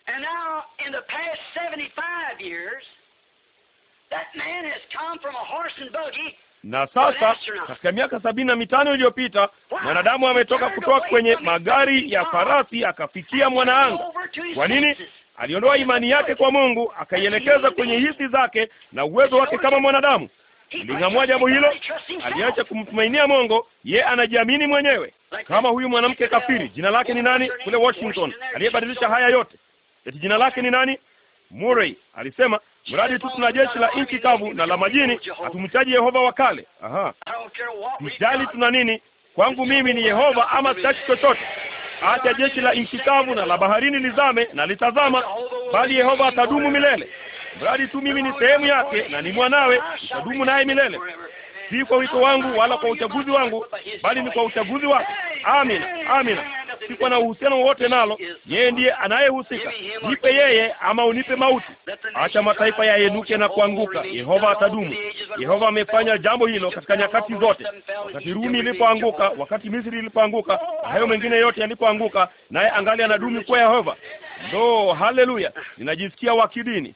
Na sasa katika miaka sabini na mitano iliyopita mwanadamu ametoka kutoka kwenye magari ya farasi akafikia mwanaanga. Kwa nini? aliondoa imani yake kwa Mungu akaielekeza kwenye hisi zake na uwezo wake kama mwanadamu. Ling'amua jambo hilo, aliacha kumtumainia Mungu, ye anajiamini mwenyewe, kama huyu mwanamke kafiri. Jina lake ni nani kule Washington, aliyebadilisha haya yote? Eti jina lake ni nani? Murray alisema mradi tu tuna jeshi la nchi kavu na la majini, atumchaji Yehova wa kale. Aha, mjali tuna nini? Kwangu mimi ni Yehova ama sitaki chochote acha jeshi la nchi kavu na la baharini lizame na litazama, bali Yehova atadumu milele. Mradi tu mimi ni sehemu yake na ni mwanawe, nitadumu naye milele. Si kwa wito wangu wala kwa uchaguzi wangu, bali ni kwa uchaguzi wake. Amina, amina sikuwa na uhusiano wowote nalo. Yeye ndiye anayehusika. Nipe yeye ama unipe mauti. Acha mataifa yainuke na kuanguka. Yehova atadumu. Yehova amefanya jambo hilo katika nyakati zote, wakati Rumi ilipoanguka, wakati Misri ilipoanguka, hayo mengine yote yalipoanguka, naye angali anadumu kwa Yehova. Lo, haleluya! Ninajisikia wa kidini.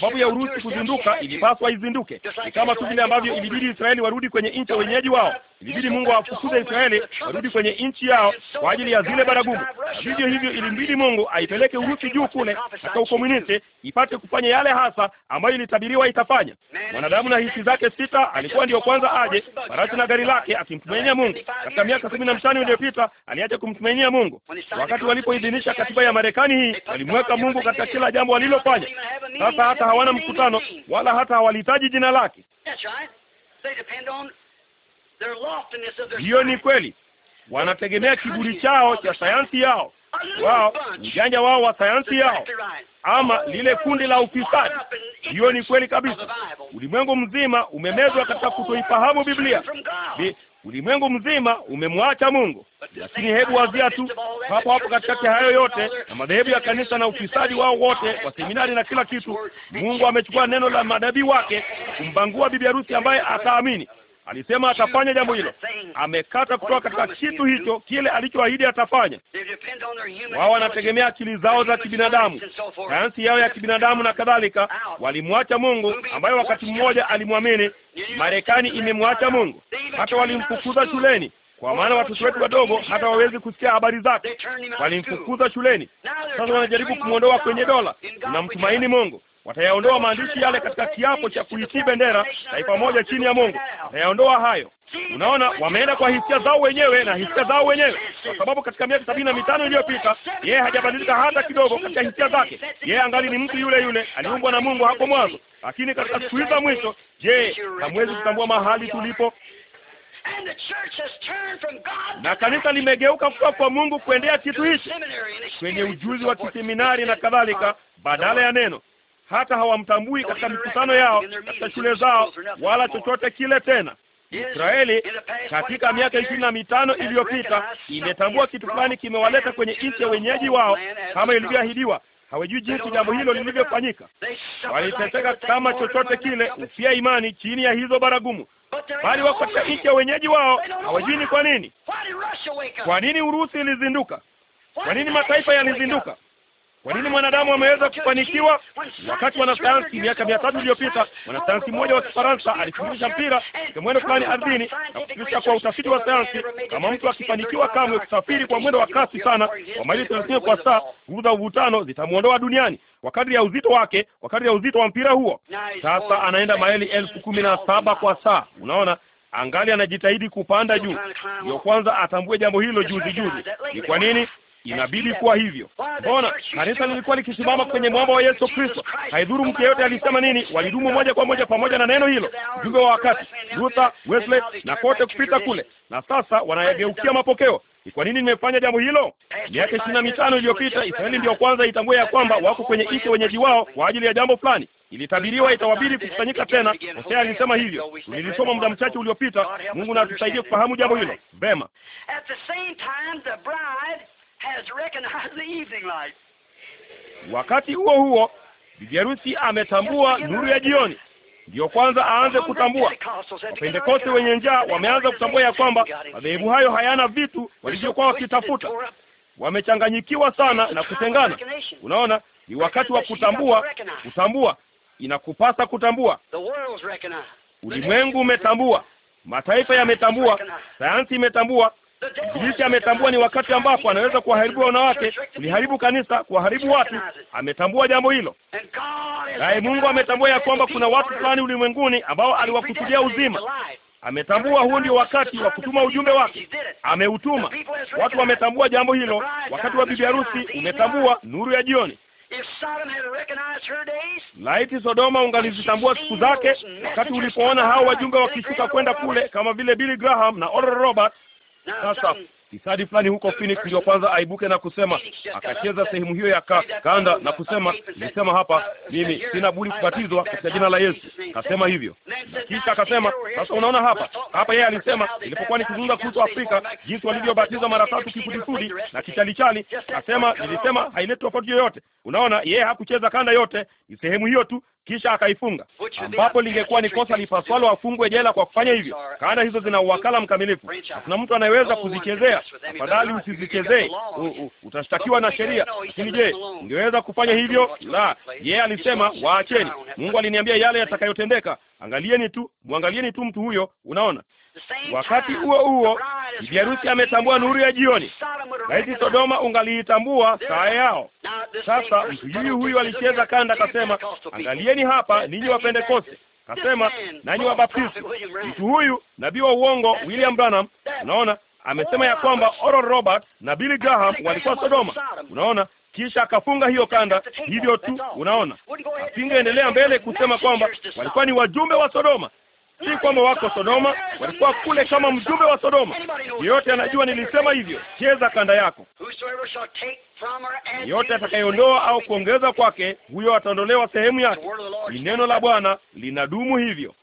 Sababu ya Urusi kuzinduka, ilipaswa izinduke. Ni kama tu vile ambavyo ilibidi Israeli warudi kwenye nchi ya wenyeji wao, ilibidi Mungu awafukuze Israeli warudi kwenye nchi yao kwa ajili ya zile baragumu. Vivyo hivyo, ilimbidi Mungu aipeleke Urusi juu kule katika ukomunisti, ipate kufanya yale hasa ambayo ilitabiriwa itafanya. Mwanadamu na hisi zake sita alikuwa ndiyo kwanza aje farasi na gari lake, akimtumainia Mungu. Katika miaka kumi na mitano iliyopita aliacha kumtumainia Mungu wakati walipoidhinisha katiba ya Marekani hii walimweka Mungu katika kila jambo walilofanya. Sasa hata hawana mkutano wala hata hawalihitaji jina lake. Hiyo ni kweli, wanategemea kiburi chao cha sayansi yao wao, ujanja wao wa sayansi yao, ama lile kundi la ufisadi. Hiyo ni kweli kabisa. Ulimwengu mzima umemezwa katika kutoifahamu Biblia. Ulimwengu mzima umemwacha Mungu, lakini hebu wazia tu hapo hapo, katikati ya hayo yote na madhehebu ya kanisa na ufisadi wao wote wa seminari na kila kitu, Mungu amechukua neno la manabii wake kumbangua bibi harusi ambaye ataamini. Alisema atafanya jambo hilo. Amekata kutoka katika kitu hicho kile alichoahidi atafanya. Wao wanategemea akili zao za kibinadamu, sayansi yao ya kibinadamu na kadhalika. Walimwacha Mungu ambaye wakati mmoja alimwamini. Marekani imemwacha Mungu, hata walimfukuza shuleni kwa maana watoto wetu wadogo hata wawezi kusikia habari zake. Walimfukuza shuleni, sasa wanajaribu kumwondoa kwenye dola. Tunamtumaini Mungu, Watayaondoa maandishi yale katika kiapo cha kuitii bendera taifa moja chini ya Mungu. Watayaondoa hayo. Unaona, wameenda kwa hisia zao wenyewe na hisia zao wenyewe, kwa sababu katika miaka sabini na mitano iliyopita yeye hajabadilika hata kidogo katika hisia zake. Yeye angali ni mtu yule yule, aliumbwa na Mungu hapo mwanzo. Lakini katika siku za mwisho, je, hamwezi kutambua mahali tulipo? na kanisa limegeuka kutoka kwa Mungu kuendea kitu hichi kwenye ujuzi wa kiseminari na kadhalika, badala ya neno hata hawamtambui katika mikutano yao, katika shule zao, wala chochote kile tena. Israeli katika miaka ishirini na mitano iliyopita imetambua kitu fulani kimewaleta kwenye nchi ya wenyeji wao kama ilivyoahidiwa. Hawajui jinsi jambo hilo lilivyofanyika, waliteseka kama chochote kile, ufia imani chini ya hizo baragumu, bali wako katika nchi ya wenyeji wao. Hawajui ni kwa nini. Kwa nini Urusi ilizinduka? Kwa nini mataifa yalizinduka? Kwa nini mwanadamu ameweza kufanikiwa? Wakati wanasayansi miaka mia tatu iliyopita, mwanasayansi mmoja wa Kifaransa alifundisha mpira kimwendo fulani ardhini na kufundisha kwa utafiti wa sayansi, kama mtu akifanikiwa kamwe kusafiri kwa mwendo wa kasi sana kwa maili thelathini kwa saa, nguvu za uvutano zitamwondoa duniani kwa kadri ya uzito wake, kwa kadri ya uzito wa mpira huo. Sasa anaenda maili elfu kumi na saba kwa saa. Unaona, angali anajitahidi kupanda juu. Ndio kwanza atambue jambo hilo juzi juzi. Ni kwa nini? Inabidi kuwa hivyo. Mbona kanisa lilikuwa likisimama kwenye mwamba wa Yesu Kristo, haidhuru mtu yeyote alisema nini, walidumu moja kwa moja pamoja na neno hilo. Jumbe wa wakati Luther, Wesley na kote kupita kule, na sasa wanayageukia mapokeo. Ni kwa nini nimefanya jambo hilo? Miaka ishirini na mitano iliyopita Israeli ndiyo kwanza itambue ya kwamba wako kwenye nchi wenyeji wao kwa ajili ya jambo fulani. Ilitabiriwa itawabidi kukusanyika tena. Hosea alisema hivyo, nilisoma muda mchache uliopita. Mungu na atusaidie kufahamu jambo hilo vema. Wakati huo huo, bibi harusi ametambua nuru ya jioni. Ndiyo kwanza aanze kutambua. Wapentekoste wenye njaa wameanza kutambua ya kwamba madhehebu hayo hayana vitu walivyokuwa wakitafuta. Wamechanganyikiwa sana na kutengana. Unaona, ni wakati wa kutambua. Kutambua inakupasa kutambua. Ulimwengu umetambua, mataifa yametambua, sayansi imetambua, Ibilisi ametambua ni wakati ambapo anaweza kuwaharibu wanawake, kuliharibu kanisa, kuwaharibu watu. Ametambua jambo hilo, naye Mungu ametambua ya kwamba kuna watu fulani ulimwenguni ambao aliwakusudia uzima. Ametambua huu ndio wakati wa kutuma ujumbe wake, ameutuma. Watu wametambua jambo hilo. Wakati wa bibi harusi umetambua, nuru ya jioni Laiti Sodoma ungalizitambua siku zake, wakati ulipoona hao wajumbe wakishuka kwenda kule, kama vile Billy Graham na Oral Roberts sasa fisadi fulani huko Phoenix ndio kwanza aibuke na kusema, akacheza sehemu hiyo ya kanda na kusema, nilisema hapa mimi sina budi kubatizwa katika jina la Yesu, akasema hivyo. Na kisha akasema, sasa unaona hapa hapa, yeye alisema, nilipokuwa nikizungumza kuhusu Afrika, jinsi walivyobatizwa mara tatu kifudifudi na kichalichali, akasema, nilisema haileti tofauti yoyote. Unaona, yeye hakucheza kanda yote, ni sehemu hiyo tu, kisha akaifunga, ambapo lingekuwa ni kosa lipaswalo afungwe jela kwa kufanya hivyo. Kanda hizo zina uwakala mkamilifu, hakuna mtu anayeweza kuzichezea. Afadhali usizichezee, utashtakiwa na sheria. Lakini je, ungeweza kufanya hivyo? La, yeye alisema waacheni. Mungu aliniambia yale yatakayotendeka. Angalieni tu, mwangalieni tu mtu huyo. Unaona, Wakati huo huo, bibi harusi ametambua nuru ya jioni. Laiti Sodoma ungaliitambua saa yao. Sasa mtujui huyu alicheza kanda, akasema, angalieni hapa ninyi wa Pentekoste, akasema nanyi wa Baptisti. Mtu huyu nabii wa uongo William Branham, unaona amesema ya kwamba Oral Roberts na Billy Graham walikuwa Sodoma, unaona kisha akafunga hiyo kanda hivyo tu, unaona. Asingeendelea mbele kusema kwamba walikuwa ni wajumbe wa Sodoma, si kwamba wako Sodoma, walikuwa kule kama mjumbe wa Sodoma. Yeyote anajua nilisema hivyo. Cheza kanda yako. Yeyote atakayeondoa au kuongeza kwake, huyo ataondolewa sehemu yake. Ni neno la Bwana linadumu hivyo.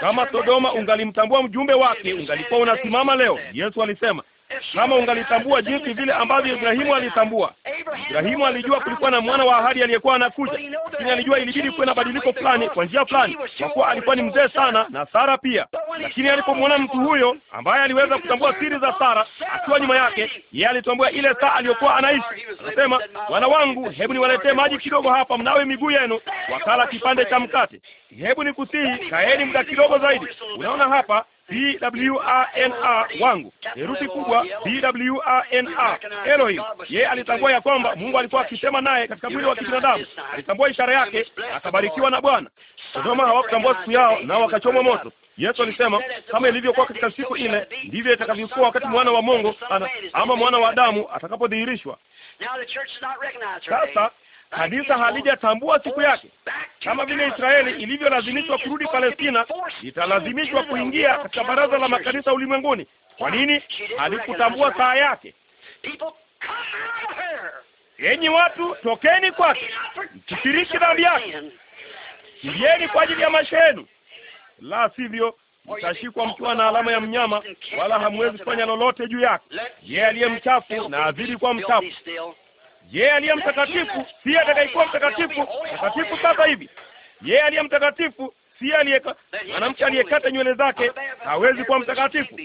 Kama Sodoma ungalimtambua mjumbe wake, ungalikuwa unasimama leo. Yesu alisema kama ungalitambua jinsi vile ambavyo Ibrahimu alitambua, Ibrahimu alijua kulikuwa na mwana wa ahadi aliyekuwa anakuja, lakini alijua ilibidi kuwe na badiliko fulani kwa njia fulani, kwa kuwa alikuwa ni mzee sana na Sara pia. Lakini alipomwona mtu huyo ambaye aliweza kutambua siri za Sara akiwa nyuma yake, yeye alitambua ile saa aliyokuwa anaishi. Anasema, wana wangu, hebu niwaletee maji kidogo hapa, mnawe miguu yenu. Wakala kipande cha mkate. Hebu nikusihi, kaeni muda kidogo zaidi. Unaona hapa BWANA wangu, herufi kubwa BWANA Elohim. Yeye alitambua ya kwamba Mungu alikuwa akisema naye katika mwili wa kibinadamu, alitambua ishara yake, akabarikiwa na Bwana. sodoma hawakutambua siku yao, nao wakachomwa moto. Yesu alisema kama ilivyokuwa katika siku ile, ndivyo itakavyokuwa wakati mwana wa Mungu ana, ama mwana wa Adamu atakapodhihirishwa. Sasa kabisa halijatambua siku yake. Kama vile Israeli ilivyolazimishwa kurudi Palestina, italazimishwa kuingia katika baraza la makanisa ulimwenguni. Kwa nini? Halikutambua saa yake. Enyi watu, tokeni kwake, msishiriki dhambi yake, kimbieni kwa ajili ya maisha yenu, la sivyo mtashikwa mkiwa na alama ya mnyama, wala hamwezi kufanya lolote juu yake. Yeye aliye mchafu na azidi kwa mchafu yeye aliye mtakatifu si atakayekuwa mtakatifu mtakatifu sasa hivi. Yeye aliye mtakatifu si aliye mwanamke aliyekata nywele zake hawezi kuwa mtakatifu.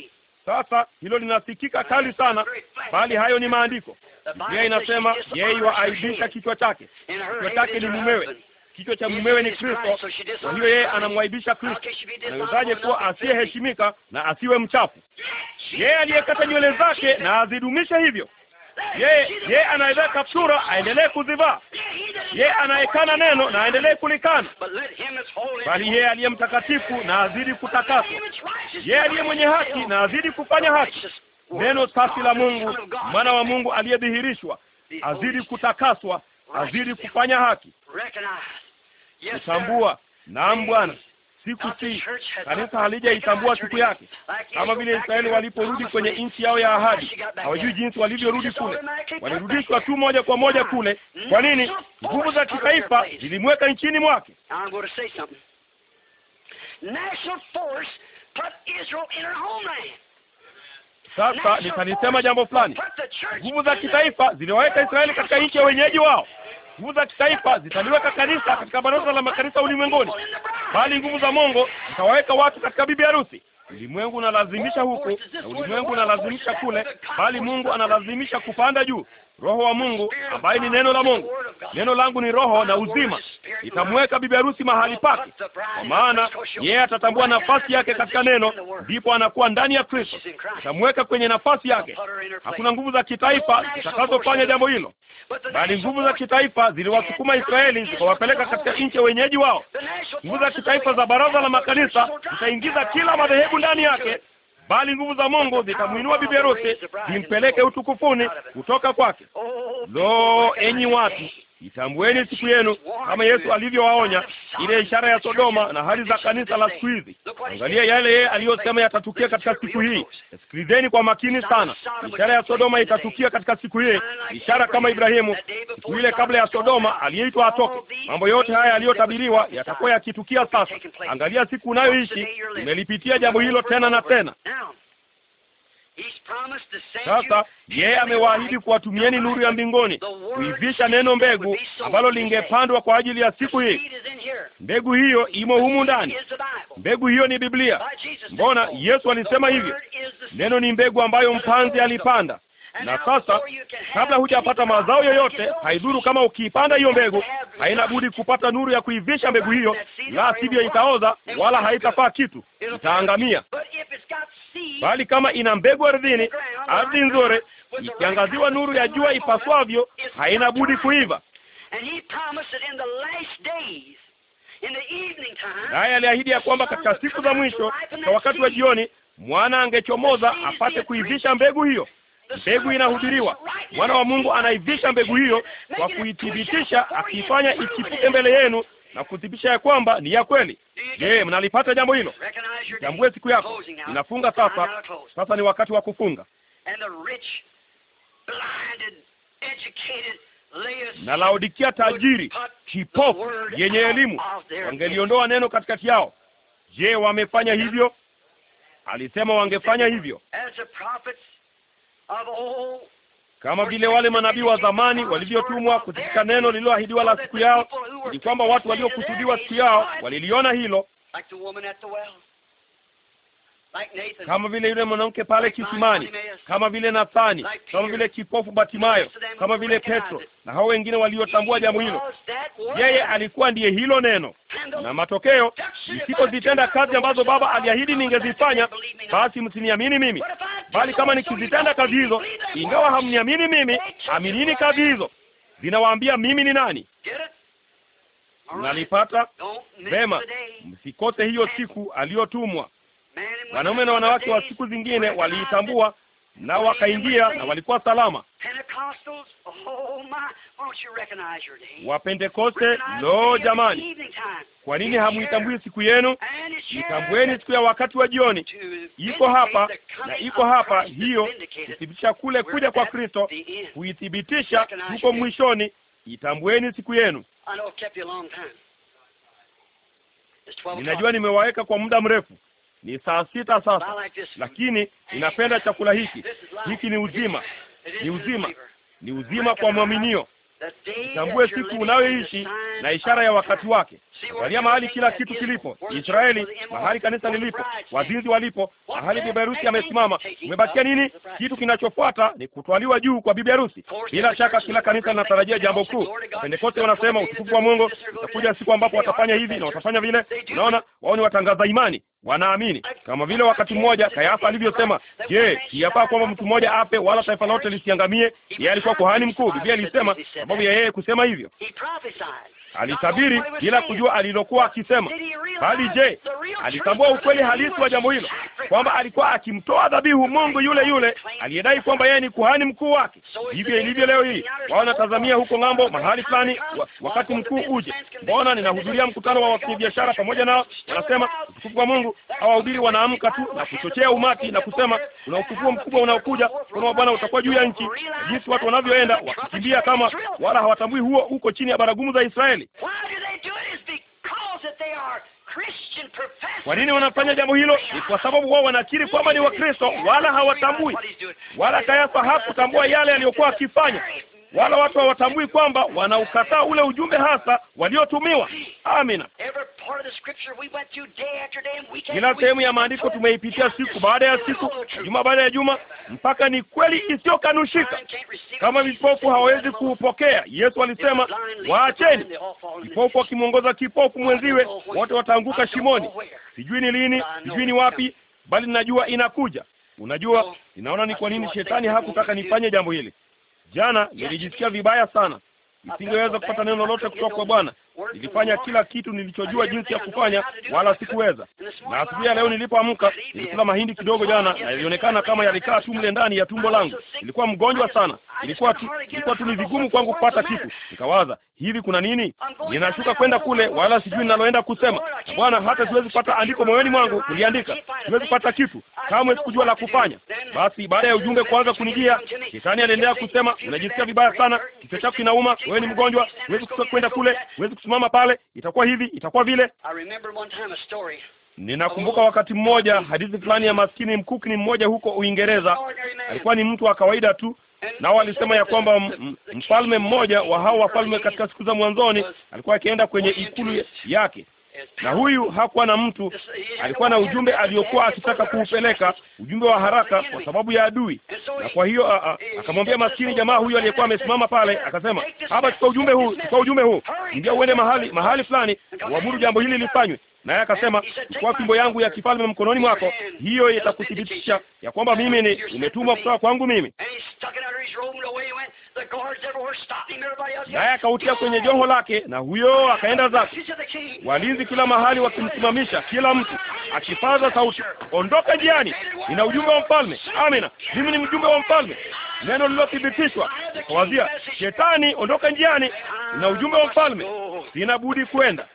Sasa hilo linasikika kali sana, bali hayo ni maandiko. Biblia inasema yeye waaibisha kichwa chake, kichwa chake ni mumewe kichwa cha mumewe ni Kristo. Kwa hiyo yeye anamwaibisha Kristo. Anawezaje kuwa asiyeheshimika na asiwe mchafu? Yeye aliyekata nywele zake na azidumisha hivyo. Yeye ye anaweza kaptura, aendelee kuzivaa. Yeye anaekana neno na aendelee kulikana, bali yeye aliye mtakatifu na azidi kutakaswa, yeye aliye mwenye haki na azidi kufanya haki. Neno safi la Mungu, mwana wa Mungu aliyedhihirishwa, azidi kutakaswa, azidi kufanya haki. Kutambua. Naam Bwana siku si kanisa halijaitambua siku yake, kama vile Israeli waliporudi kwenye nchi yao ya ahadi. Hawajui jinsi walivyorudi kule, walirudishwa tu moja kwa moja kule. Kwa nini? Nguvu za kitaifa zilimweka nchini mwake. Sasa nitanisema jambo fulani. Nguvu za kitaifa ziliwaweka Israeli katika nchi ya wenyeji wao. Nguvu za kitaifa zitaliweka kanisa katika baraza la makanisa ulimwenguni, bali nguvu za Mungu zitawaweka watu katika bibi harusi. Ulimwengu unalazimisha huku na ulimwengu unalazimisha kule, bali Mungu analazimisha kupanda juu. Roho wa Mungu ambaye ni neno la Mungu. Neno langu ni roho na uzima. Itamweka bibi harusi mahali pake, kwa maana yeye atatambua nafasi yake katika neno, ndipo anakuwa ndani ya Kristo. Itamweka kwenye nafasi yake. Hakuna nguvu za kitaifa zitakazofanya jambo hilo, bali nguvu za kitaifa ziliwasukuma Israeli zikawapeleka katika nchi ya wenyeji wao. Nguvu za kitaifa za baraza la makanisa zitaingiza kila madhehebu ndani yake bali nguvu za Mungu zitamwinua bibi harusi, zimpeleke utukufuni kutoka kwake. Lo, enyi watu, Itambueni siku yenu, kama Yesu alivyowaonya, ile ishara ya Sodoma na hali za kanisa la siku hizi. Angalia yale yeye aliyosema yatatukia katika siku hii. Sikilizeni kwa makini sana, ishara ya Sodoma itatukia katika siku hii, ishara kama Ibrahimu siku ile kabla ya Sodoma aliyeitwa atoke. Mambo yote haya yaliyotabiriwa yatakuwa yakitukia sasa. Angalia siku unayoishi, imelipitia jambo hilo tena na tena. Sasa yeye amewaahidi kuwatumieni nuru ya mbinguni kuivisha neno mbegu ambalo lingepandwa kwa ajili ya siku hii. Mbegu hiyo imo humu ndani, mbegu hiyo ni Biblia. Mbona Yesu alisema hivyo? Neno ni mbegu ambayo mpanzi alipanda, na sasa kabla hujapata mazao yoyote, haidhuru kama ukiipanda hiyo mbegu, haina budi kupata nuru ya kuivisha mbegu hiyo, la sivyo itaoza wala haitafaa kitu, itaangamia bali kama ina mbegu ardhini, ardhi nzuri ikiangaziwa nuru ya jua ipaswavyo, haina budi kuiva. Naye aliahidi ya kwamba katika siku za mwisho, kwa wakati wa jioni, mwana angechomoza apate kuivisha mbegu hiyo. Mbegu inahubiriwa, mwana wa Mungu anaivisha mbegu hiyo kwa kuithibitisha, akiifanya ichipuke mbele yenu na kuthibitisha ya kwamba ni ya kweli. Je, mnalipata jambo hilo? Tambue siku yako inafunga sasa. Sasa ni wakati wa kufunga. Na Laodikia tajiri kipofu yenye elimu wangeliondoa neno katikati yao. Je, wamefanya hivyo? Alisema wangefanya hivyo kama vile wale manabii wa zamani walivyotumwa kutika neno lililoahidiwa la siku yao, ili kwamba watu waliokusudiwa siku yao waliliona hilo kama vile yule mwanamke pale kisimani, kama vile Nathani, kama vile kipofu Batimayo, kama vile Petro na hao wengine waliotambua jambo hilo. Yeye alikuwa ndiye hilo neno, na matokeo, nisipozitenda kazi ambazo Baba aliahidi ningezifanya, basi msiniamini mimi, bali kama nikizitenda kazi hizo, ingawa hamniamini mimi, aminini kazi hizo, zinawaambia mimi ni nani. Nalipata vema, msikose hiyo siku aliyotumwa. Wanaume na wanawake wa siku zingine waliitambua na wakaingia na walikuwa salama. Wapentekoste, lo jamani, kwa nini hamuitambui siku yenu? Itambueni siku ya wakati wa jioni. Iko hapa na iko hapa, hiyo kuthibitisha kule kuja kwa Kristo, kuithibitisha huko mwishoni. Itambueni siku yenu. Ninajua nimewaweka kwa muda mrefu. Ni saa sita sasa, lakini ninapenda chakula hiki. Hiki ni uzima, ni uzima, ni uzima kwa mwaminio. Tambue siku unayoishi na ishara ya wakati wake angalia mahali kila kitu kilipo, Israeli, mahali kanisa lilipo, wazinzi walipo, mahali bibi harusi amesimama. Umebakia nini? Kitu kinachofuata ni kutwaliwa juu kwa bibi harusi. Bila shaka, kila kanisa linatarajia jambo kuu. Pentekoste wanasema utukufu wa Mungu utakuja siku ambapo watafanya hivi na watafanya vile. Unaona, wao ni watangaza imani, wanaamini kama vile wakati mmoja Kayafa alivyosema, je, kiapa kwamba mtu mmoja ape wala taifa lote lisiangamie? Yeye alikuwa kuhani mkuu. Biblia ilisema sababu ya yeye kusema hivyo Alitabiri bila kujua alilokuwa akisema, bali je, alitambua ukweli halisi wa jambo hilo, kwamba alikuwa akimtoa dhabihu Mungu yule yule aliyedai kwamba yeye ni kuhani mkuu wake. Hivyo ilivyo leo hii, natazamia huko ng'ambo, mahali fulani, wakati mkuu uje. Mbona ninahudhuria mkutano wa wafanyabiashara pamoja nao, wanasema utukufu wa Mungu. Hawahubiri, wanaamka tu na kuchochea umati na kusema kuna utukufu mkubwa unaokuja, mkono wa Bwana utakuwa juu ya nchi, jinsi watu wanavyoenda wakikimbia kama wala hawatambui huo, huko chini ya baragumu za Israeli kweli. Kwa nini wanafanya jambo hilo? Ni kwa sababu wao wanakiri kwamba ni Wakristo, wala hawatambui, wala Kayafa hakutambua yale aliyokuwa akifanya wala watu hawatambui kwamba wanaukataa ule ujumbe hasa waliotumiwa. Amina. Kila sehemu ya maandiko tumeipitia siku baada ya siku, juma baada ya juma, mpaka ni kweli isiyokanushika. Kama vipofu hawawezi kuupokea, Yesu alisema waacheni. Kipofu akimwongoza kipofu mwenziwe, wote wataanguka shimoni. Sijui ni lini, sijui ni wapi, bali ninajua inakuja. Unajua, ninaona ni kwa nini shetani hakutaka nifanye jambo hili. Jana nilijisikia vibaya sana, nisingeweza kupata neno lolote kutoka kwa Bwana Nilifanya kila kitu nilichojua jinsi ya kufanya, wala sikuweza. Na asubuhi leo nilipoamka, nilikula mahindi kidogo jana, na ilionekana kama yalikaa tu mle ndani ya tumbo langu. Nilikuwa mgonjwa sana, ilikuwa tu, ilikuwa tu ni vigumu kwangu kupata kitu. Nikawaza, hivi kuna nini? Ninashuka kwenda kule, wala sijui ninaloenda kusema. Bwana, hata siwezi kupata andiko moyoni mwangu kuliandika, siwezi kupata kitu, kamwe sikujua la kufanya. Basi baada ya ujumbe kuanza kunijia, shetani aliendelea kusema, unajisikia vibaya sana, kichwa chako kinauma, wewe ni mgonjwa, huwezi kwenda kule, huwezi kusimama pale, itakuwa hivi, itakuwa vile. Ninakumbuka wakati mmoja hadithi fulani ya maskini mkukni mmoja huko Uingereza. Alikuwa ni mtu wa kawaida tu, nao alisema ya kwamba mfalme mmoja wa hao wafalme katika siku za mwanzoni alikuwa akienda kwenye ikulu yake na huyu hakuwa na mtu, alikuwa na ujumbe aliyokuwa akitaka kuupeleka, ujumbe wa haraka kwa sababu ya adui. Na kwa hiyo akamwambia maskini jamaa huyu aliyekuwa amesimama pale, akasema, hapa, chukua ujumbe huu, chukua ujumbe huu, ingia uende mahali mahali fulani, uamuru jambo hili lifanywe. Naye akasema, chukua fimbo yangu ya kifalme mkononi mwako, hiyo itakuthibitisha ya kwamba mimi ni nimetumwa kutoka kwangu mimi naye akautia kwenye joho lake, na huyo akaenda zake, walinzi kila mahali wakimsimamisha, kila mtu akipaza sauti, ondoka njiani, nina ujumbe wa mfalme. Amina, mimi ni mjumbe wa mfalme, neno lililothibitishwa. Kawazia shetani, ondoka njiani, nina ujumbe wa mfalme, sina budi kwenda.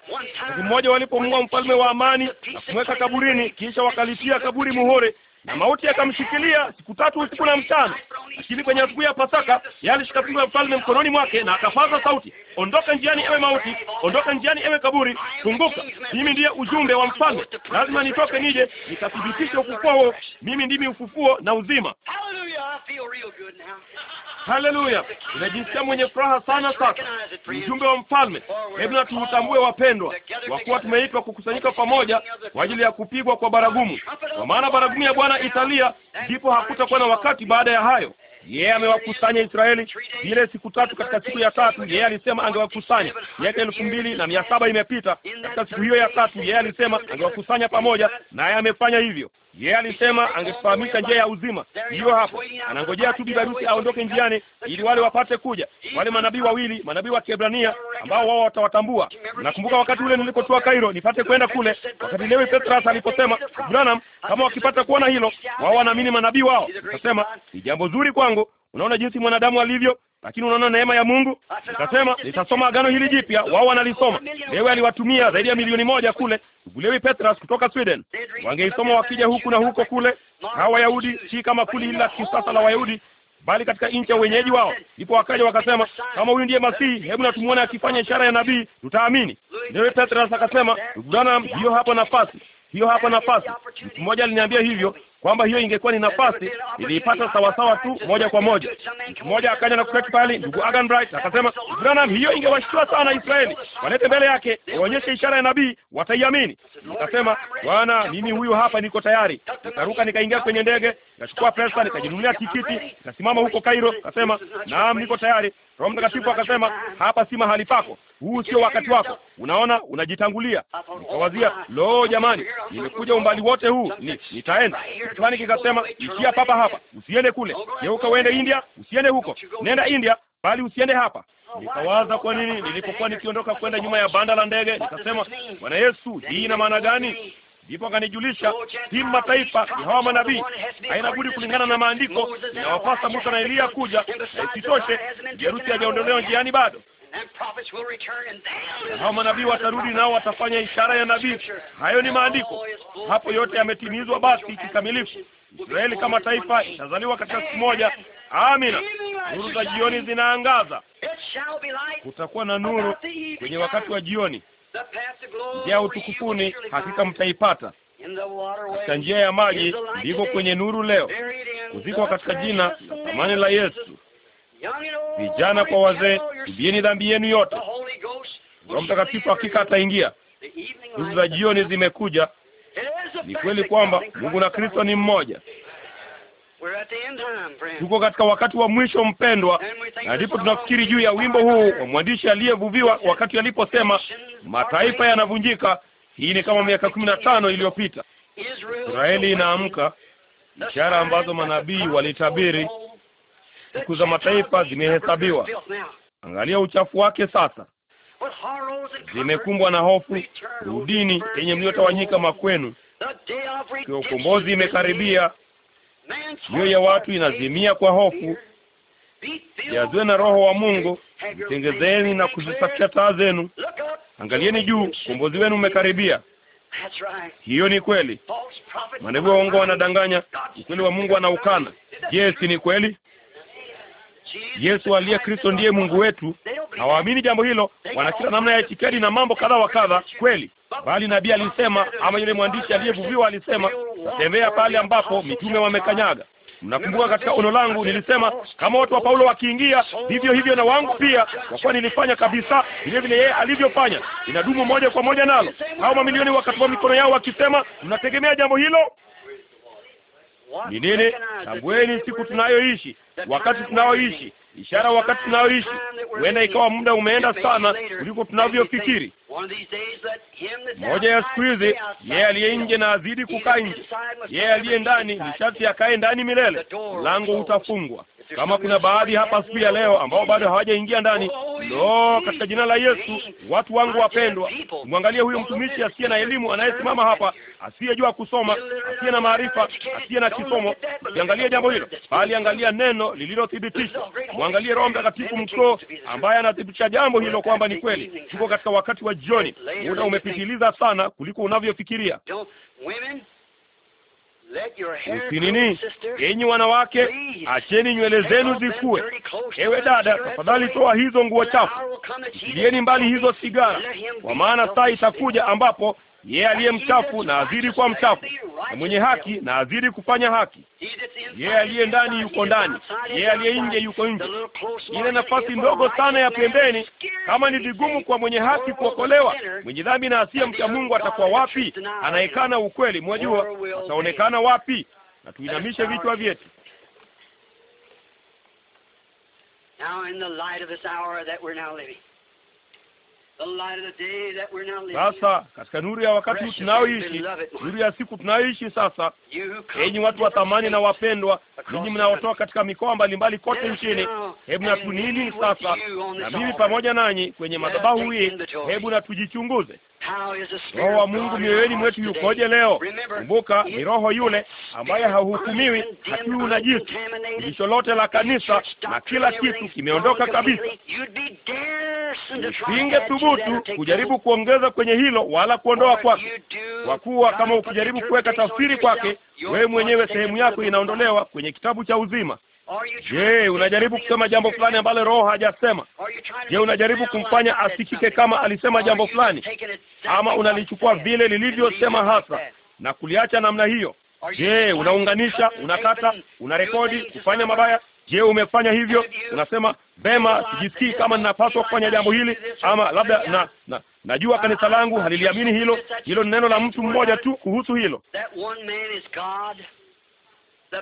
Siku mmoja walipomua mfalme wa amani na kumweka kaburini, kisha wakalitia kaburi muhore na mauti akamshikilia siku tatu usiku na mchana, lakini kwenye siku ya Pasaka yalishika fimbo ya mfalme mkononi mwake na akapaza sauti, ondoka njiani, ewe mauti, ondoka njiani, ewe kaburi, funguka. Mimi ndiye ujumbe wa mfalme, lazima nitoke nije nikathibitishe ufufuo. Mimi ndimi ufufuo na uzima. Haleluya! Ninajisikia mwenye furaha sana sasa, mjumbe wa mfalme. Hebu na tuutambue, wapendwa, kwa kuwa tumeitwa kukusanyika pamoja kwa ajili ya kupigwa kwa baragumu, kwa maana baragumu ya Bwana italia, ndipo hakutakuwa na wakati baada ya hayo. Yeye yeah, amewakusanya Israeli ile siku tatu, katika siku ya tatu yeye yeah, alisema angewakusanya. Miaka elfu mbili na mia saba imepita, katika siku hiyo ya tatu yeye yeah, alisema angewakusanya pamoja, naye amefanya hivyo. Yeye alisema angefahamika njia ya uzima. Hiyo hapo, anangojea tu bibi harusi aondoke njiani, ili wale wapate kuja wale manabii wawili, manabii wa Kiebrania ambao wao watawatambua. Nakumbuka wakati ule nilipotoa Kairo nipate kwenda kule, wakati Lewi Petras aliposema, Branham, kama wakipata kuona hilo, wao wanaamini manabii wao. Akasema ni jambo zuri kwangu. Unaona jinsi mwanadamu alivyo, lakini unaona neema ya Mungu. Nikasema nitasoma agano hili jipya, wao wanalisoma. Wewe aliwatumia zaidi ya milioni moja kule Mvulewi Petras kutoka Sweden, wangeisoma wakija huku na huko kule, na Wayahudi si kama kundi hili la kisasa la Wayahudi bali katika nchi ya wenyeji wao. Ndipo wakaja wakasema, kama huyu ndiye Masihi, hebu na tumuone akifanya ishara ya nabii, tutaamini. Lewi Petras akasema, Branham, hiyo hapo nafasi hiyo hapa nafasi. Mtu mmoja aliniambia hivyo, kwamba hiyo ingekuwa ni nafasi niliipata sawasawa tu moja kwa moja. Mtu mmoja akaja na kuketi pale, ndugu Agan Bright akasema, Branham, hiyo ingewashtua sana Israeli, walete mbele yake, waonyeshe ishara ya nabii, wataiamini. Nikasema, Bwana, mimi huyu hapa, niko tayari. Nikaruka nikaingia kwenye ndege, nikachukua pesa, nikajinunulia tikiti, nikasimama huko Cairo. Akasema, naam, niko tayari. Roho Mtakatifu akasema, hapa si mahali pako, huu sio wakati wako. Unaona, unajitangulia. nikawazia lo, jamani, nimekuja umbali wote huu, ni nitaenda fulani. Kikasema, ishia papa hapa, usiende kule, geuka uende India, usiende huko, nenda India bali usiende hapa. Nikawaza kwa nini nilipokuwa nikiondoka kwenda nyuma ya banda la ndege, nikasema, Bwana Yesu, hii ina maana gani? Ndipo akanijulisha timu mataifa ni hawa manabii, haina budi kulingana na maandiko, inawapasa Musa na Eliya kuja, na isitoshe Yerusalemu hajaondolewa njiani bado hao manabii watarudi nao watafanya ishara ya nabii. Hayo ni maandiko, hapo yote yametimizwa basi kikamilifu. Israeli kama taifa itazaliwa katika siku moja. Amina, nuru za jioni zinaangaza. Kutakuwa na nuru kwenye wakati wa jioni. Njia ya utukufuni hakika mtaipata katika njia ya maji, ndiko kwenye nuru leo, kuzikwa katika jina na thamani la Yesu vijana kwa wazee, tubieni dhambi yenu yote. Roho Mtakatifu hakika ataingia. Nguvu za jioni zimekuja. Ni kweli kwamba Mungu na Kristo ni mmoja. Tuko katika wakati wa mwisho mpendwa, na ndipo tunafikiri juu ya wimbo huu wa mwandishi aliyevuviwa wakati aliposema mataifa yanavunjika. Hii ni kama miaka kumi na tano iliyopita. Israeli inaamka, ishara ambazo manabii walitabiri siku za mataifa zimehesabiwa. Angalia uchafu wake sasa, zimekumbwa na hofu. Rudini yenye mliotawanyika makwenu, kwa ukombozi imekaribia. Mioyo ya watu inazimia kwa hofu. Jaziwe na Roho wa Mungu, zitengezeni na kuzisafisha taa zenu. Angalieni juu, ukombozi wenu umekaribia. Hiyo ni kweli. Manabii waongo wanadanganya, ukweli wa Mungu anaukana. Je, si ni kweli? Yesu aliye Kristo ndiye Mungu wetu, na waamini jambo hilo wana kila namna ya itikadi na mambo kadha wa kadha. Kweli, bali nabii alisema, ama yule mwandishi aliyevuviwa alisema, natembea pale ambapo mitume wamekanyaga. Mnakumbuka katika ono langu nilisema kama watu wa Paulo wakiingia vivyo hivyo na wangu pia, kwa kuwa nilifanya kabisa vile vile yeye alivyofanya. Inadumu moja kwa moja nalo. Hao mamilioni wakatoa mikono yao wakisema, mnategemea jambo hilo? ni nini? Tambueni siku tunayoishi, wakati tunaoishi, ishara wakati tunaoishi. Huenda ikawa muda umeenda sana kuliko tunavyofikiri. Moja ya siku hizi, yeye aliye nje na azidi kukaa nje, yeye aliye ndani ni sharti akae ndani milele. Mlango utafungwa. Kama kuna baadhi hapa siku ya leo ambao bado hawajaingia ndani, oh, oh, lo, oh, katika jina la Yesu, watu wangu wapendwa, mwangalie huyo mtumishi asiye na elimu anayesimama hapa, asiyejua kusoma, asiye na maarifa, asiye na kisomo. Ukiangalia jambo hilo, bali angalia neno lililothibitishwa Mwangalie Roho Mtakatifu mkuu ambaye anathibitisha jambo hilo kwamba ni kweli. Tuko katika wakati wa jioni, muda umepitiliza sana kuliko unavyofikiria. Usinini enyi wanawake, acheni nywele zenu zikue. Ewe dada, tafadhali toa hizo nguo chafu, tilieni mbali hizo sigara, kwa maana saa itakuja ambapo yeye aliye mchafu na azidi kuwa mchafu, na mwenye haki na azidi kufanya haki. Yeye aliye ndani yuko ndani, yeye aliye nje yuko nje. Ile nafasi ndogo sana ya pembeni, kama ni vigumu kwa mwenye haki kuokolewa, mwenye dhambi na asiye mcha Mungu atakuwa wapi? Anaekana ukweli, mwajua ataonekana wapi? Na tuinamishe vichwa vyetu. Sasa katika nuru ya wakati huu tunaoishi, nuru ya siku tunayoishi sasa, enyi watu wa thamani na wapendwa, ninyi mnaotoka katika mikoa mbalimbali kote nchini, hebu na tunini sasa, na mimi pamoja nanyi kwenye madhabahu hii, hebu na tujichunguze. Roho wa Mungu mioyoni mwetu yukoje leo? Kumbuka, ni roho yule ambaye hauhukumiwi, na unajisi. Fundisho lote la kanisa na kila kitu kimeondoka kabisa. Usinge thubutu kujaribu kuongeza kwenye hilo wala kuondoa kwake, kwa kuwa kama ukijaribu kuweka tafsiri kwake wewe mwenyewe, sehemu yako inaondolewa kwenye kitabu cha uzima. Je, unajaribu kusema jambo fulani ambalo Roho hajasema? Je, unajaribu kumfanya asikike kama alisema jambo fulani, ama unalichukua vile lilivyosema hasa na kuliacha namna hiyo? Je, unaunganisha, unakata, unarekodi, kufanya mabaya? Je, umefanya hivyo? Unasema bema sijisikii kama ninapaswa kufanya jambo hili, ama labda na, na najua kanisa langu haliliamini hilo. Hilo ni neno la mtu mmoja tu kuhusu hilo.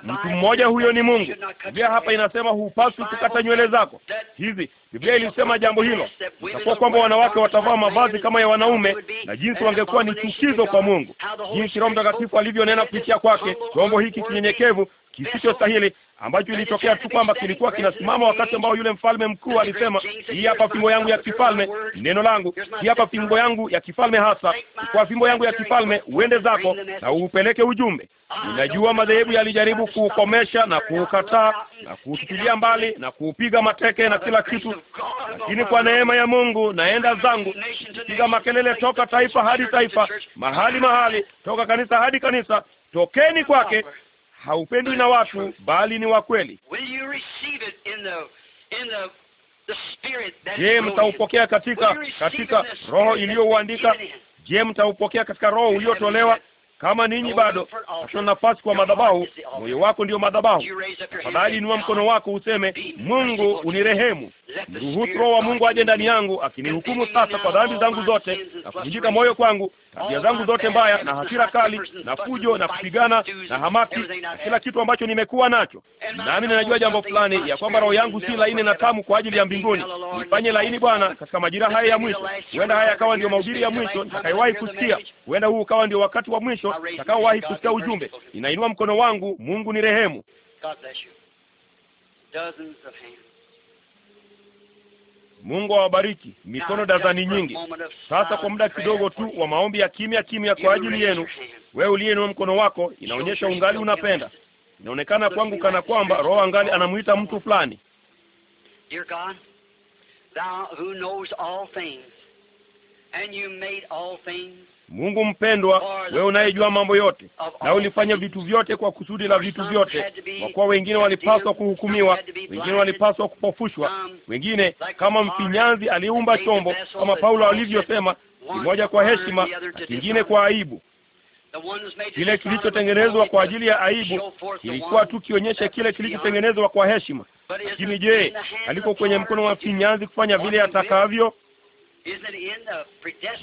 Mtu mmoja huyo ni Mungu. Biblia hapa inasema hupaswi kukata nywele zako hizi. Biblia ilisema jambo hilo, itakuwa kwamba wanawake watavaa mavazi kama ya wanaume, na jinsi wangekuwa ni chukizo kwa Mungu, jinsi Roho Mtakatifu alivyonena kupitia kwake, chombo hiki kinyenyekevu kisichostahili ambacho ilitokea tu kwamba kilikuwa kinasimama wakati ambao yule mfalme mkuu alisema, hii hapa fimbo yangu ya kifalme, neno langu, hii hapa fimbo yangu ya kifalme hasa, kwa fimbo yangu ya kifalme uende zako na uupeleke ujumbe. Ninajua madhehebu yalijaribu kuukomesha na kuukataa na kuutupilia mbali na kuupiga mateke na kila kitu, lakini kwa neema ya Mungu naenda zangu piga makelele toka taifa hadi taifa, mahali mahali, toka kanisa hadi kanisa, tokeni kwake haupendwi na watu, bali ni wa kweli. Je, mtaupokea katika katika roho iliyouandika? Je, mtaupokea katika roho uliotolewa? Kama ninyi bado hatuna nafasi kwa madhabahu, moyo wako ndio madhabahu. Tafadhali inua mkono wako useme, Mungu unirehemu, mruhusu Roho wa Mungu aje ndani yangu akinihukumu sasa kwa dhambi zangu zote na kuvunjika moyo kwangu tabia zangu zote mbaya na hasira kali na fujo na kupigana na hamaki na kila kitu ambacho nimekuwa nacho. Nami ninajua jambo fulani ya kwamba roho yangu si laini na tamu kwa ajili ya mbinguni. Nifanye laini Bwana, katika majira haya ya mwisho. Huenda haya akawa ndio mahubiri ya mwisho nitakayowahi kusikia. Huenda huu ukawa ndio wakati wa mwisho nitakaowahi kusikia ujumbe. Inainua mkono wangu, Mungu ni rehemu. Mungu awabariki. Mikono dazani nyingi. Sasa kwa muda kidogo tu wa maombi ya kimya kimya kwa ajili yenu. Wewe uliyeinua mkono wako, inaonyesha ungali unapenda. Inaonekana kwangu kana kwamba Roho angali anamuita mtu fulani. Thou who knows all things and you made all things Mungu mpendwa, wewe unayejua mambo yote na ulifanya vitu vyote kwa kusudi la vitu vyote, kwa kuwa wengine walipaswa kuhukumiwa, wengine walipaswa kupofushwa, wengine kama mfinyanzi aliumba chombo, kama Paulo alivyosema, kimoja kwa heshima na kingine kwa aibu. Kile kilichotengenezwa kwa ajili ya aibu kilikuwa tu kionyesha kile kilichotengenezwa kwa heshima. Lakini je, aliko kwenye mkono wa mfinyanzi kufanya vile atakavyo?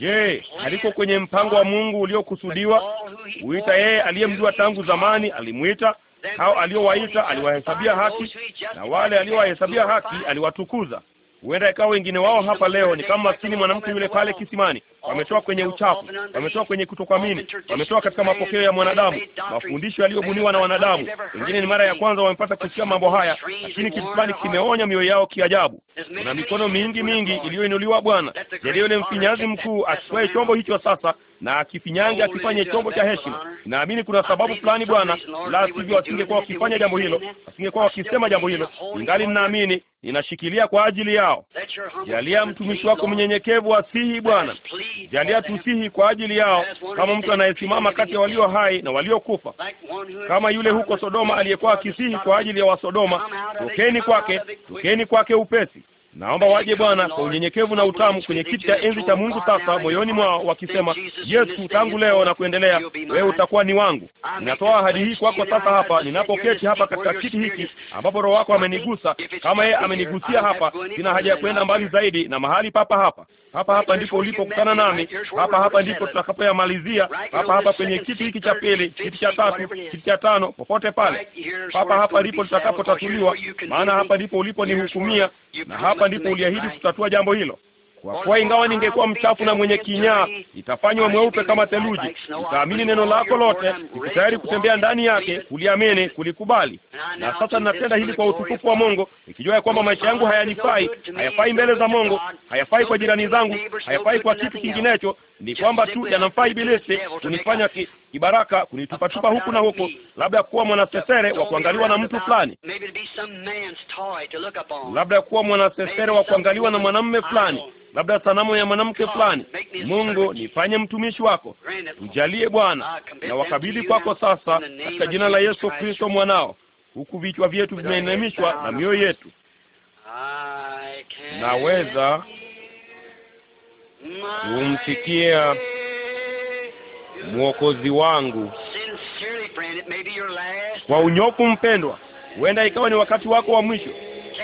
Je, haliko kwenye mpango wa Mungu uliokusudiwa kuita yeye aliyemjua tangu zamani alimwita, hao aliowaita aliwahesabia haki, na wale aliowahesabia haki aliwatukuza. Huenda ikawa wengine wao hapa leo ni kama maskini mwanamke yule pale kisimani wametoa kwenye uchafu, wametoa kwenye kutokuamini, wametoa katika mapokeo ya mwanadamu, mafundisho yaliyobuniwa na wanadamu. Wengine ni mara ya kwanza wamepata kusikia mambo haya, lakini kitu fulani kimeonya mioyo yao kiajabu. Kuna mikono mingi mingi iliyoinuliwa, Bwana. Jalia yule mfinyazi mkuu asitwae chombo hicho sasa na akifinyange akifanye chombo cha heshima. Naamini kuna sababu fulani Bwana, la sivyo wasingekuwa wakifanya jambo hilo, wasingekuwa wakisema jambo hilo. Ingali ninaamini, ninashikilia kwa ajili yao. Jalia mtumishi wako mnyenyekevu asihi Bwana, Jalia tusihi kwa ajili yao, kama mtu anayesimama kati ya walio hai na waliokufa, kama yule huko Sodoma aliyekuwa akisihi kwa ajili ya Wasodoma, tokeni kwake, tokeni kwake upesi. Naomba waje Bwana kwa unyenyekevu na utamu kwenye kiti cha enzi cha Mungu, sasa moyoni mwao wakisema, Yesu, tangu leo na kuendelea, wewe utakuwa ni wangu. Ninatoa ahadi hii kwako sasa hapa ninapoketi hapa katika kiti hiki ambapo Roho wako amenigusa. Kama yeye amenigusia hapa, sina haja ya kwenda mbali zaidi na mahali papa hapa. Hapa hapa ndipo ulipokutana nami, hapa hapa ndipo tutakapoyamalizia, hapa hapa kwenye kiti hiki cha pili, kiti cha tatu, kiti cha tano, popote pale. Hapa hapa ndipo tutakapotatuliwa, maana hapa ndipo uliponihukumia, na hapa ndipo uliahidi kutatua jambo hilo. Kwa kuwa ingawa ningekuwa mchafu na mwenye kinyaa, itafanywa mweupe kama theluji. Nitaamini neno lako lote, niko tayari kutembea ndani yake, kuliamini, kulikubali. Na sasa ninatenda hili kwa utukufu wa Mungu, nikijua ya kwamba maisha yangu hayanifai, hayafai mbele za Mungu, hayafai kwa jirani zangu, hayafai kwa kitu kinginecho ni kwamba tu yanamfaa Ibilisi kunifanya ki, kibaraka kunitupatupa huku na huko, labda kuwa mwanasesere wa kuangaliwa na mtu fulani, labda kuwa mwanasesere wa kuangaliwa na mwanamume fulani, labda sanamu ya mwanamke fulani. Mungu, nifanye mtumishi wako, mjalie Bwana, na wakabidhi kwako sasa, katika jina la Yesu Kristo mwanao, huku vichwa vyetu vimeinamishwa na mioyo yetu naweza kumsikia mwokozi wangu. Kwa unyofu, mpendwa, huenda ikawa ni wakati wako wa mwisho.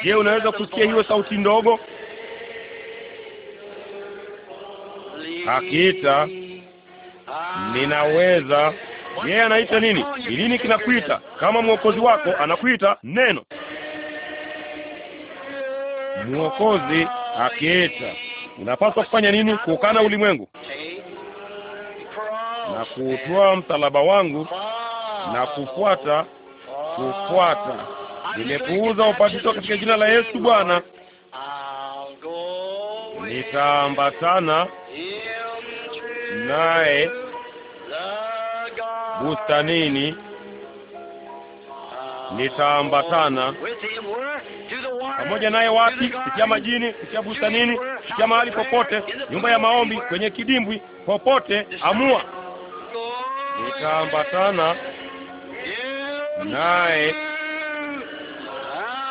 Je, unaweza kusikia hiyo sauti ndogo? Hakika ninaweza. Yeye anaita nini? Ni nini kinakuita? Kama mwokozi wako anakuita neno, mwokozi akiita unapaswa kufanya nini? Kuukana ulimwengu na kuutoa msalaba wangu na kufuata, kufuata. nimepuuza upatizo katika jina la Yesu Bwana. Nitaambatana naye bustanini nitaambatana pamoja naye wapi? Kupitia majini, kupitia bustanini, kupitia mahali popote, nyumba ya maombi, kwenye kidimbwi, popote. Amua, nitaambatana naye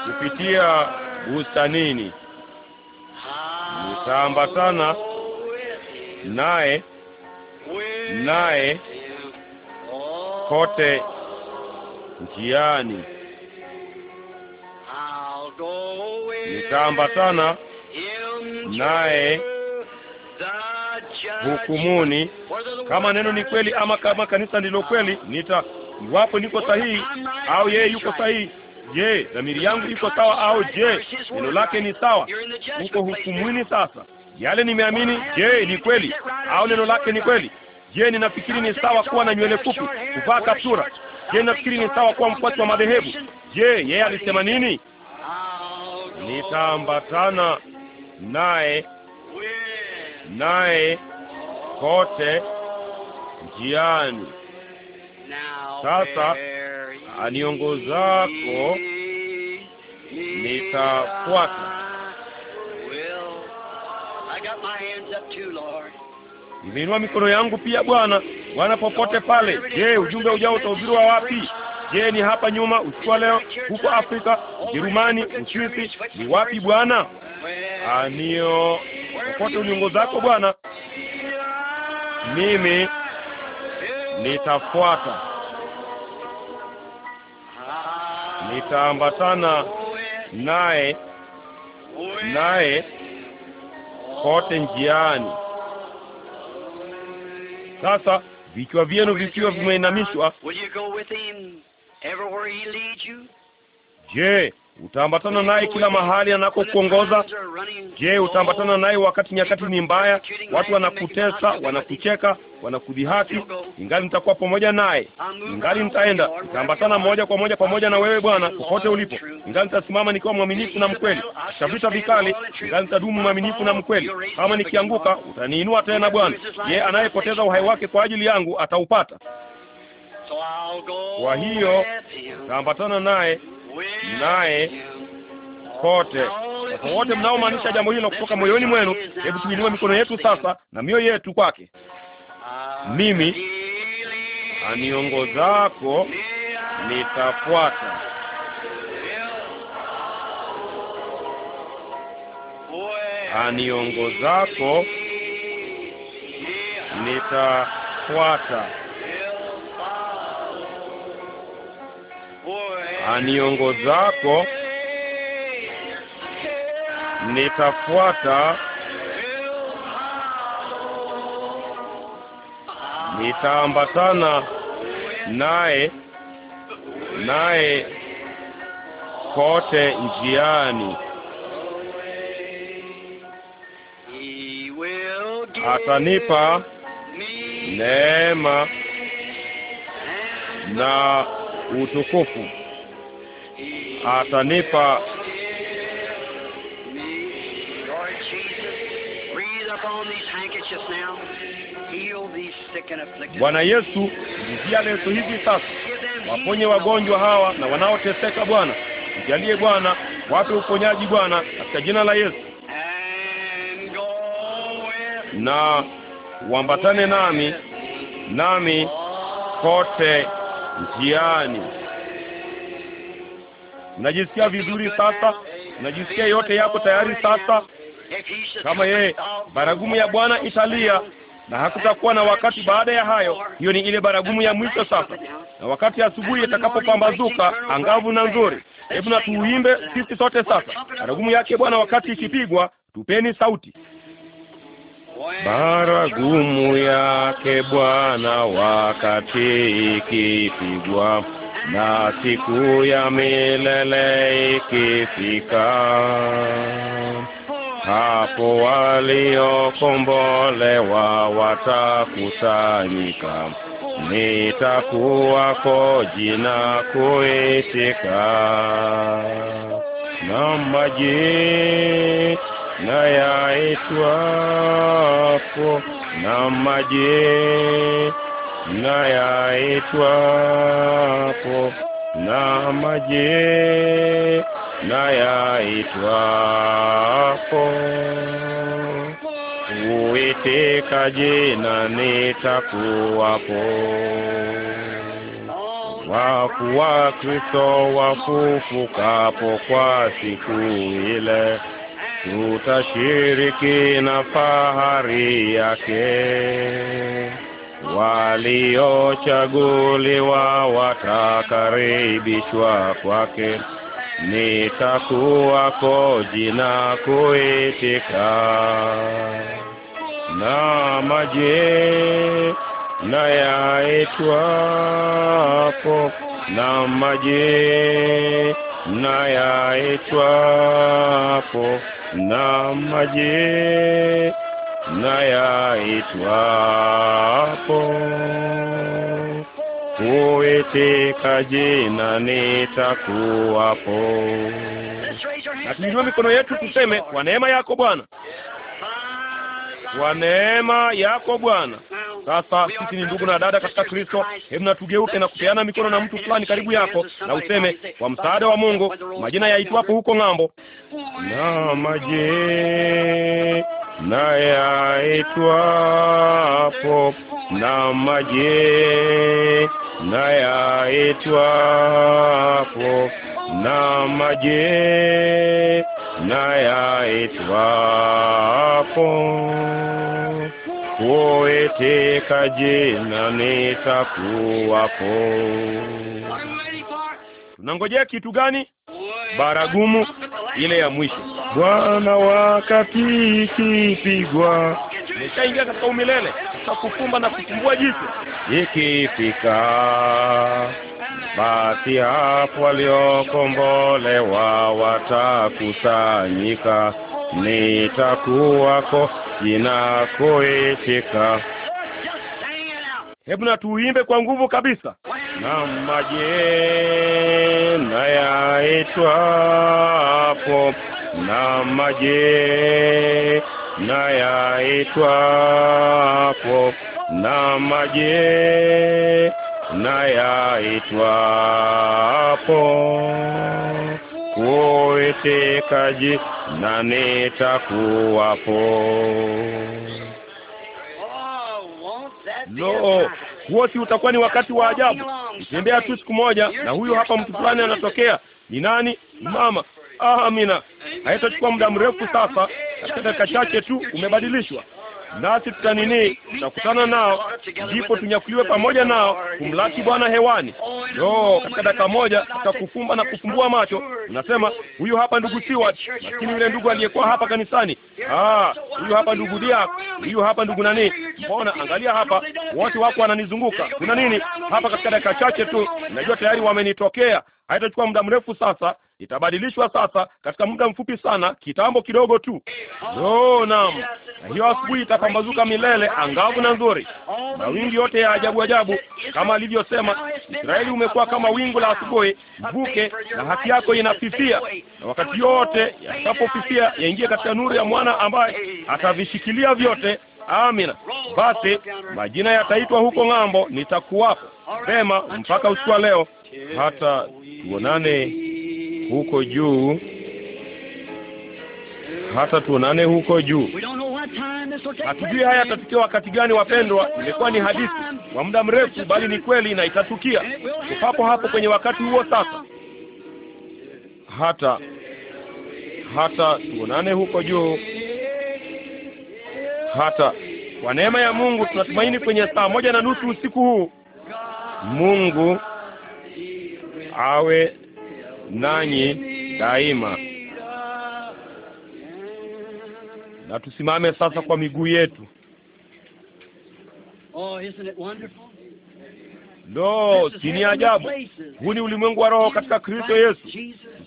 kupitia bustanini, nitaambatana naye naye kote njiani, nitaambatana naye hukumuni. Kama neno ni kweli, ama kama kanisa ndilo kweli, nita iwapo niko sahihi au yeye yuko sahihi. Je, dhamiri yangu iko sawa? Au je, neno lake ni sawa? Uko hukumuni sasa. Yale nimeamini, je, ni kweli? Au neno lake ni kweli? Je, ninafikiri ni sawa kuwa na nywele fupi, kuvaa kaptura, Je, nafikiri ni sawa kuwa mfuasi wa madhehebu? Je, yeye alisema nini? Nitaambatana naye naye kote njiani. Sasa aniongozako nitafuata. Nimeinua mikono yangu pia Bwana, Bwana, popote pale. Je, ujumbe ujao utahubiriwa wapi? Je, ni hapa nyuma usiku leo, huko Afrika, Ujerumani, Uswisi, ni wapi Bwana? Anio popote uliongoza zako Bwana, mimi nitafuata, nitaambatana naye naye kote njiani. Sasa vichwa vyenu vikiwa vimeinamishwa, je, Utaambatana naye kila mahali anakokuongoza. Je, utaambatana naye wakati nyakati ni mbaya, watu wanakutesa, wanakucheka, wanakudhihaki? Ingali nitakuwa pamoja naye, ingali nitaenda, nitaambatana moja kwa moja pamoja na wewe Bwana popote ulipo. Ingali nitasimama nikiwa mwaminifu na mkweli, nitavita vikali, ingali nitadumu mwaminifu na mkweli. Kama nikianguka, utaniinua tena Bwana. Je, anayepoteza uhai wake kwa ajili yangu ataupata? Kwa hiyo nitaambatana naye naye kote. wote mnaomaanisha jambo hilo kutoka moyoni mwenu, hebu tuinue mikono yetu sasa na mioyo yetu kwake. Mimi aniongozako nitafuata. Aniongozako nitafuata. aniongozako ah, nitafuata, nitaambatana naye naye kote njiani, atanipa neema na utukufu atanipa Bwana Yesu, njia leso hivi sasa, waponye wagonjwa hawa na wanaoteseka Bwana. Mjalie Bwana, wape uponyaji Bwana, katika jina la Yesu. Na uambatane nami nami kote njiani. Mnajisikia vizuri sasa? Mnajisikia yote yako tayari sasa? Kama yeye baragumu ya Bwana italia na hakutakuwa na wakati baada ya hayo. Hiyo ni ile baragumu ya mwisho sasa, na wakati asubuhi itakapopambazuka angavu na nzuri. Hebu na tuuimbe sisi sote sasa, baragumu yake Bwana wakati ikipigwa, tupeni sauti. Baragumu yake Bwana wakati ikipigwa na siku ya milele ikifika, hapo waliokombolewa watakusanyika, nitakuwako jina kuitika, na majina yaitwapo na majina nayaitwapo na maji nayaitwapo, uiteka jina nitakuwapo. Wafu wa Kristo wafufukapo kwa siku ile, tutashiriki na fahari yake waliochaguliwa watakaribishwa kwake. Nitakuwako jina kuitika na maji na yaitwapo na maji na yaitwapo na maji mnayaitwapo, kuitika jina nitakuwapo. Na tuinue mikono yetu tuseme, kwa neema yako Bwana wa neema yako Bwana. Sasa sisi ni ndugu na dada katika Kristo. Hebu na tugeuke na kupeana mikono na mtu fulani karibu yako, na useme kwa msaada wa Mungu, majina yaitwapo huko ng'ambo, na majina yaitwapo na majina yaitwapo na majina yaitwapo, kuiteka jina nitakuwapo. Tunangojea kitu gani? Baragumu ile ya mwisho. Bwana, wakati ikipigwa, nishaingia katika umilele, katika na kufumbua jicho, ikifika basi hapo waliokombolewa watakusanyika, nitakuwako jinakuitika Hebu na tuimbe kwa nguvu kabisa. Na majina yaitwapo, na majina yaitwapo, na majina na yaitwapo kuitikaji, na nitakuwapo. Lo, huo si utakuwa ni wakati wa ajabu! Nitembea tu siku moja, na huyu hapa mtu fulani anatokea. Ni nani? Mama ah, Amina. Haitachukua muda mrefu sasa, katika dakika chache tu umebadilishwa nasi tuta nini, tutakutana nao, ndipo tunyakuliwe pamoja nao kumlaki Bwana hewani. Lo, katika dakika moja tutakufumba na kufumbua macho, unasema huyu hapa ndugu siwa, lakini yule ndugu aliyekuwa hapa kanisani, ah, huyu hapa ndugu dia huyu hapa ndugu nani, mbona angalia hapa, wote wako wananizunguka. Kuna nini hapa? Katika dakika chache tu najua tayari wamenitokea. Haitachukua muda mrefu sasa itabadilishwa sasa katika muda mfupi sana, kitambo kidogo tu. No, naam, na hiyo asubuhi itapambazuka milele, angavu na nzuri, mawingi yote ya ajabu ajabu, kama alivyosema Israeli, umekuwa kama wingu la asubuhi, mvuke, na haki yako inafifia, na wakati yote yatakapofifia, yaingie katika nuru ya mwana ambaye atavishikilia vyote. Amina. Basi majina yataitwa huko ng'ambo, nitakuwapo. Vema, mpaka usiku wa leo, hata tuonane huko juu, hata tuonane huko juu. Hatujui haya yatatukia wakati gani, wapendwa. Imekuwa ni hadithi kwa muda mrefu, bali ni kweli na itatukia. Papo hapo kwenye wakati huo sasa, hata hata tuonane huko juu, hata kwa neema ya Mungu tunatumaini kwenye saa moja na nusu usiku huu. Mungu awe nanyi daima. Na tusimame sasa kwa miguu yetu. Oh, lo, si ni ajabu! Huu ni ulimwengu wa roho katika Kristo Yesu.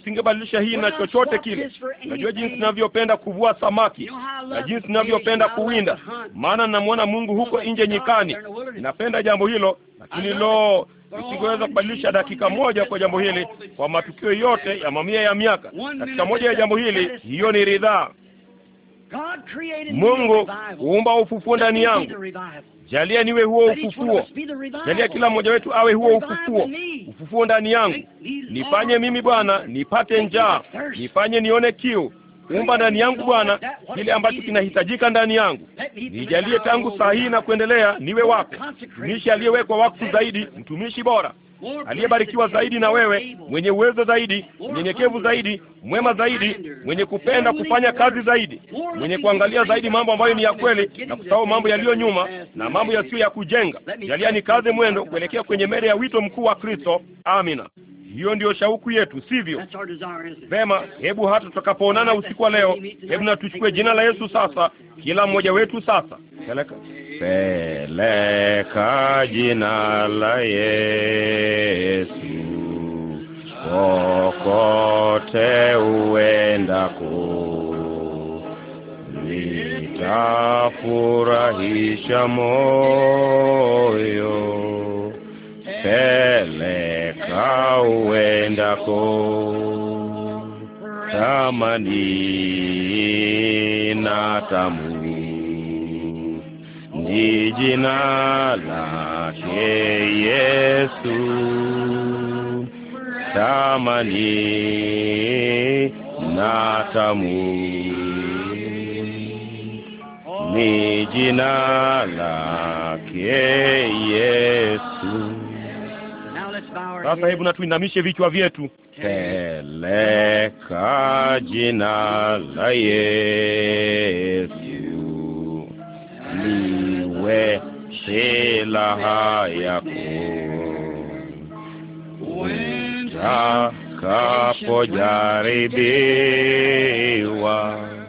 Usingebadilisha hii na chochote kile. Najua jinsi ninavyopenda kuvua samaki na jinsi ninavyopenda kuwinda, maana ninamwona Mungu huko nje nyikani. Napenda jambo hilo, lakini lo nisingeweza kubadilisha dakika moja kwa jambo hili, kwa matukio yote ya mamia ya miaka. Dakika moja ya jambo hili, hiyo ni ridhaa. Mungu huumba ufufuo ndani yangu. Jalia niwe huo ufufuo, jalia kila mmoja wetu awe huo ufufuo, ufufuo ndani yangu. Nifanye mimi Bwana nipate njaa, nifanye nione kiu, Umba ndani yangu Bwana kile ambacho kinahitajika ndani yangu. Nijalie tangu saa hii na kuendelea niwe wako, mtumishi aliyewekwa wakfu zaidi, mtumishi bora aliyebarikiwa zaidi na wewe, mwenye uwezo zaidi, mnyenyekevu zaidi, mwema zaidi, mwenye kupenda kufanya kazi zaidi, mwenye kuangalia zaidi mambo ambayo ni ya kweli na kusahau mambo yaliyo nyuma na mambo yasiyo ya kujenga. ni kaze mwendo kuelekea kwenye mbele ya wito mkuu wa Kristo. Amina. Hiyo ndiyo shauku yetu, sivyo? Vema, hebu hata tutakapoonana usiku wa leo, hebu na tuchukue jina la Yesu sasa, kila mmoja wetu sasa peleka jina la Yesu kokote uendako, litafurahisha moyo. Peleka uendako tamani na tamuni ni jina lake Yesu, tamani na tamu, ni jina lake Yesu. Sasa hebu na tuinamishe vichwa vyetu. Peleka jina la Yesu liwe silaha yako utakapojaribiwa